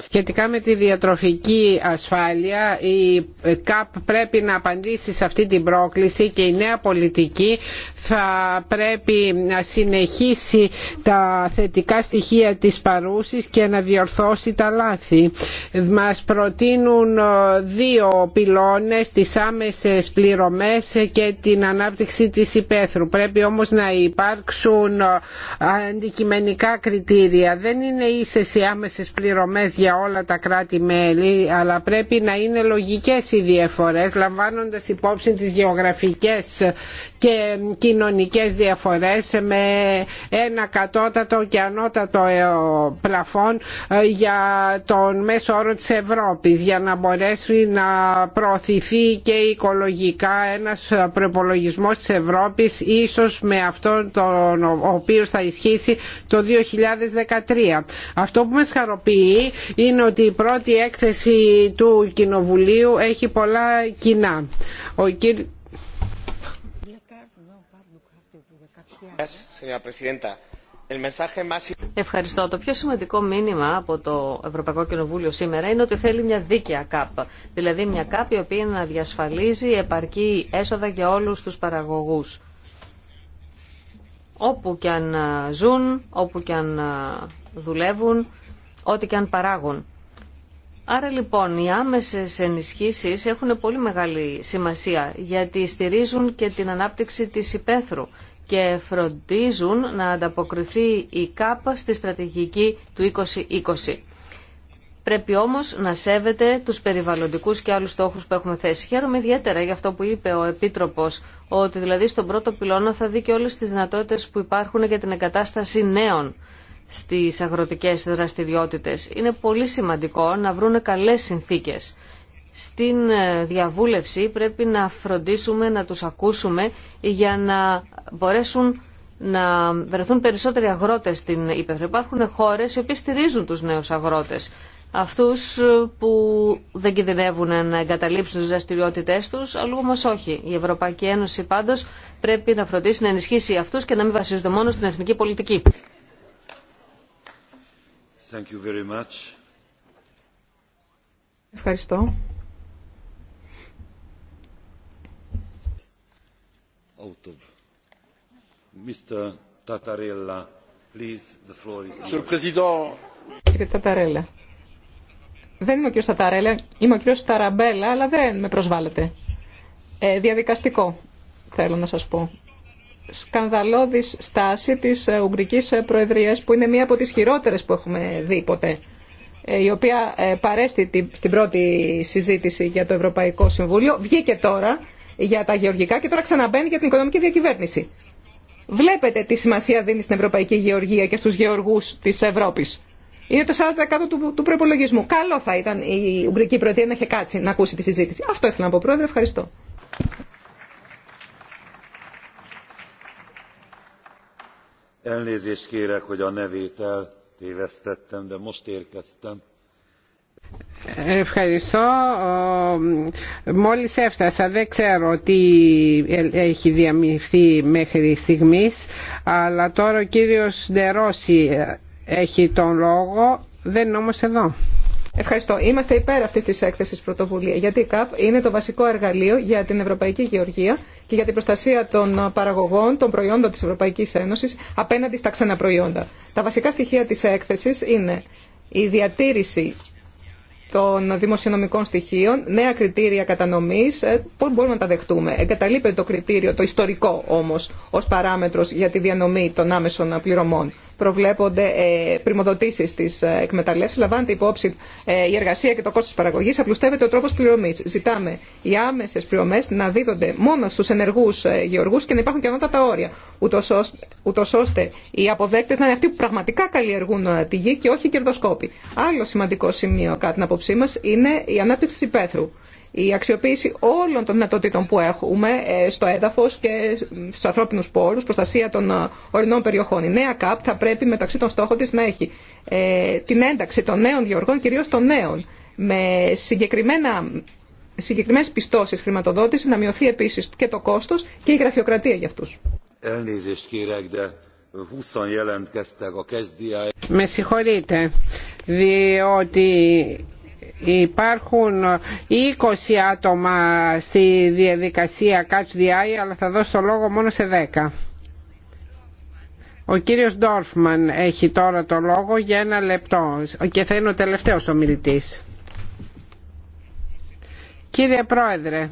Σχετικά με τη διατροφική ασφάλεια, η ΚΑΠ πρέπει να απαντήσει σε αυτή την πρόκληση και η νέα πολιτική θα πρέπει να συνεχίσει τα θετικά στοιχεία της παρούσης και να διορθώσει τα λάθη. Μας προτείνουν ε, δύο πυλώνες, τις άμεσες πληρωμές και την ανάπτυξη της υπαίθρου. Πρέπει όμως να υπάρξουν ε, αντικειμενικά κριτήρια. Δεν είναι είναι ίσες οι άμεσες πληρωμές για όλα τα κράτη-μέλη αλλά πρέπει να είναι λογικές οι διαφορές λαμβάνοντας υπόψη τις γεωγραφικές και κοινωνικές διαφορές με ένα κατώτατο και ανώτατο ε, πλαφόν ε, για τον μέσο όρο της Ευρώπης για να μπορέσει να προωθηθεί και οικολογικά ένας προπολογισμό της Ευρώπης ίσως με αυτόν τον ο οποίος θα ισχύσει το 2013. Αυτό που μας χαροποιεί είναι ότι η πρώτη έκθεση του Κοινοβουλίου έχει πολλά κοινά. Ο Ευχαριστώ. Το πιο σημαντικό μήνυμα από το Ευρωπαϊκό Κοινοβούλιο σήμερα είναι ότι θέλει μια δίκαια ΚΑΠ. Δηλαδή μια ΚΑΠ η οποία να διασφαλίζει επαρκή έσοδα για όλους τους παραγωγούς. Όπου και αν ε, ζουν, όπου και αν ε, δουλεύουν, ό,τι και αν παράγουν. Άρα λοιπόν οι άμεσες ενισχύσεις έχουν πολύ μεγάλη σημασία γιατί στηρίζουν και την ανάπτυξη τη υπαίθρου και φροντίζουν να ανταποκριθεί η ΚΑΠ στη στρατηγική του 2020. Πρέπει όμως να σέβεται τους περιβαλλοντικούς και άλλους στόχους που έχουμε θέσει. Χαίρομαι ιδιαίτερα για αυτό που είπε ο Επίτροπος, ότι δηλαδή στον πρώτο πυλώνα θα δει και όλες τις δυνατότητες που υπάρχουν για την εγκατάσταση νέων στις αγροτικέ δραστηριότητες. Είναι πολύ σημαντικό να βρούνε καλές συνθήκες στην ε, διαβούλευση πρέπει να φροντίσουμε να τους ακούσουμε για να μπορέσουν να βρεθούν περισσότεροι αγρότες στην Ήπεθρο. Υπάρχουν χώρες οι οποίες στηρίζουν τους νέους αγρότες. Αυτούς ε, που δεν κινδυνεύουν να εγκαταλείψουν τις δραστηριότητε τους, αλλού όμως όχι. Η Ευρωπαϊκή Ένωση πάντως πρέπει να φροντίσει να ενισχύσει αυτούς και να μην βασίζονται μόνο στην εθνική πολιτική. Thank you Ευχαριστώ. Président. Κύριε Ταταρέλα, δεν είμαι ο κύριος Ταταρέλα, είμαι ο κύριο Ταραμπέλα, αλλά δεν με προσβάλετε. Ε, διαδικαστικό, θέλω να σας πω. Σκανδαλώδης στάση της ε, Ουγγρικής ε, Προεδρίας, που είναι μία από τις χειρότερες που έχουμε δει ποτέ ε, η οποία παρέστη στην πρώτη συζήτηση για το Ευρωπαϊκό Συμβούλιο, βγήκε τώρα για τα γεωργικά και τώρα ξαναμπαίνει για την οικονομική διακυβέρνηση. Βλέπετε τι σημασία δίνει στην Ευρωπαϊκή Γεωργία και στους γεωργούς της Ευρώπης. Είναι το 40% του, του προπολογισμού. Καλό θα ήταν η Ουγγρική Προεδρία να είχε κάτσει να ακούσει τη συζήτηση. Αυτό ήθελα να πω, Πρόεδρε. Ευχαριστώ. Elnézést kérek, hogy a de most Ευχαριστώ. Μόλις έφτασα, δεν ξέρω τι έχει διαμειφθεί μέχρι στιγμής, αλλά τώρα ο κύριος Ντερόση έχει τον λόγο, δεν είναι όμως εδώ. Ευχαριστώ. Είμαστε υπέρ αυτή τη έκθεση πρωτοβουλία. Γιατί η ΚΑΠ είναι το βασικό εργαλείο για την Ευρωπαϊκή Γεωργία και για την προστασία των παραγωγών των προϊόντων τη Ευρωπαϊκή Ένωση απέναντι στα ξένα προϊόντα. Τα βασικά στοιχεία τη έκθεση είναι η διατήρηση των δημοσιονομικών στοιχείων, νέα κριτήρια κατανομής, ε, πώς μπορούμε να τα δεχτούμε. Εγκαταλείπεται το κριτήριο, το ιστορικό όμως, ως παράμετρος για τη διανομή των άμεσων πληρωμών προβλέπονται ε, πρημοδοτήσει τη ε, εκμεταλλεύση. Λαμβάνεται υπόψη ε, η εργασία και το κόστο τη παραγωγή. Απλουστεύεται ο τρόπο πληρωμή. Ζητάμε οι άμεσε πληρωμέ να δίδονται μόνο στου ενεργού γεωργού και να υπάρχουν και ανώτατα όρια. Ούτω ώστε οι αποδέκτε να είναι αυτοί που πραγματικά καλλιεργούν τη γη και όχι οι κερδοσκόποι. Άλλο σημαντικό σημείο, κατά την άποψή μα, είναι η ανάπτυξη υπαίθρου η αξιοποίηση όλων των δυνατοτήτων που έχουμε ε, στο έδαφος και στους ανθρώπινου πόρου, προστασία των ε, ορεινών περιοχών. Η νέα ΚΑΠ θα πρέπει μεταξύ των στόχων τη να έχει ε, την ένταξη των νέων διοργών, κυρίως των νέων, με συγκεκριμένα συγκεκριμένε πιστώσει χρηματοδότηση, να μειωθεί επίση και το κόστο και η γραφειοκρατία για αυτού. Με συγχωρείτε, διότι Υπάρχουν 20 άτομα στη διαδικασία Catch the Eye, αλλά θα δώσω το λόγο μόνο σε 10. Ο κύριος Ντόρφμαν έχει τώρα το λόγο για ένα λεπτό και θα είναι ο τελευταίος ομιλητής. Κύριε Πρόεδρε,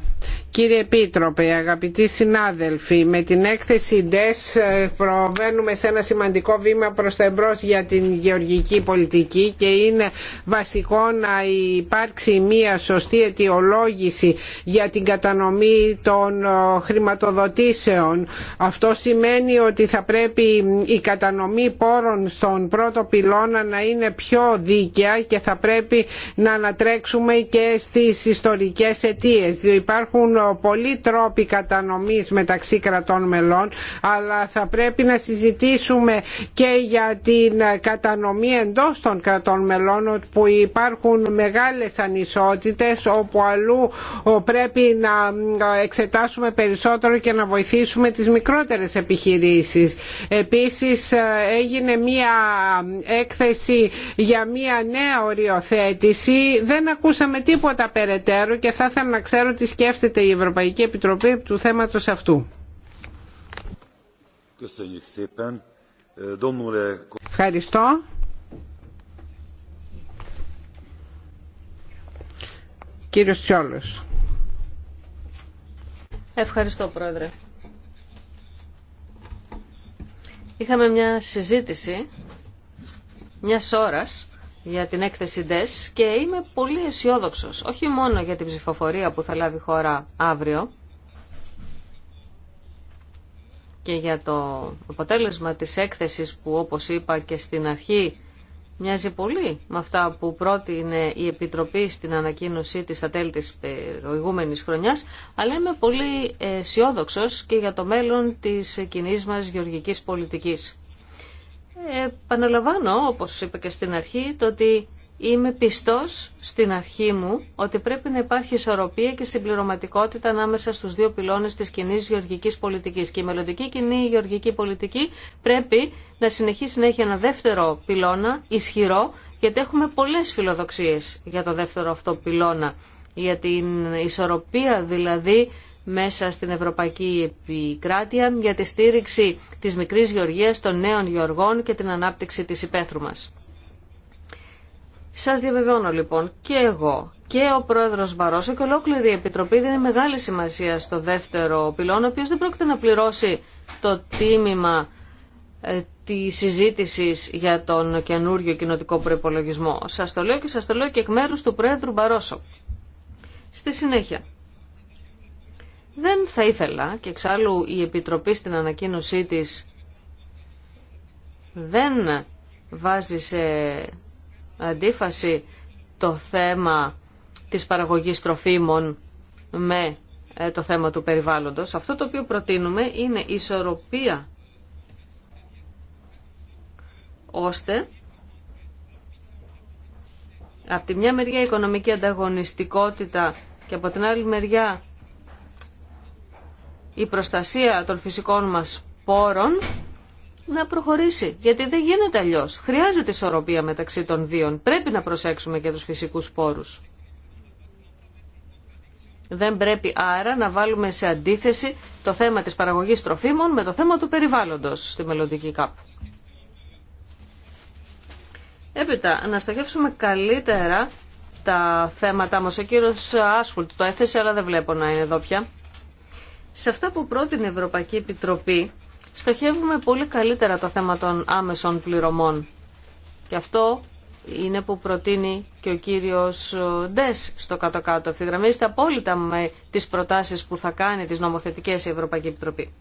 κύριε Επίτροπε, αγαπητοί συνάδελφοι, με την έκθεση DES ε, προβαίνουμε σε ένα σημαντικό βήμα προς τα εμπρός για την γεωργική πολιτική και είναι βασικό να υπάρξει μία σωστή αιτιολόγηση για την κατανομή των ε, χρηματοδοτήσεων. Αυτό σημαίνει ότι θα πρέπει η κατανομή πόρων στον πρώτο πυλώνα να είναι πιο δίκαια και θα πρέπει να ανατρέξουμε και στις ιστορικές πολλές Υπάρχουν πολλοί τρόποι κατανομής μεταξύ κρατών μελών αλλά θα πρέπει να συζητήσουμε και για την κατανομή εντός των κρατών μελών που υπάρχουν μεγάλες ανισότητες όπου αλλού πρέπει να εξετάσουμε περισσότερο και να βοηθήσουμε τις μικρότερες επιχειρήσεις. Επίσης έγινε μία έκθεση για μία νέα οριοθέτηση. Δεν ακούσαμε τίποτα περαιτέρω θα ήθελα να ξέρω τι σκέφτεται η Ευρωπαϊκή Επιτροπή του θέματος αυτού. Ευχαριστώ. Κύριος Τσιόλος. Ευχαριστώ, Πρόεδρε. Είχαμε μια συζήτηση μια ώρας για την έκθεση DES και είμαι πολύ αισιόδοξο. όχι μόνο για την ψηφοφορία που θα λάβει χώρα αύριο και για το αποτέλεσμα της έκθεσης που όπως είπα και στην αρχή μοιάζει πολύ με αυτά που πρότεινε η Επιτροπή στην ανακοίνωσή της στα τέλη της προηγούμενης χρονιάς, αλλά είμαι πολύ αισιόδοξο και για το μέλλον της κοινή μας γεωργικής πολιτικής επαναλαμβάνω, όπως είπα και στην αρχή, το ότι είμαι πιστός στην αρχή μου ότι πρέπει να υπάρχει ισορροπία και συμπληρωματικότητα ανάμεσα στους δύο πυλώνες της κοινή γεωργικής πολιτικής. Και η μελλοντική κοινή γεωργική πολιτική πρέπει να συνεχίσει να έχει ένα δεύτερο πυλώνα ισχυρό, γιατί έχουμε πολλές φιλοδοξίες για το δεύτερο αυτό πυλώνα, για την ισορροπία δηλαδή μέσα στην Ευρωπαϊκή Επικράτεια για τη στήριξη της μικρής γεωργίας των νέων γεωργών και την ανάπτυξη της υπαίθρου μας. Σας διαβεβαιώνω λοιπόν και εγώ και ο πρόεδρος Μπαρόσο και ολόκληρη η Επιτροπή δίνει μεγάλη σημασία στο δεύτερο πυλόν, ο οποίος δεν πρόκειται να πληρώσει το τίμημα ε, τη συζήτηση για τον καινούριο κοινοτικό προπολογισμό. Σα το λέω και σα το λέω και εκ μέρου του Πρόεδρου Μπαρόσο. Στη συνέχεια, δεν θα ήθελα και εξάλλου η Επιτροπή στην ανακοίνωσή της δεν βάζει σε αντίφαση το θέμα της παραγωγής τροφίμων με ε, το θέμα του περιβάλλοντος. Αυτό το οποίο προτείνουμε είναι ισορροπία ώστε από τη μια μεριά η οικονομική ανταγωνιστικότητα και από την άλλη μεριά η προστασία των φυσικών μας πόρων να προχωρήσει. Γιατί δεν γίνεται αλλιώ. Χρειάζεται ισορροπία μεταξύ των δύο. Πρέπει να προσέξουμε και τους φυσικούς πόρους. Δεν πρέπει άρα να βάλουμε σε αντίθεση το θέμα της παραγωγής τροφίμων με το θέμα του περιβάλλοντος στη μελλοντική ΚΑΠ. Έπειτα, να στοχεύσουμε καλύτερα τα θέματα μας. Ο κύριος Άσφουλτ το έθεσε, αλλά δεν βλέπω να είναι εδώ πια. Σε αυτά που πρότεινε η Ευρωπαϊκή Επιτροπή, στοχεύουμε πολύ καλύτερα το θέμα των άμεσων πληρωμών. Και αυτό είναι που προτείνει και ο κύριος ε, Ντες στο κάτω-κάτω. Ευθυγραμμίζεται απόλυτα με τις προτάσεις που θα κάνει τις νομοθετικές η Ευρωπαϊκή Επιτροπή.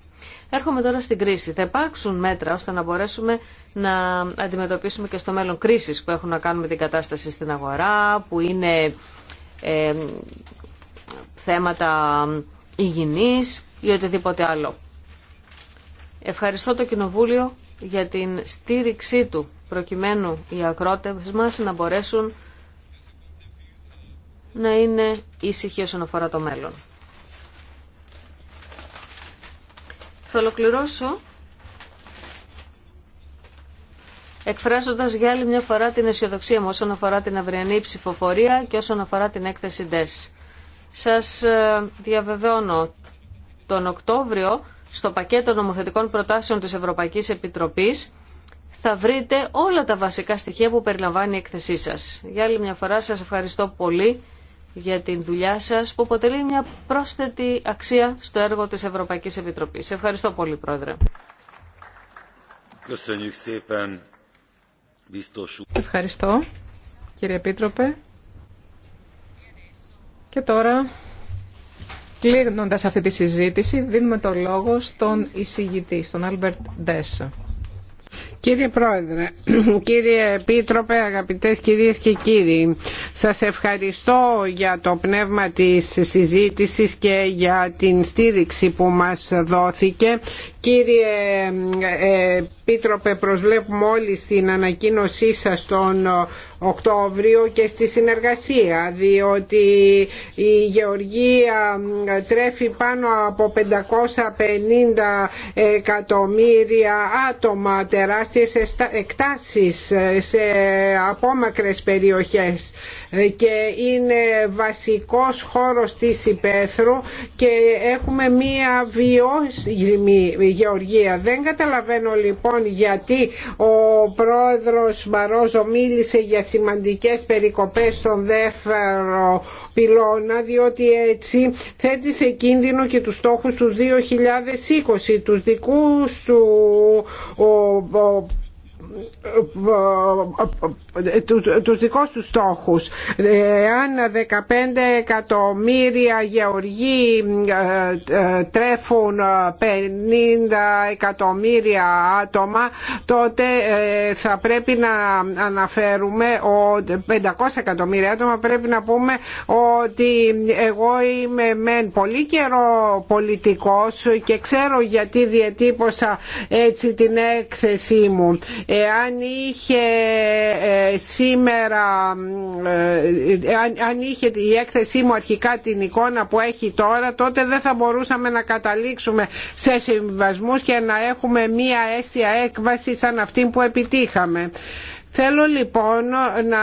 Έρχομαι τώρα στην κρίση. Θα υπάρξουν μέτρα ώστε να μπορέσουμε να αντιμετωπίσουμε και στο μέλλον κρίσεις που έχουν να κάνουν με την κατάσταση στην αγορά, που είναι ε, θέματα υγιεινής ή οτιδήποτε άλλο. Ευχαριστώ το Κοινοβούλιο για την στήριξή του προκειμένου οι ακρότες μας να μπορέσουν να είναι ήσυχοι όσον αφορά το μέλλον. Θα ολοκληρώσω εκφράζοντας για άλλη μια φορά την αισιοδοξία μου όσον αφορά την αυριανή ψηφοφορία και όσον αφορά την έκθεση ΔΕΣ. Σας ε, διαβεβαιώνω τον Οκτώβριο στο πακέτο νομοθετικών προτάσεων της Ευρωπαϊκής Επιτροπής θα βρείτε όλα τα βασικά στοιχεία που περιλαμβάνει η έκθεσή σας. Για άλλη μια φορά σας ευχαριστώ πολύ για την δουλειά σας που αποτελεί μια πρόσθετη αξία στο έργο της Ευρωπαϊκής Επιτροπής. Ευχαριστώ πολύ Πρόεδρε. Ευχαριστώ κύριε Επίτροπε. Και τώρα Κλείνοντας αυτή τη συζήτηση, δίνουμε το λόγο στον εισηγητή, στον Άλμπερτ Ντέσσα. Κύριε Πρόεδρε, κύριε Επίτροπε, αγαπητές κυρίες και κύριοι, σας ευχαριστώ για το πνεύμα της συζήτησης και για την στήριξη που μας δόθηκε. Κύριε ε, Επίτροπε, προσβλέπουμε όλοι στην ανακοίνωσή σας τον Οκτώβριο και στη συνεργασία, διότι η Γεωργία τρέφει πάνω από 550 εκατομμύρια άτομα τεράστια τις εκτάσεις ε, σε απόμακρες περιοχές ε, και είναι βασικός χώρος της υπαίθρου και έχουμε μία βιώσιμη γεωργία. Δεν καταλαβαίνω λοιπόν γιατί ο πρόεδρος Μπαρόζο μίλησε για σημαντικές περικοπές στον δεύτερο πυλώνα διότι έτσι θέτει σε κίνδυνο και τους στόχους του 2020, τους δικούς του ε, ε, τους δικούς τους στόχους. αν ε, 15 εκατομμύρια γεωργοί τρέφουν 50 εκατομμύρια άτομα τότε θα πρέπει να αναφέρουμε 500 εκατομμύρια άτομα πρέπει να πούμε ότι εγώ είμαι μεν πολύ καιρό πολιτικός και ξέρω γιατί διατύπωσα έτσι την έκθεσή μου. Εάν είχε σήμερα ε, αν είχε η έκθεσή μου αρχικά την εικόνα που έχει τώρα τότε δεν θα μπορούσαμε να καταλήξουμε σε συμβασμούς και να έχουμε μία αίσια έκβαση σαν αυτή που επιτύχαμε. Θέλω λοιπόν να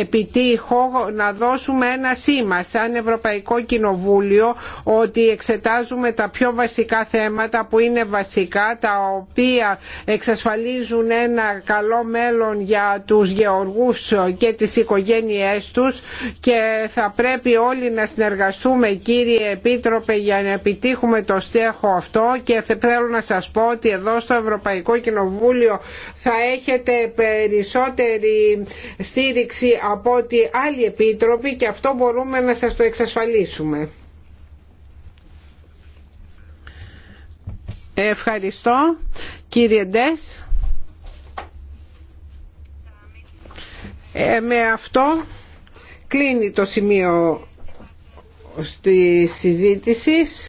επιτύχω να δώσουμε ένα σήμα σαν Ευρωπαϊκό Κοινοβούλιο ότι εξετάζουμε τα πιο βασικά θέματα που είναι βασικά τα οποία εξασφαλίζουν ένα καλό μέλλον για τους γεωργούς και τις οικογένειές τους και θα πρέπει όλοι να συνεργαστούμε κύριε Επίτροπε για να επιτύχουμε το στέχο αυτό και θέλω να σας πω ότι εδώ στο Ευρωπαϊκό Κοινοβούλιο θα έχετε περισσότερο περισσότερη στήριξη από ότι άλλοι επίτροποι και αυτό μπορούμε να σας το εξασφαλίσουμε. Ευχαριστώ. Κύριε Ντές. Ε, με αυτό κλείνει το σημείο στη συζήτηση.